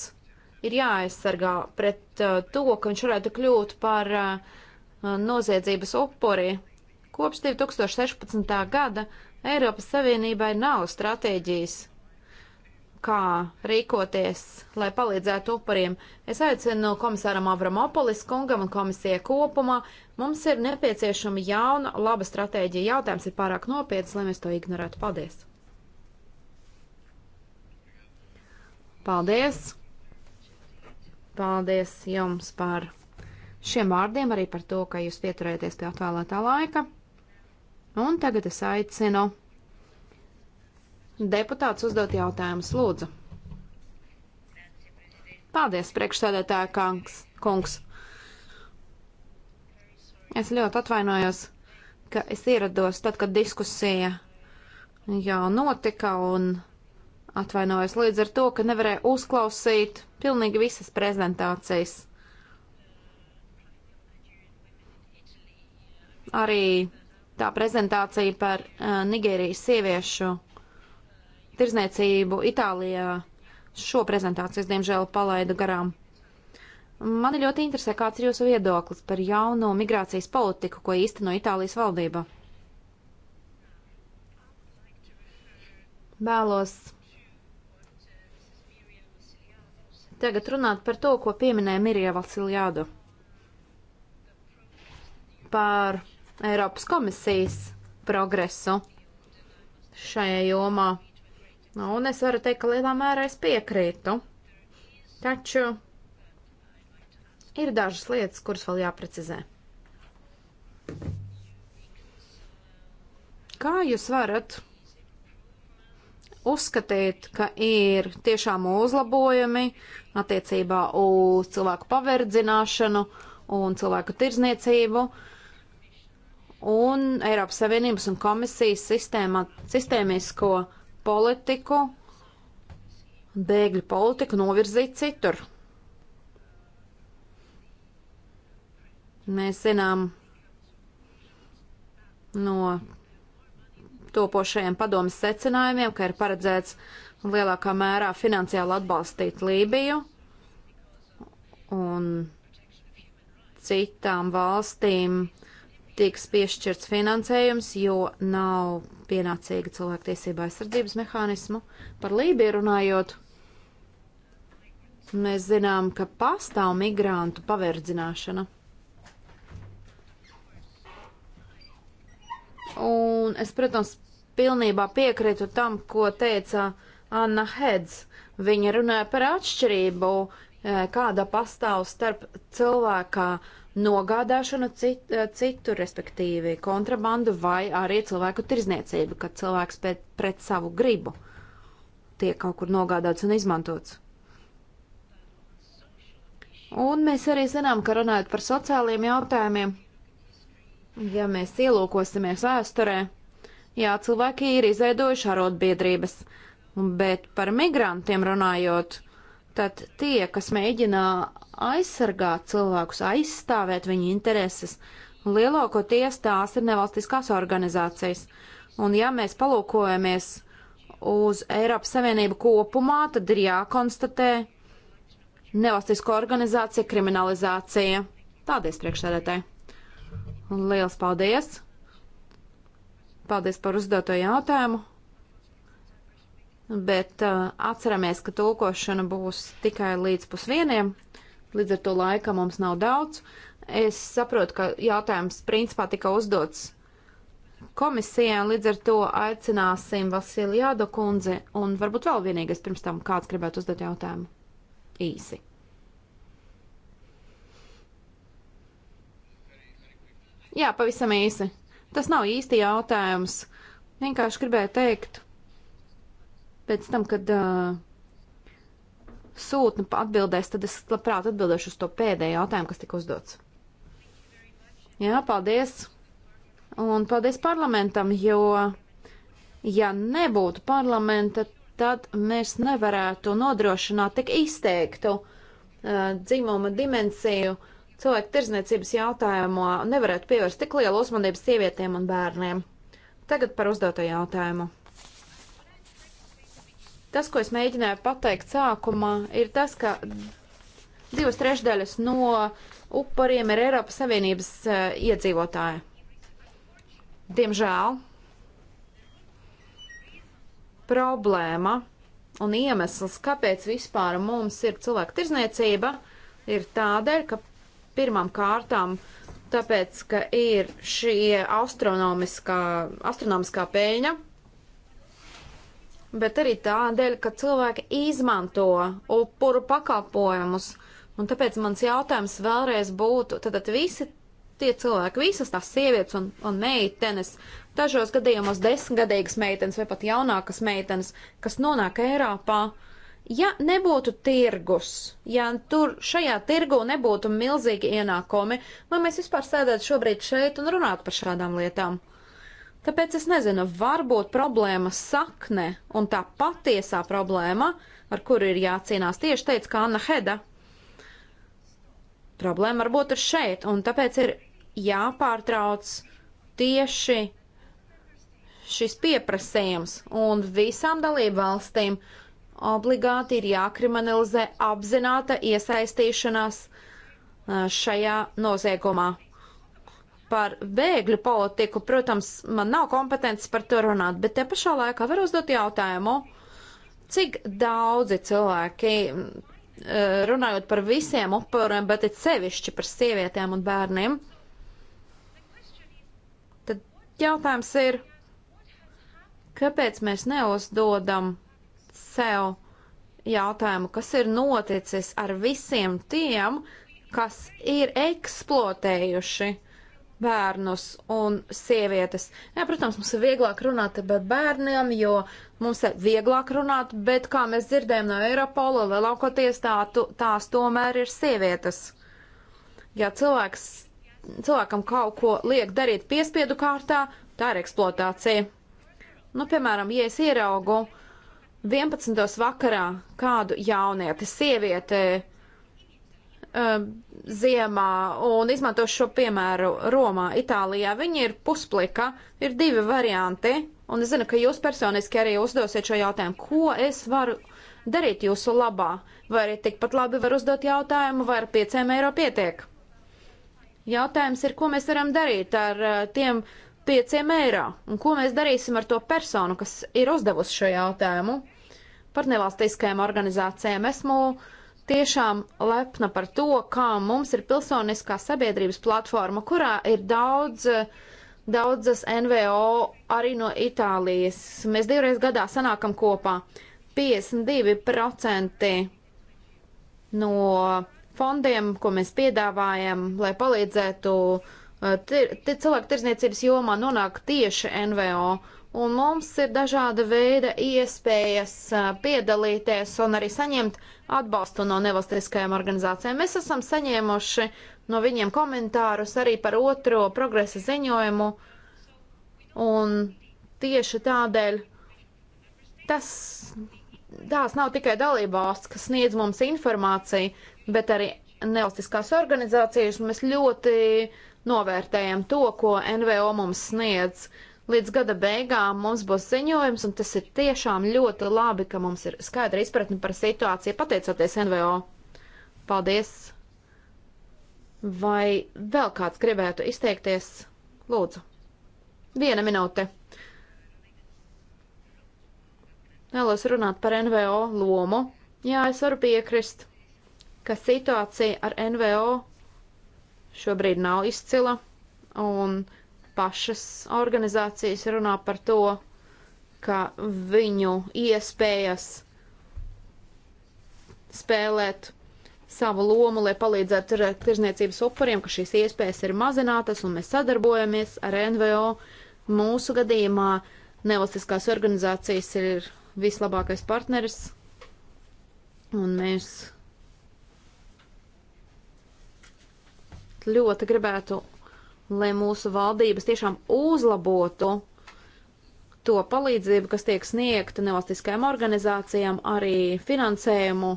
ir jāaizsargā pret uh, to, ka viņš varētu kļūt par uh, noziedzības upuri. Kopš 2016. gada Eiropas Savienībai nav stratēģijas, kā rīkoties, lai palīdzētu upuriem. Es aicinu komisāram Avramopolis kungam un komisijai kopumā. Mums ir nepieciešama jauna, laba stratēģija. Jautājums ir pārāk nopietns, lai mēs to ignorētu. Paldies! Paldies! Paldies jums par šiem vārdiem, arī par to, ka jūs pieturēties pie atvēlētā laika. Un tagad es aicinu deputāts uzdot jautājumus, lūdzu. Paldies, priekšsēdētāja kungs. Es ļoti atvainojos, ka es ierados tad, kad diskusija jau notika un Atvainojos līdz ar to, ka nevarēju uzklausīt pilnīgi visas prezentācijas. Arī tā prezentācija par uh, Nigērijas sieviešu tirzniecību Itālijā. Šo prezentāciju es diemžēl palaidu garām. Mani ļoti interesē, kāds ir jūsu viedoklis par jauno migrācijas politiku, ko īsteno Itālijas valdība. Vēlos Tagad runāt par to, ko pieminēja Mirija Vasiljādu par Eiropas komisijas progresu šajā jomā. Nu, un es varu teikt, ka lielā mērā es piekrītu. Taču ir dažas lietas, kuras vēl jāprecizē. Kā jūs varat uzskatīt, ka ir tiešām uzlabojumi attiecībā uz cilvēku paverdzināšanu un cilvēku tirzniecību. Un Eiropas Savienības un komisijas sistēma, sistēmisko politiku, bēgļu politiku novirzīt citur. Mēs zinām no topošajiem padomas secinājumiem, ka ir paredzēts lielākā mērā finansiāli atbalstīt Lībiju un citām valstīm tiks piešķirts finansējums, jo nav pienācīga cilvēktiesība aizsardzības mehānismu. Par Lībiju runājot, mēs zinām, ka pastāv migrantu paverdzināšana. Un es, protams, pilnībā piekrītu tam, ko teica Anna Hedz. Viņa runāja par atšķirību, e, kāda pastāv starp cilvēkā nogādāšanu cit, e, citu, respektīvi kontrabandu vai arī cilvēku tirzniecību, kad cilvēks pret, pret savu gribu tiek kaut kur nogādāts un izmantots. Un mēs arī zinām, ka runājot par sociālajiem jautājumiem, Ja mēs ielūkosimies vēsturē, jā, cilvēki ir izveidojuši arotbiedrības, bet par migrantiem runājot, tad tie, kas mēģina aizsargāt cilvēkus, aizstāvēt viņu intereses, lielākoties tās ir nevalstiskās organizācijas. Un ja mēs palūkojamies uz Eiropas Savienību kopumā, tad ir jākonstatē nevalstisko organizāciju kriminalizācija. Paldies priekšsēdētāji! Liels paldies! Paldies par uzdoto jautājumu! Bet uh, atceramies, ka tulkošana būs tikai līdz pusvieniem, līdz ar to laika mums nav daudz. Es saprotu, ka jautājums principā tika uzdots komisijai, un līdz ar to aicināsim Vasilijādu kundzi, un varbūt vēl vienīgais pirms tam kāds gribētu uzdot jautājumu īsi. Jā, pavisam īsi. Tas nav īsti jautājums. Vienkārši gribēju teikt, pēc tam, kad uh, sūtni atbildēs, tad es labprāt atbildēšu uz to pēdējo jautājumu, kas tika uzdots. Jā, paldies! Un paldies parlamentam, jo, ja nebūtu parlamenta, tad mēs nevarētu nodrošināt tik izteiktu uh, dzimuma dimensiju uh, cilvēku tirzniecības jautājumā nevarētu pievērst tik lielu uzmanību sievietēm un bērniem. Tagad par uzdoto jautājumu. Tas, ko es mēģināju pateikt sākumā, ir tas, ka divas trešdaļas no upuriem ir Eiropas Savienības uh, iedzīvotāji. Diemžēl problēma un iemesls, kāpēc vispār mums ir cilvēku tirzniecība, ir tādēļ, ka Pirmām kārtām, tāpēc, ka ir šī astronomiskā, astronomiskā peļņa, bet arī tādēļ, ka cilvēki izmanto upuru pakalpojumus. Un tāpēc mans jautājums vēlreiz būtu, tad, tad visi tie cilvēki, visas tās sievietes un, un meitenes, dažos gadījumos desmitgadīgas meitenes vai pat jaunākas meitenes, kas nonāk Eiropā, uh, Ja nebūtu tirgus, ja tur šajā tirgu nebūtu milzīgi ienākumi, vai mēs vispār sēdētu šobrīd šeit un runātu par šādām lietām? Tāpēc es nezinu, varbūt problēma sakne un tā patiesā problēma, ar kuru ir jācīnās tieši teica, kā Anna Heda. Problēma varbūt ir šeit, un tāpēc ir jāpārtrauc tieši šis pieprasījums un visām dalību valstīm obligāti ir jākriminalizē apzināta iesaistīšanās šajā noziegumā. Par bēgļu politiku, protams, man nav kompetences par to runāt, bet te pašā laikā var uzdot jautājumu, cik daudzi cilvēki, runājot par visiem upuriem, bet it sevišķi par sievietēm un bērniem, tad jautājums ir, kāpēc mēs neuzdodam sev jautājumu, kas ir noticis ar visiem tiem, kas ir eksploatējuši bērnus un sievietes. Jā, protams, mums ir vieglāk runāt par bērniem, jo mums ir vieglāk runāt, bet, kā mēs dzirdējam no Eiropola, lielākoties tā, tās tomēr ir sievietes. Ja cilvēks, cilvēkam kaut ko liek darīt piespiedu kārtā, tā ir eksploatācija. Nu, piemēram, ja es ieraugu uh, 11. vakarā kādu jaunieti, sievieti uh, ziemā un izmanto šo piemēru Romā, Itālijā. Viņa ir pusplika, ir divi varianti, un es zinu, ka jūs personiski arī uzdosiet šo jautājumu, ko es varu darīt jūsu labā, vai arī tikpat labi var uzdot jautājumu, vai ar pieciem eiro pietiek. Jautājums ir, ko mēs varam darīt ar uh, tiem pieciem eiro, un ko mēs darīsim ar to personu, kas ir uzdevusi šo jautājumu par nevalstiskajām organizācijām. Esmu tiešām lepna par to, kā mums ir pilsoniskā sabiedrības platforma, kurā ir daudz, daudzas NVO arī no Itālijas. Mēs divreiz gadā sanākam kopā 52% no fondiem, ko mēs piedāvājam, lai palīdzētu tir, eh, tir, cilvēku tirzniecības jomā nonāk tieši NVO un mums ir dažāda veida iespējas piedalīties un arī saņemt atbalstu no nevalstiskajām organizācijām. Mēs esam saņēmuši no viņiem komentārus arī par otro progresa ziņojumu, un tieši tādēļ tas, tās nav tikai dalībvalsts, kas sniedz mums informāciju, bet arī nevalstiskās organizācijas, un mēs ļoti novērtējam to, ko NVO mums sniedz. Uh, Līdz gada beigām mums būs ziņojums, un tas ir tiešām ļoti labi, ka mums ir skaidra izpratne par situāciju pateicoties NVO. Paldies! Vai vēl kāds gribētu izteikties? Lūdzu! Viena minūte. Vēlos runāt par NVO lomu. Jā, es varu piekrist, ka situācija ar NVO šobrīd nav izcila, un pašas organizācijas runā par to, ka viņu iespējas spēlēt savu lomu, lai palīdzētu tirzniecības upuriem, ka šīs iespējas ir mazinātas un mēs sadarbojamies ar NVO. Mūsu gadījumā nevalstiskās organizācijas ir vislabākais partneris un mēs ļoti gribētu lai mūsu valdības tiešām uzlabotu to palīdzību, kas tiek sniegta nevalstiskajām organizācijām, arī finansējumu,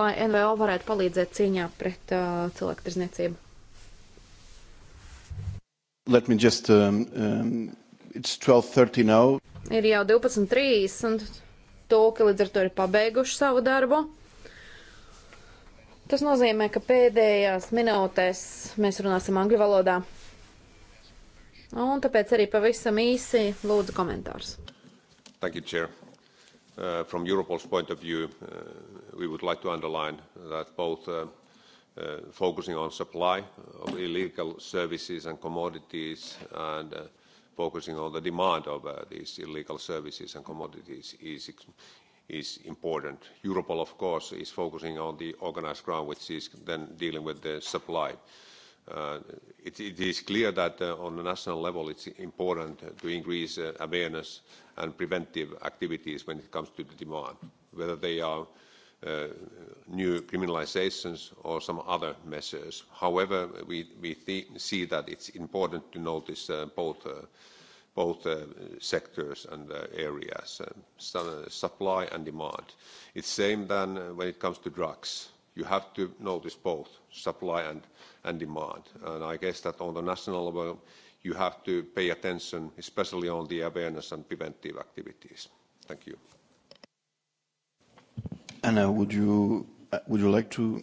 lai NVO varētu palīdzēt cīņā pret uh, cilvēktirzniecību. Let me just, um, um, it's 12.30 now. Ir jau 12.30 un tūki līdz ar to ir pabeiguši savu darbu. Tas nozīmē, ka pēdējās minūtēs mēs runāsim angļu valodā. Un tāpēc arī pavisam īsi lūdzu komentārus. Thank you, Chair. Uh, from Europol's point of view, uh, we would like to underline that both uh, uh, focusing on supply of illegal services and commodities and uh, focusing on the demand of uh, these illegal services and commodities is is important. Europol, of course, is focusing on the organized crime, which is then dealing with the supply. Uh, it, it is clear that uh, on the national level, it's important to increase uh, awareness and preventive activities when it comes to the demand, whether they are uh, new criminalizations or some other measures. However, we, we see that it's important to notice uh, both uh, both uh, sectors and uh, areas, um, uh, supply and demand. It's same than uh, when it comes to drugs. You have to notice both supply and, and demand. And I guess that on the national level, you have to pay attention, especially on the awareness and preventive activities. Thank you. Anna, would you, uh, would you like to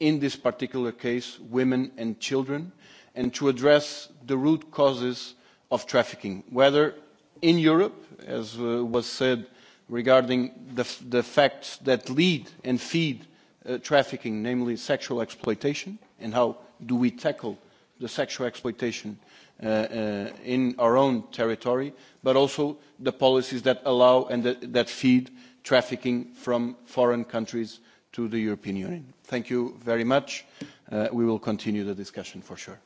in this particular case, women and children, and to address the root causes of trafficking, whether in Europe, as uh, was said regarding the, the facts that lead and feed uh, trafficking, namely sexual exploitation, and how do we tackle the sexual exploitation uh, uh, in our own territory, but also the policies that allow and that, that feed trafficking from foreign countries uh, to the European Union. Thank you very much. Uh, we will continue the discussion for sure.